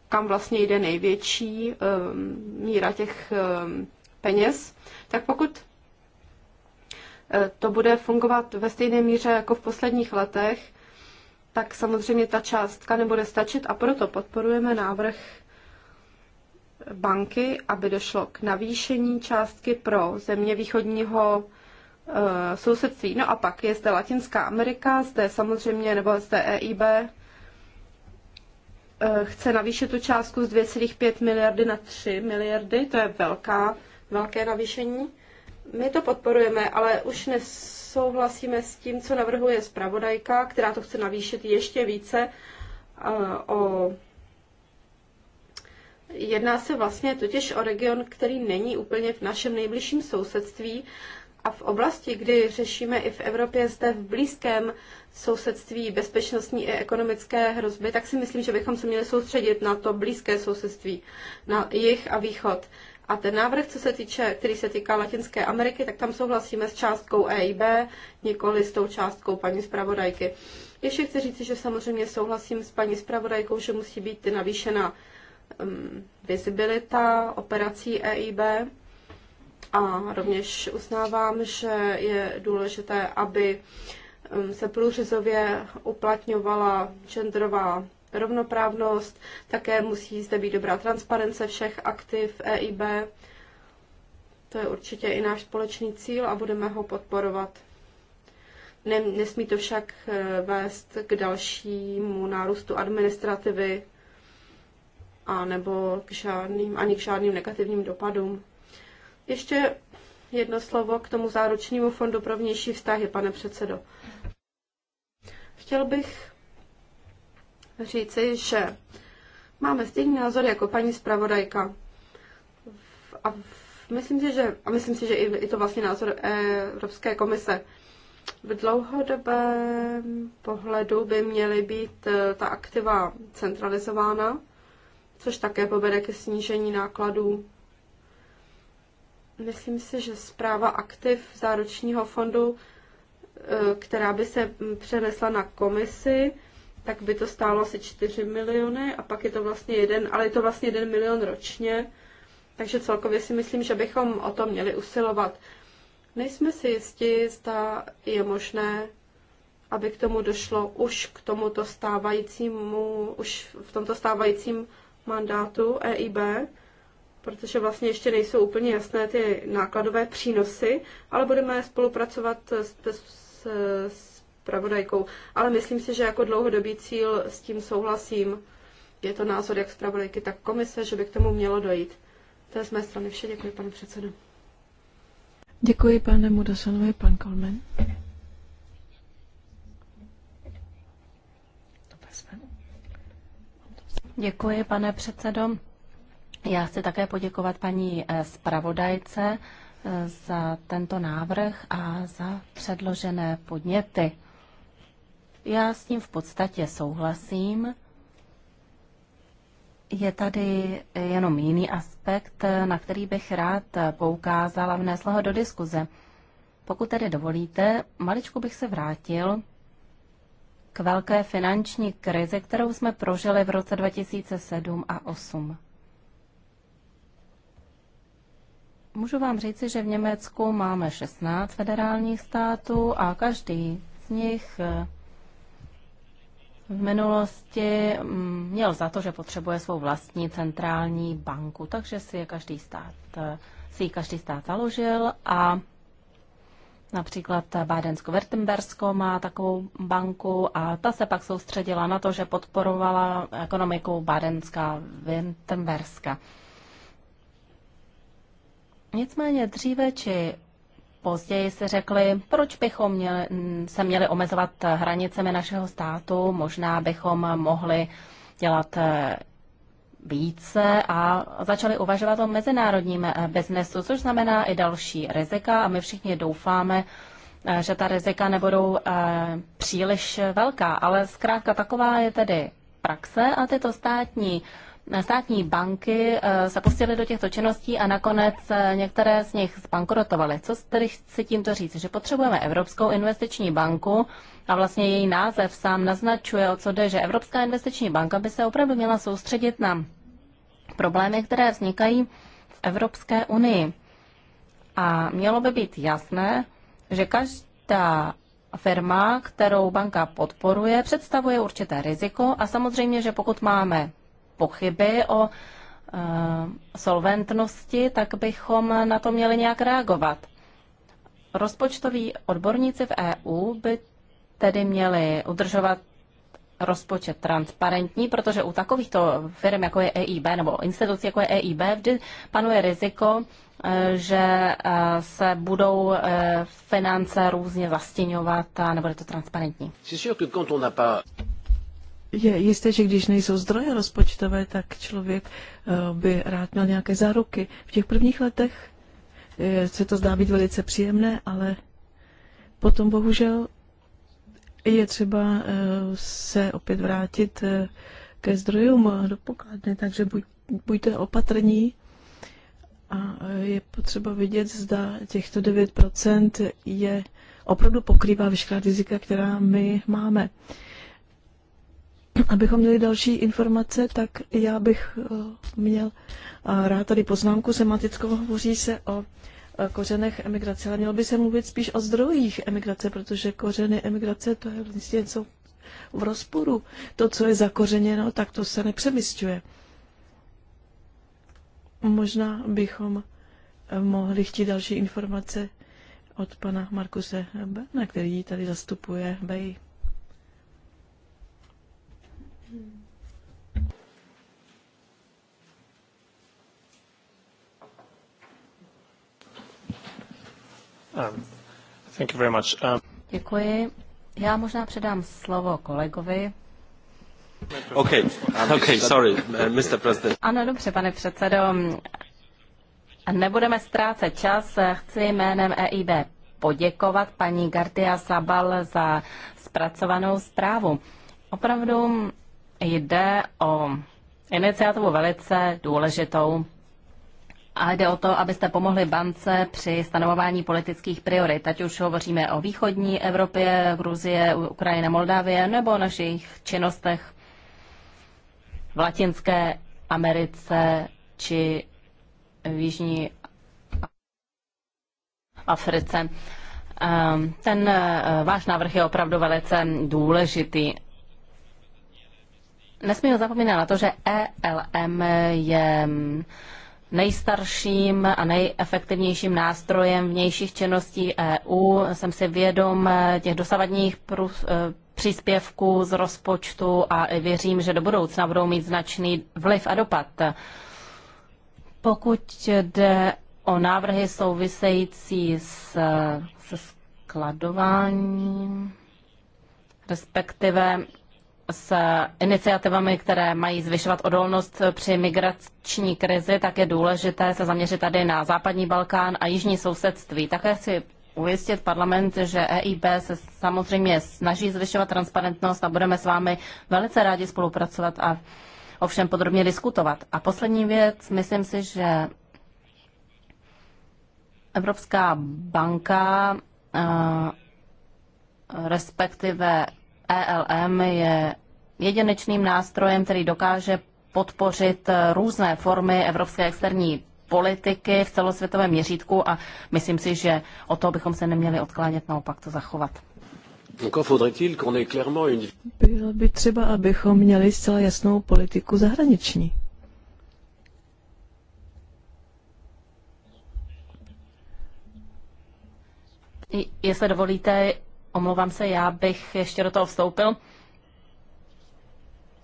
kam vlastně jde největší ehm, míra těch ehm, peněz, tak pokud eh, to bude fungovat ve stejné míře jako v posledních letech, tak samozřejmě ta částka nebude stačit a proto podporujeme návrh banky, aby došlo k navýšení částky pro země východního Eh, sousedství. No a pak je zde Latinská Amerika, zde samozřejmě, nebo zde EIB, eh, chce navýšit tu částku z 2,5 miliardy na 3 miliardy, to je velká, velké navýšení. My to podporujeme, ale už nesouhlasíme s tím, co navrhuje zpravodajka, která to chce navýšit ještě více eh, o Jedná se vlastně totiž o region, který není úplně v našem nejbližším sousedství a v oblasti, kdy řešíme i v Evropě zde v blízkém sousedství bezpečnostní i ekonomické hrozby, tak si myslím, že bychom se měli soustředit na to blízké sousedství, na jih a východ. A ten návrh, co se týče, který se týká Latinské Ameriky, tak tam souhlasíme s částkou EIB, nikoli s tou částkou paní zpravodajky. Ještě chci říct, že samozřejmě souhlasím s paní zpravodajkou, že musí být navýšena um, vizibilita operací EIB. A rovněž uznávám, že je důležité, aby um, se průřezově uplatňovala genderová rovnoprávnost, také musí zde být dobrá transparence všech aktiv EIB. To je určitě i náš společný cíl a budeme ho podporovat. Nesmí to však eh, vést k dalšímu nárůstu administrativy a nebo k žádným, ani k žádným negativním dopadům. Ještě jedno slovo k tomu záručnímu fondu pro vnější vztahy, pane předsedo. Chtěl bych říci, že máme stejný názor jako paní zpravodajka. A myslím si, že, a myslím si, že i, i to vlastně názor Evropské komise. V dlouhodobém pohledu by měly být eh, ta aktiva centralizována, což také povede ke snížení nákladů Myslím si, že zpráva aktiv záročního fondu, e, která by se přenesla na komisi, tak by to stálo asi 4 miliony a pak je to vlastně jeden, ale je to vlastně jeden milion ročně, takže celkově si myslím, že bychom o to měli usilovat. Nejsme si jistí, zda je možné, aby k tomu došlo už k tomuto stávajícímu, už v tomto stávajícím mandátu EIB, protože vlastně ještě nejsou úplně jasné ty nákladové přínosy, ale budeme spolupracovat s, s, s pravodajkou. Ale myslím si, že jako dlouhodobý cíl s tím souhlasím. Je to názor jak zpravodajky, tak komise, že by k tomu mělo dojít. To je z mé strany vše. Děkuji, pane předsedo. Děkuji, pane Mudasanovi, pan Kolmen. Děkuji, pane předsedo. Já chci také poděkovat paní eh, zpravodajce eh, za tento návrh a za předložené podněty. Já s tím v podstatě souhlasím. Je tady jenom jiný aspekt, eh, na který bych rád poukázal a vnesl ho do diskuze. Pokud tedy dovolíte, maličku bych se vrátil k velké finanční krizi, kterou jsme prožili v roce 2007 a 2008. Můžu vám říci, že v Německu máme 16 federálních států a každý z nich eh, v minulosti mm, měl za to, že potřebuje svou vlastní centrální banku, takže si je každý stát, eh, si ji každý stát založil a Například Bádensko-Württembersko má takovou banku a ta se pak soustředila na to, že podporovala ekonomiku bádenska württemberska Nicméně dříve či později se řekli, proč bychom měli, se měli omezovat hranicemi našeho státu, možná bychom mohli dělat eh, více a začali uvažovat o mezinárodním eh, biznesu, což znamená i další rizika a my všichni doufáme, eh, že ta rizika nebudou příliš velká, ale zkrátka taková je tedy praxe a tyto státní státní banky eh, se pustily do těchto činností a nakonec eh, některé z nich zbankrotovaly. Co tedy chci tímto říct? Že potřebujeme Evropskou investiční banku a vlastně její název sám naznačuje, o co jde, že Evropská investiční banka by se opravdu měla soustředit na problémy, které vznikají v Evropské unii. A mělo by být jasné, že každá firma, kterou banka podporuje, představuje určité riziko a samozřejmě, že pokud máme pochyby o eh, solventnosti, tak bychom na to měli nějak reagovat. Rozpočtoví odborníci v EU by tedy měli udržovat rozpočet transparentní, protože u takovýchto firm, jako je EIB, nebo institucí, jako je EIB, vždy panuje riziko, eh, že eh, se budou finance různě zastěňovat a nebude to transparentní je jisté, že když nejsou zdroje rozpočtové, tak člověk eh, by rád měl nějaké záruky. V těch prvních letech eh, se to zdá být velice příjemné, ale potom bohužel je třeba eh, se opět vrátit ke zdrojům do pokladny, takže buď, buďte opatrní a je potřeba vidět, zda těchto 9% je opravdu pokrývá veškerá rizika, která my máme abychom měli další informace, tak já bych eh, měl rád tady poznámku semantickou. Hovoří se o eh, kořenech emigrace, ale mělo by se mluvit spíš o zdrojích emigrace, protože kořeny emigrace to je vlastně něco v rozporu. To, co je zakořeněno, tak to se nepřemysťuje. Možná bychom eh, mohli chtít další informace od pana Markuse Berna, který tady zastupuje Bej. Um, thank you very much. Um, Děkuji. Já možná předám slovo kolegovi. Okay. Okay, sorry, Mr. President. Ano, dobře, pane předsedo. Nebudeme ztrácet čas. Chci jménem EIB poděkovat paní Gardia Sabal za zpracovanou zprávu. Opravdu jde o iniciativu velice důležitou a jde o to, abyste pomohli bance při stanovování politických priorit, ať už hovoříme o východní Evropě, Gruzie, Ukrajina, Moldávie, nebo o našich činnostech v Latinské Americe či v Jižní Africe. Ehm, ten e, váš návrh je opravdu velice důležitý. Nesmíme zapomínat na to, že ELM je mm, nejstarším a nejefektivnějším nástrojem vnějších činností EU. Jsem si vědom těch dosavadních eh, příspěvků z rozpočtu a věřím, že do budoucna budou mít značný vliv a dopad. Pokud jde o návrhy související s, se skladováním, respektive s iniciativami, které mají zvyšovat odolnost při migrační krizi, tak je důležité se zaměřit tady na západní Balkán a jižní sousedství. Také chci ujistit parlament, že EIB se samozřejmě snaží zvyšovat transparentnost a budeme s vámi velice rádi spolupracovat a ovšem podrobně diskutovat. A poslední věc, myslím si, že Evropská banka eh, respektive ELM je jedinečným nástrojem, který dokáže podpořit eh, různé formy evropské externí politiky v celosvětovém měřítku a myslím si, že o to bychom se neměli odklánět, naopak to zachovat. Bylo by třeba, abychom měli zcela jasnou politiku zahraniční. Jestli dovolíte, Omlouvám se, já bych ještě do toho vstoupil.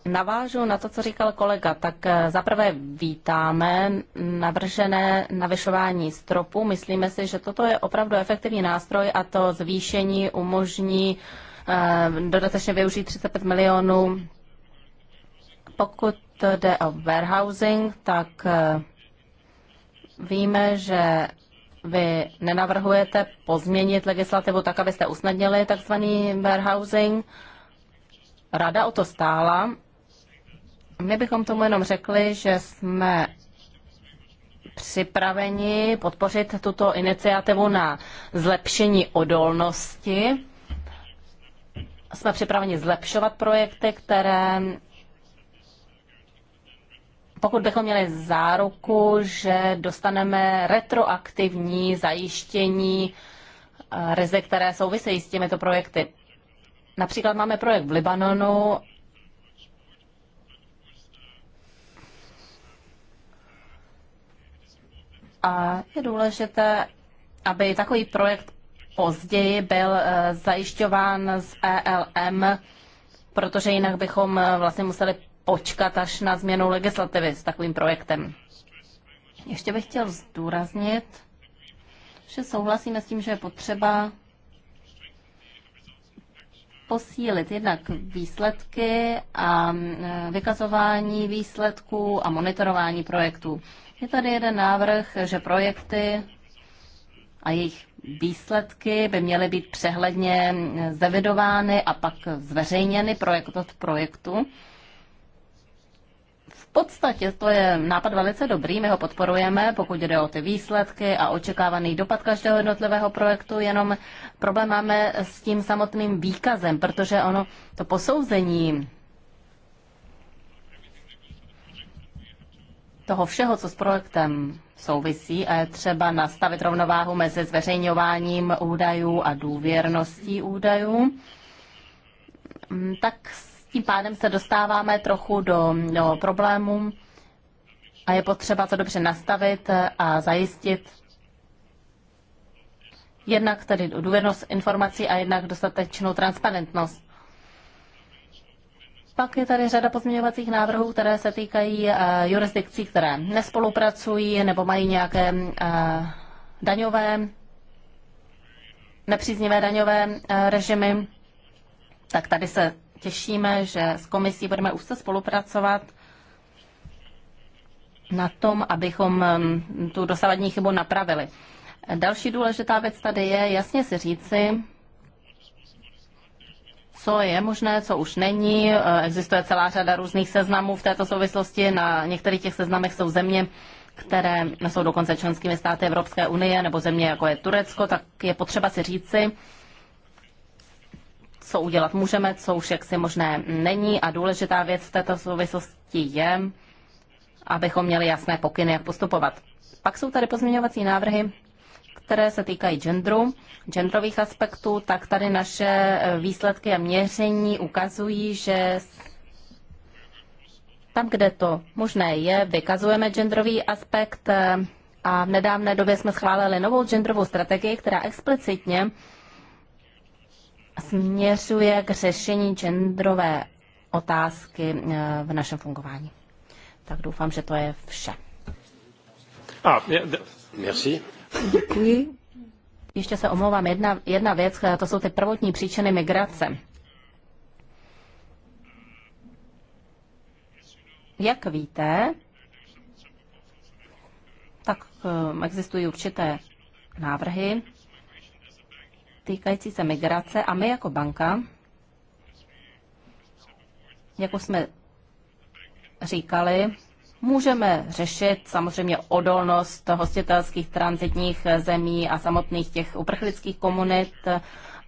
Navážu na to, co říkal kolega, tak eh, zaprvé vítáme navržené navyšování stropu. Myslíme si, že toto je opravdu efektivní nástroj a to zvýšení umožní eh, dodatečně využít 35 milionů. Pokud jde o warehousing, tak eh, víme, že vy nenavrhujete pozměnit legislativu tak, abyste usnadnili takzvaný warehousing. Rada o to stála. My bychom tomu jenom řekli, že jsme připraveni podpořit tuto iniciativu na zlepšení odolnosti. Jsme připraveni zlepšovat projekty, které pokud bychom měli záruku, že dostaneme retroaktivní zajištění eh, rizik, které souvisejí s těmito projekty. Například máme projekt v Libanonu, A je důležité, aby takový projekt později byl eh, zajišťován z ELM, protože jinak bychom eh, vlastně museli počkat až na změnu legislativy s takovým projektem. Ještě bych chtěl zdůraznit, že souhlasíme s tím, že je potřeba posílit jednak výsledky a e, vykazování výsledků a monitorování projektů. Je tady jeden návrh, že projekty a jejich výsledky by měly být přehledně e, zavidovány a pak zveřejněny projekt od projektu podstatě to je nápad velice dobrý, my ho podporujeme, pokud jde o ty výsledky a očekávaný dopad každého jednotlivého projektu, jenom problém máme s tím samotným výkazem, protože ono, to posouzení toho všeho, co s projektem souvisí a je třeba nastavit rovnováhu mezi zveřejňováním údajů a důvěrností údajů, mm, tak tím pádem se dostáváme trochu do, do problémů a je potřeba to dobře nastavit a zajistit. Jednak tedy důvěrnost informací a jednak dostatečnou transparentnost. Pak je tady řada pozměňovacích návrhů, které se týkají uh, jurisdikcí, které nespolupracují nebo mají nějaké uh, daňové, nepříznivé daňové uh, režimy. Tak tady se těšíme, že s komisí budeme úzce spolupracovat na tom, abychom um, tu dosavadní chybu napravili. Další důležitá věc tady je jasně si říci, co je možné, co už není. Existuje celá řada různých seznamů v této souvislosti. Na některých těch seznamech jsou země, které jsou dokonce členskými státy Evropské unie nebo země, jako je Turecko, tak je potřeba si říci, co udělat můžeme, co už jaksi možné není. A důležitá věc v této souvislosti je, abychom měli jasné pokyny, jak postupovat. Pak jsou tady pozměňovací návrhy, které se týkají genderu, genderových aspektů, tak tady naše výsledky a měření ukazují, že tam, kde to možné je, vykazujeme genderový aspekt a v nedávné době jsme schválili novou genderovou strategii, která explicitně směřuje k řešení genderové otázky eh, v našem fungování. Tak doufám, že to je vše. A, merci. Děkuji. Ještě se omlouvám, jedna, jedna věc, eh, to jsou ty prvotní příčiny migrace. Jak víte, tak eh, existují určité návrhy týkající se migrace a my jako banka, jako jsme říkali, můžeme řešit samozřejmě odolnost hostitelských transitních zemí a samotných těch uprchlických komunit,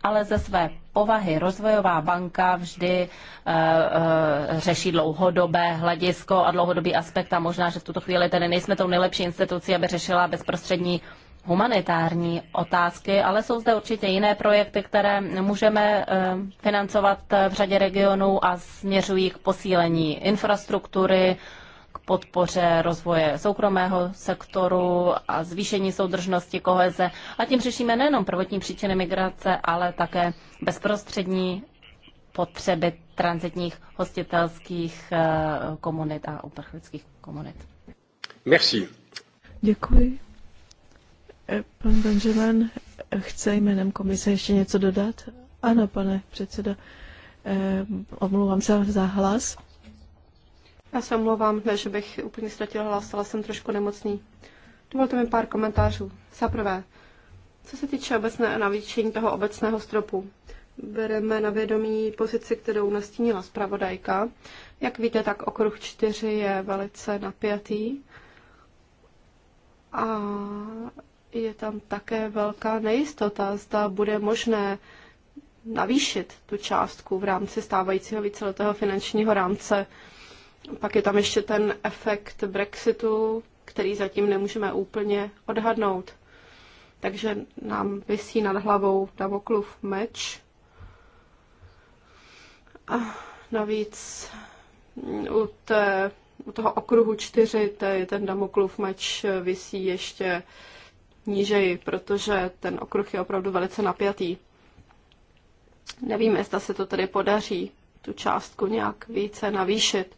ale ze své povahy rozvojová banka vždy eh, eh, řeší dlouhodobé hledisko a dlouhodobý aspekt a možná, že v tuto chvíli tedy nejsme tou nejlepší institucí, aby řešila bezprostřední humanitární otázky, ale jsou zde určitě jiné projekty, které můžeme eh, financovat eh, v řadě regionů a směřují k posílení infrastruktury, k podpoře rozvoje soukromého sektoru a zvýšení soudržnosti koheze. A tím řešíme nejenom prvotní příčiny migrace, ale také bezprostřední potřeby transitních hostitelských eh, komunit a uprchlických komunit. Merci. Děkuji. Eh, pan Benjamin eh, chce jménem komise ještě něco dodat? Ano, pane předsedo, eh, omlouvám se za hlas. Já se omlouvám, ne, že bych úplně ztratila hlas, ale jsem trošku nemocný. Dovolte mi pár komentářů. Za prvé, co se týče obecné navýšení toho obecného stropu, bereme na vědomí pozici, kterou nastínila zpravodajka. Jak víte, tak okruh čtyři je velice napjatý. A je tam také velká nejistota, zda bude možné navýšit tu částku v rámci stávajícího víceletého finančního rámce. Pak je tam ještě ten efekt Brexitu, který zatím nemůžeme úplně odhadnout. Takže nám vysí nad hlavou Damoklův meč. A navíc u, té, u toho okruhu čtyři, to je ten Damoklův meč, vysí ještě nížeji, protože ten okruh je opravdu velice napjatý. Nevím, jestli se to tedy podaří tu částku nějak více navýšit.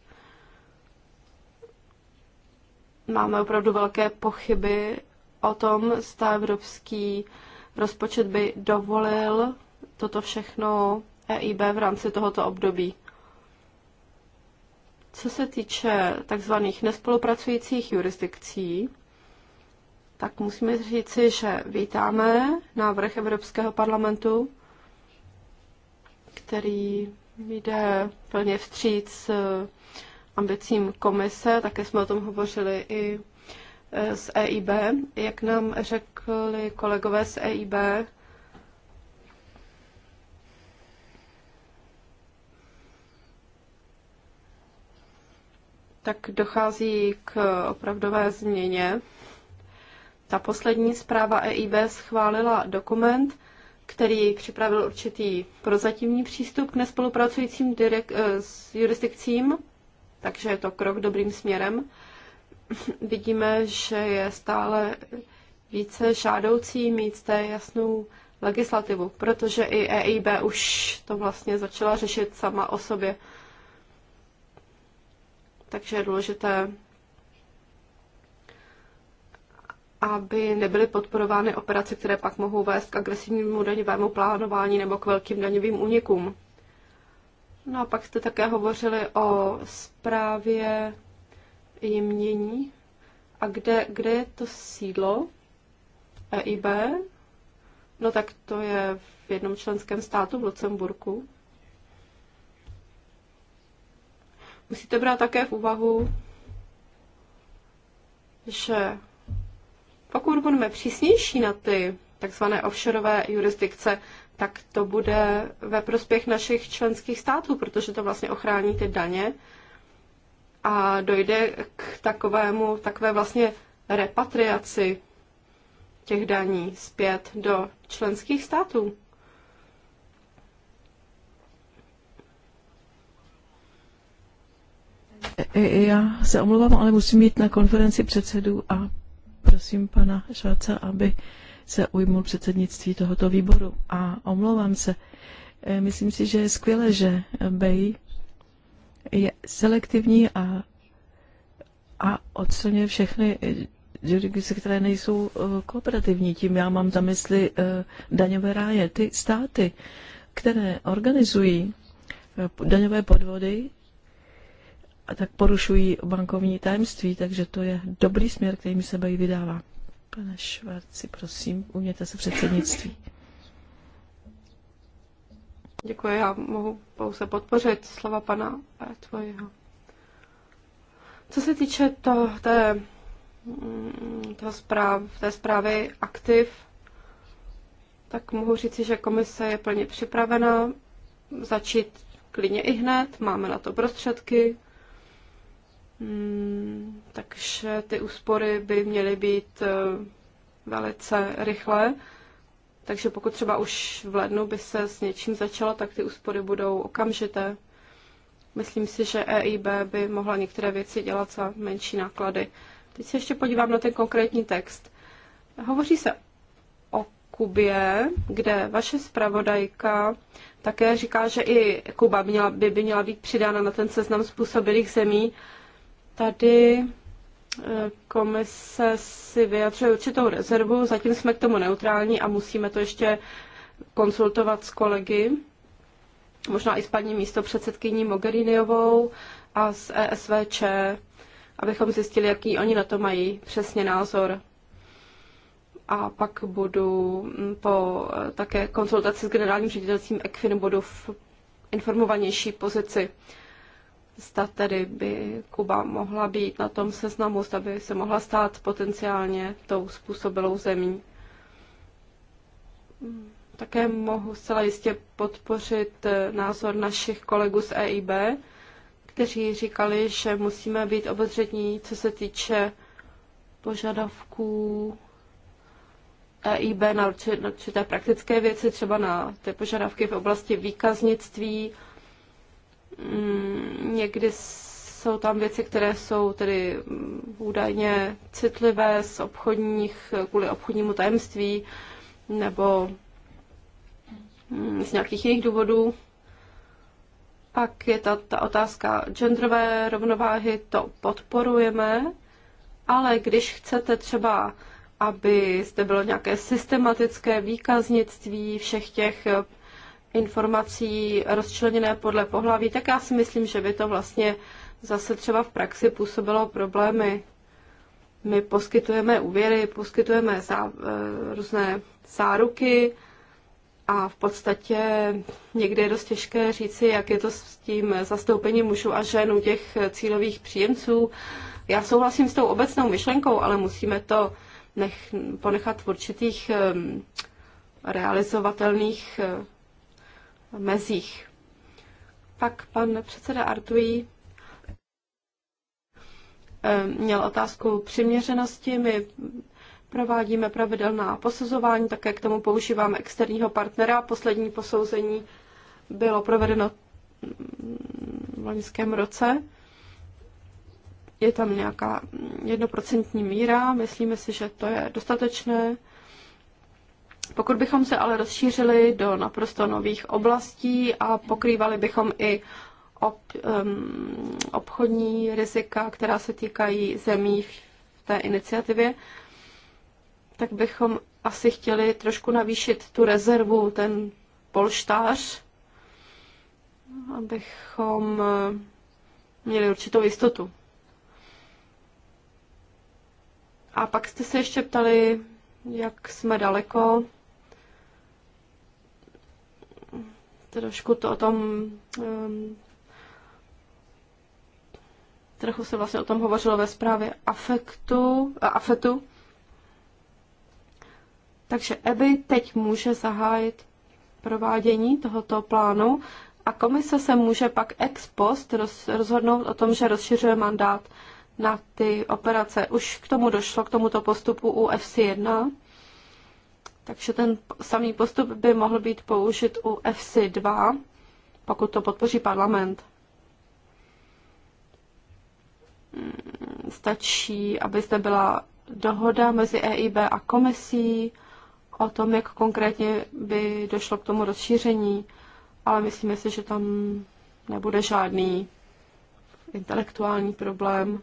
Máme opravdu velké pochyby o tom, zda evropský rozpočet by dovolil toto všechno EIB v rámci tohoto období. Co se týče takzvaných nespolupracujících jurisdikcí, tak musíme říci, že vítáme návrh Evropského parlamentu, který jde plně vstříc s eh, ambicím komise, také jsme o tom hovořili i eh, s EIB. Jak nám řekli kolegové z EIB, tak dochází k opravdové změně ta poslední zpráva EIB schválila dokument, který připravil určitý prozatímní přístup k nespolupracujícím direk- eh, s jurisdikcím, takže je to krok dobrým směrem. Vidíme, že je stále více žádoucí mít té jasnou legislativu, protože i EIB už to vlastně začala řešit sama o sobě. Takže je důležité aby nebyly podporovány operace, které pak mohou vést k agresivnímu daňovému plánování nebo k velkým daňovým únikům. No a pak jste také hovořili o zprávě jmění. A kde, kde je to sídlo EIB? No tak to je v jednom členském státu v Lucemburku. Musíte brát také v úvahu, že pokud budeme přísnější na ty takzvané offshoreové jurisdikce, tak to bude ve prospěch našich členských států, protože to vlastně ochrání ty daně a dojde k takovému, takové vlastně repatriaci těch daní zpět do členských států. Já se omlouvám, ale musím jít na konferenci předsedů a prosím pana Šváca, aby se ujmul předsednictví tohoto výboru. A omlouvám se, e, myslím si, že je skvělé, že BEI je selektivní a, a odstraně všechny e, jurisdikce, které nejsou e, kooperativní. Tím já mám za mysli daňové ráje. Ty státy, které organizují daňové podvody, tak porušují bankovní tajemství, takže to je dobrý směr, kterým se Bají vydává. Pane Švarci, prosím, uměte se předsednictví. Děkuji, já mohu pouze podpořit slova pana Tvojeho. Co se týče to, té, mm, toho zpráv, té zprávy aktiv, tak mohu říci, že komise je plně připravena začít klidně i hned, máme na to prostředky, Hmm, takže ty úspory by měly být eh, velice rychlé. Takže pokud třeba už v lednu by se s něčím začalo, tak ty úspory budou okamžité. Myslím si, že EIB by mohla některé věci dělat za menší náklady. Teď se ještě podívám na ten konkrétní text. Hovoří se o Kubě, kde vaše zpravodajka také říká, že i Kuba by měla, by, by měla být přidána na ten seznam způsobilých zemí. Uh, Tady eh, komise si vyjadřuje určitou rezervu, zatím jsme k tomu neutrální a musíme to ještě konsultovat s kolegy, možná i s paní místopředsedkyní Mogheriniovou a s ESVČ, abychom zjistili, jaký oni na to mají přesně názor. A pak budu mm, po eh, také konzultaci s generálním ředitelstvím Equin budu v informovanější pozici zda tedy by Kuba mohla být na tom seznamu, zda by se mohla stát potenciálně tou způsobilou zemí. Také mohu zcela jistě podpořit eh, názor našich kolegů z EIB, kteří říkali, že musíme být obezřetní, co se týče požadavků EIB na určité praktické věci, třeba na ty požadavky v oblasti výkaznictví, Mm, někdy jsou tam věci, které jsou tedy údajně citlivé z obchodních, kvůli obchodnímu tajemství nebo mm, z nějakých jiných důvodů. Pak je ta, ta otázka genderové rovnováhy, to podporujeme, ale když chcete třeba, aby zde bylo nějaké systematické výkaznictví všech těch informací rozčleněné podle pohlaví, tak já si myslím, že by to vlastně zase třeba v praxi působilo problémy. My poskytujeme úvěry, poskytujeme zá, e, různé záruky a v podstatě někdy je dost těžké říci, jak je to s tím zastoupením mužů a žen u těch cílových příjemců. Já souhlasím s tou obecnou myšlenkou, ale musíme to nech, ponechat v určitých realizovatelných mezích. Pak pan předseda Artují eh, měl otázku přiměřenosti. My provádíme pravidelná posuzování, také k tomu používáme externího partnera. Poslední posouzení bylo provedeno mm, v loňském roce. Je tam nějaká jednoprocentní míra, myslíme si, že to je dostatečné. Pokud bychom se ale rozšířili do naprosto nových oblastí a pokrývali bychom i ob, um, obchodní rizika, která se týkají zemí v té iniciativě, tak bychom asi chtěli trošku navýšit tu rezervu, ten polštář, abychom eh, měli určitou jistotu. A pak jste se ještě ptali, jak jsme daleko trošku to o tom, um, trochu se vlastně o tom hovořilo ve zprávě afektu, eh, afetu. Takže EBI teď může zahájit provádění tohoto plánu a komise se může pak ex post roz, rozhodnout o tom, že rozšiřuje mandát na ty operace. Už k tomu došlo, k tomuto postupu u FC1 takže ten samý postup by mohl být použit u FC2, pokud to podpoří parlament. Hmm, stačí, aby zde byla dohoda mezi EIB a komisí o tom, jak konkrétně by došlo k tomu rozšíření, ale myslíme si, že tam nebude žádný intelektuální problém,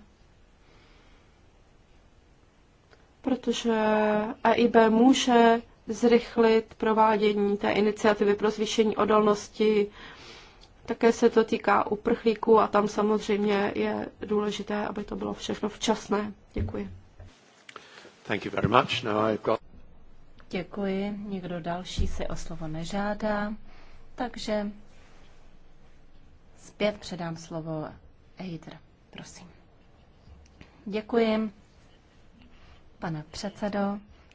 protože EIB může zrychlit provádění té iniciativy pro zvýšení odolnosti. Také se to týká uprchlíků a tam samozřejmě je důležité, aby to bylo všechno včasné. Děkuji. Thank you very much. Now I've got... Děkuji. Někdo další se o slovo nežádá, takže zpět předám slovo Eidr. Prosím. Děkuji, pane předsedo.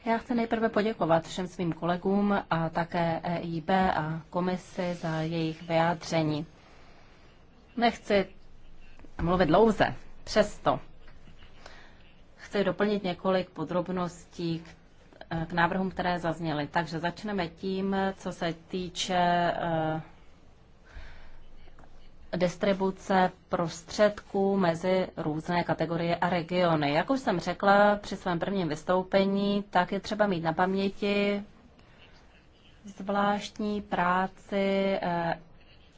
Já chci nejprve poděkovat všem svým kolegům a také EIB a komisi za jejich vyjádření. Nechci mluvit dlouze, přesto chci doplnit několik podrobností k návrhům, které zazněly. Takže začneme tím, co se týče eh, distribuce prostředků mezi různé kategorie a regiony. Jak už jsem řekla při svém prvním vystoupení, tak je třeba mít na paměti zvláštní práci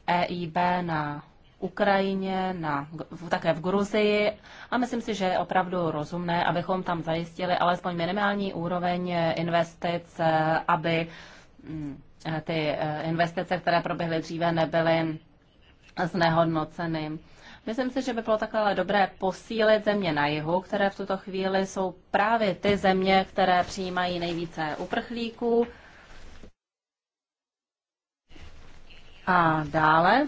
EIB eh, e na Ukrajině, na, také v Gruzii a myslím si, že je opravdu rozumné, abychom tam zajistili alespoň minimální úroveň investic, eh, aby mm, eh, ty investice, které proběhly dříve, nebyly znehodnoceny. Myslím si, že by bylo takhle dobré posílit země na jihu, které v tuto chvíli jsou právě ty země, které přijímají nejvíce uprchlíků. A dále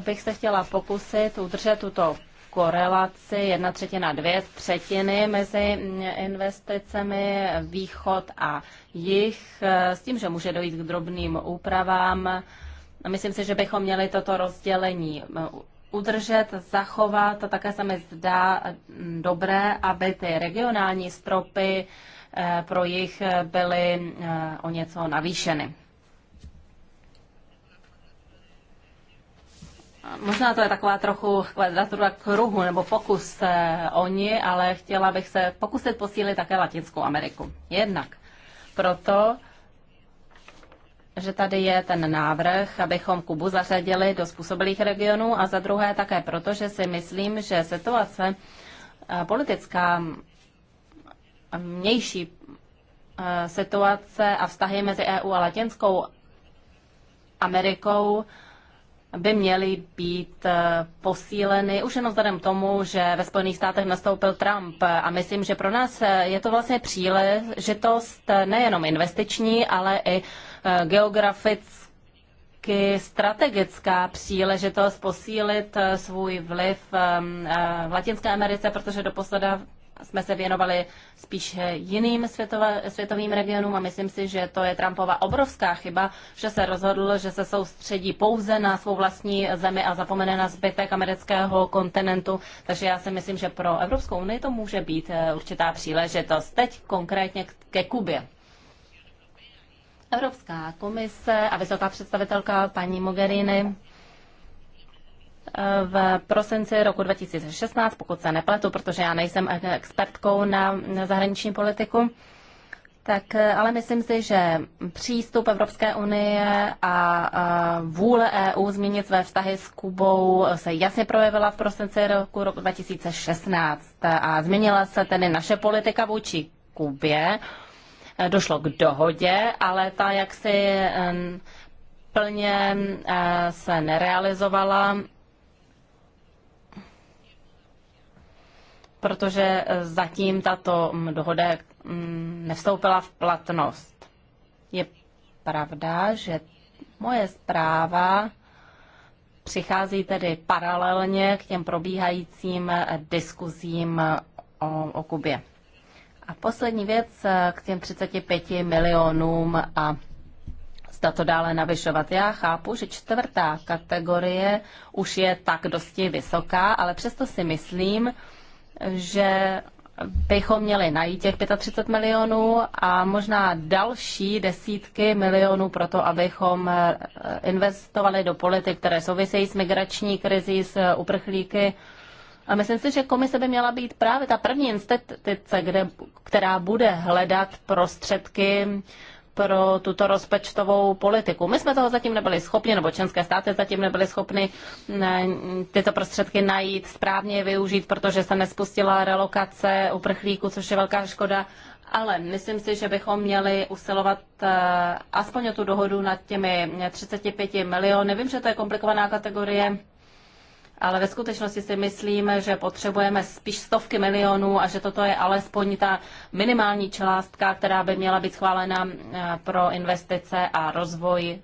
bych se chtěla pokusit udržet tuto korelaci jedna třetina, dvě třetiny mezi investicemi východ a jich, s tím, že může dojít k drobným úpravám Myslím si, že bychom měli toto rozdělení eh, udržet, zachovat. A také se mi zdá mm, dobré, aby ty regionální stropy eh, pro jich eh, byly o něco navýšeny. Možná to je taková trochu kvadratura kruhu nebo pokus oni, ale chtěla bych se pokusit posílit také Latinskou Ameriku. Jednak proto, že tady je ten návrh, abychom Kubu zařadili do způsobilých regionů a za druhé také proto, že si myslím, že situace eh, politická mější eh, situace a vztahy mezi EU a Latinskou Amerikou by měly být eh, posíleny už jenom vzhledem tomu, že ve Spojených státech nastoupil Trump. A myslím, že pro nás je to vlastně příležitost nejenom investiční, ale i Eh, geografické strategická příležitost posílit eh, svůj vliv eh, v Latinské Americe, protože doposleda jsme se věnovali spíš jiným světové, světovým regionům a myslím si, že to je Trumpova obrovská chyba, že se rozhodl, že se soustředí pouze na svou vlastní zemi a zapomene na zbytek amerického kontinentu. Takže já si myslím, že pro Evropskou unii to může být určitá příležitost. Teď konkrétně ke Kubě. Evropská komise a vysoká představitelka paní Mogherini eh, v prosinci roku 2016, pokud se nepletu, protože já nejsem expertkou na zahraniční politiku, tak eh, ale myslím si, že přístup Evropské unie a vůle EU změnit své vztahy s Kubou se jasně projevila v prosinci roku, roku 2016 a změnila se tedy naše politika vůči Kubě došlo k dohodě, ale ta jaksi plně eh, se nerealizovala, protože eh, zatím tato mm, dohoda mm, nevstoupila v platnost. Je pravda, že moje zpráva přichází tedy paralelně k těm probíhajícím eh, diskuzím o, o Kubě. A poslední věc eh, k těm 35 milionům a zda to dále navyšovat. Já chápu, že čtvrtá kategorie už je tak dosti vysoká, ale přesto si myslím, že bychom měli najít těch 35 milionů a možná další desítky milionů pro to, abychom eh, investovali do politik, které souvisejí s migrační krizí, s eh, uprchlíky a myslím si, že komise by měla být právě ta první instituce, kde, která bude hledat prostředky pro tuto rozpočtovou politiku. My jsme toho zatím nebyli schopni, nebo členské státy zatím nebyly schopny tyto prostředky najít, správně využít, protože se nespustila relokace uprchlíků, což je velká škoda. Ale myslím si, že bychom měli usilovat eh, aspoň o tu dohodu nad těmi 35 miliony. Vím, že to je komplikovaná kategorie ale ve skutečnosti si myslím, že potřebujeme spíš stovky milionů a že toto je alespoň ta minimální částka, která by měla být schválena eh, pro investice a rozvoj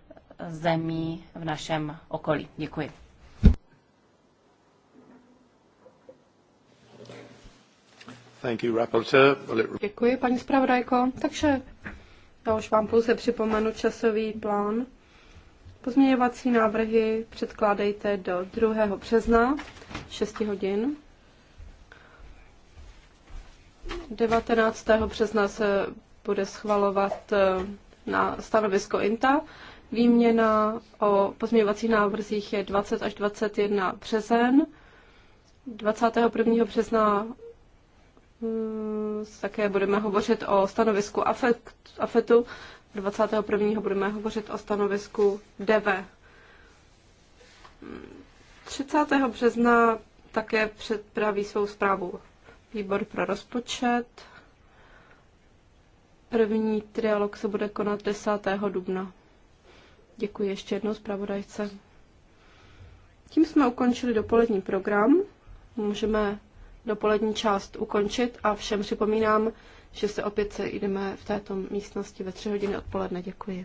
zemí v našem okolí. Děkuji. Thank you, rapporteur. Děkuji, paní zpravodajko. Takže já už vám pouze připomenu časový plán. Pozměňovací návrhy předkládejte do 2. března 6 hodin. 19. března se bude schvalovat eh, na stanovisko INTA. Výměna o pozměňovacích návrzích je 20 až 21 březen. 21. března eh, také budeme hovořit o stanovisku AFET, AFETu, 21. budeme hovořit o stanovisku DV. 30. března také předpraví svou zprávu výbor pro rozpočet. První trialog se bude konat 10. dubna. Děkuji ještě jednou zpravodajce. Tím jsme ukončili dopolední program. Můžeme dopolední část ukončit a všem připomínám, že se opět sejdeme v této místnosti ve tři hodiny odpoledne. Děkuji.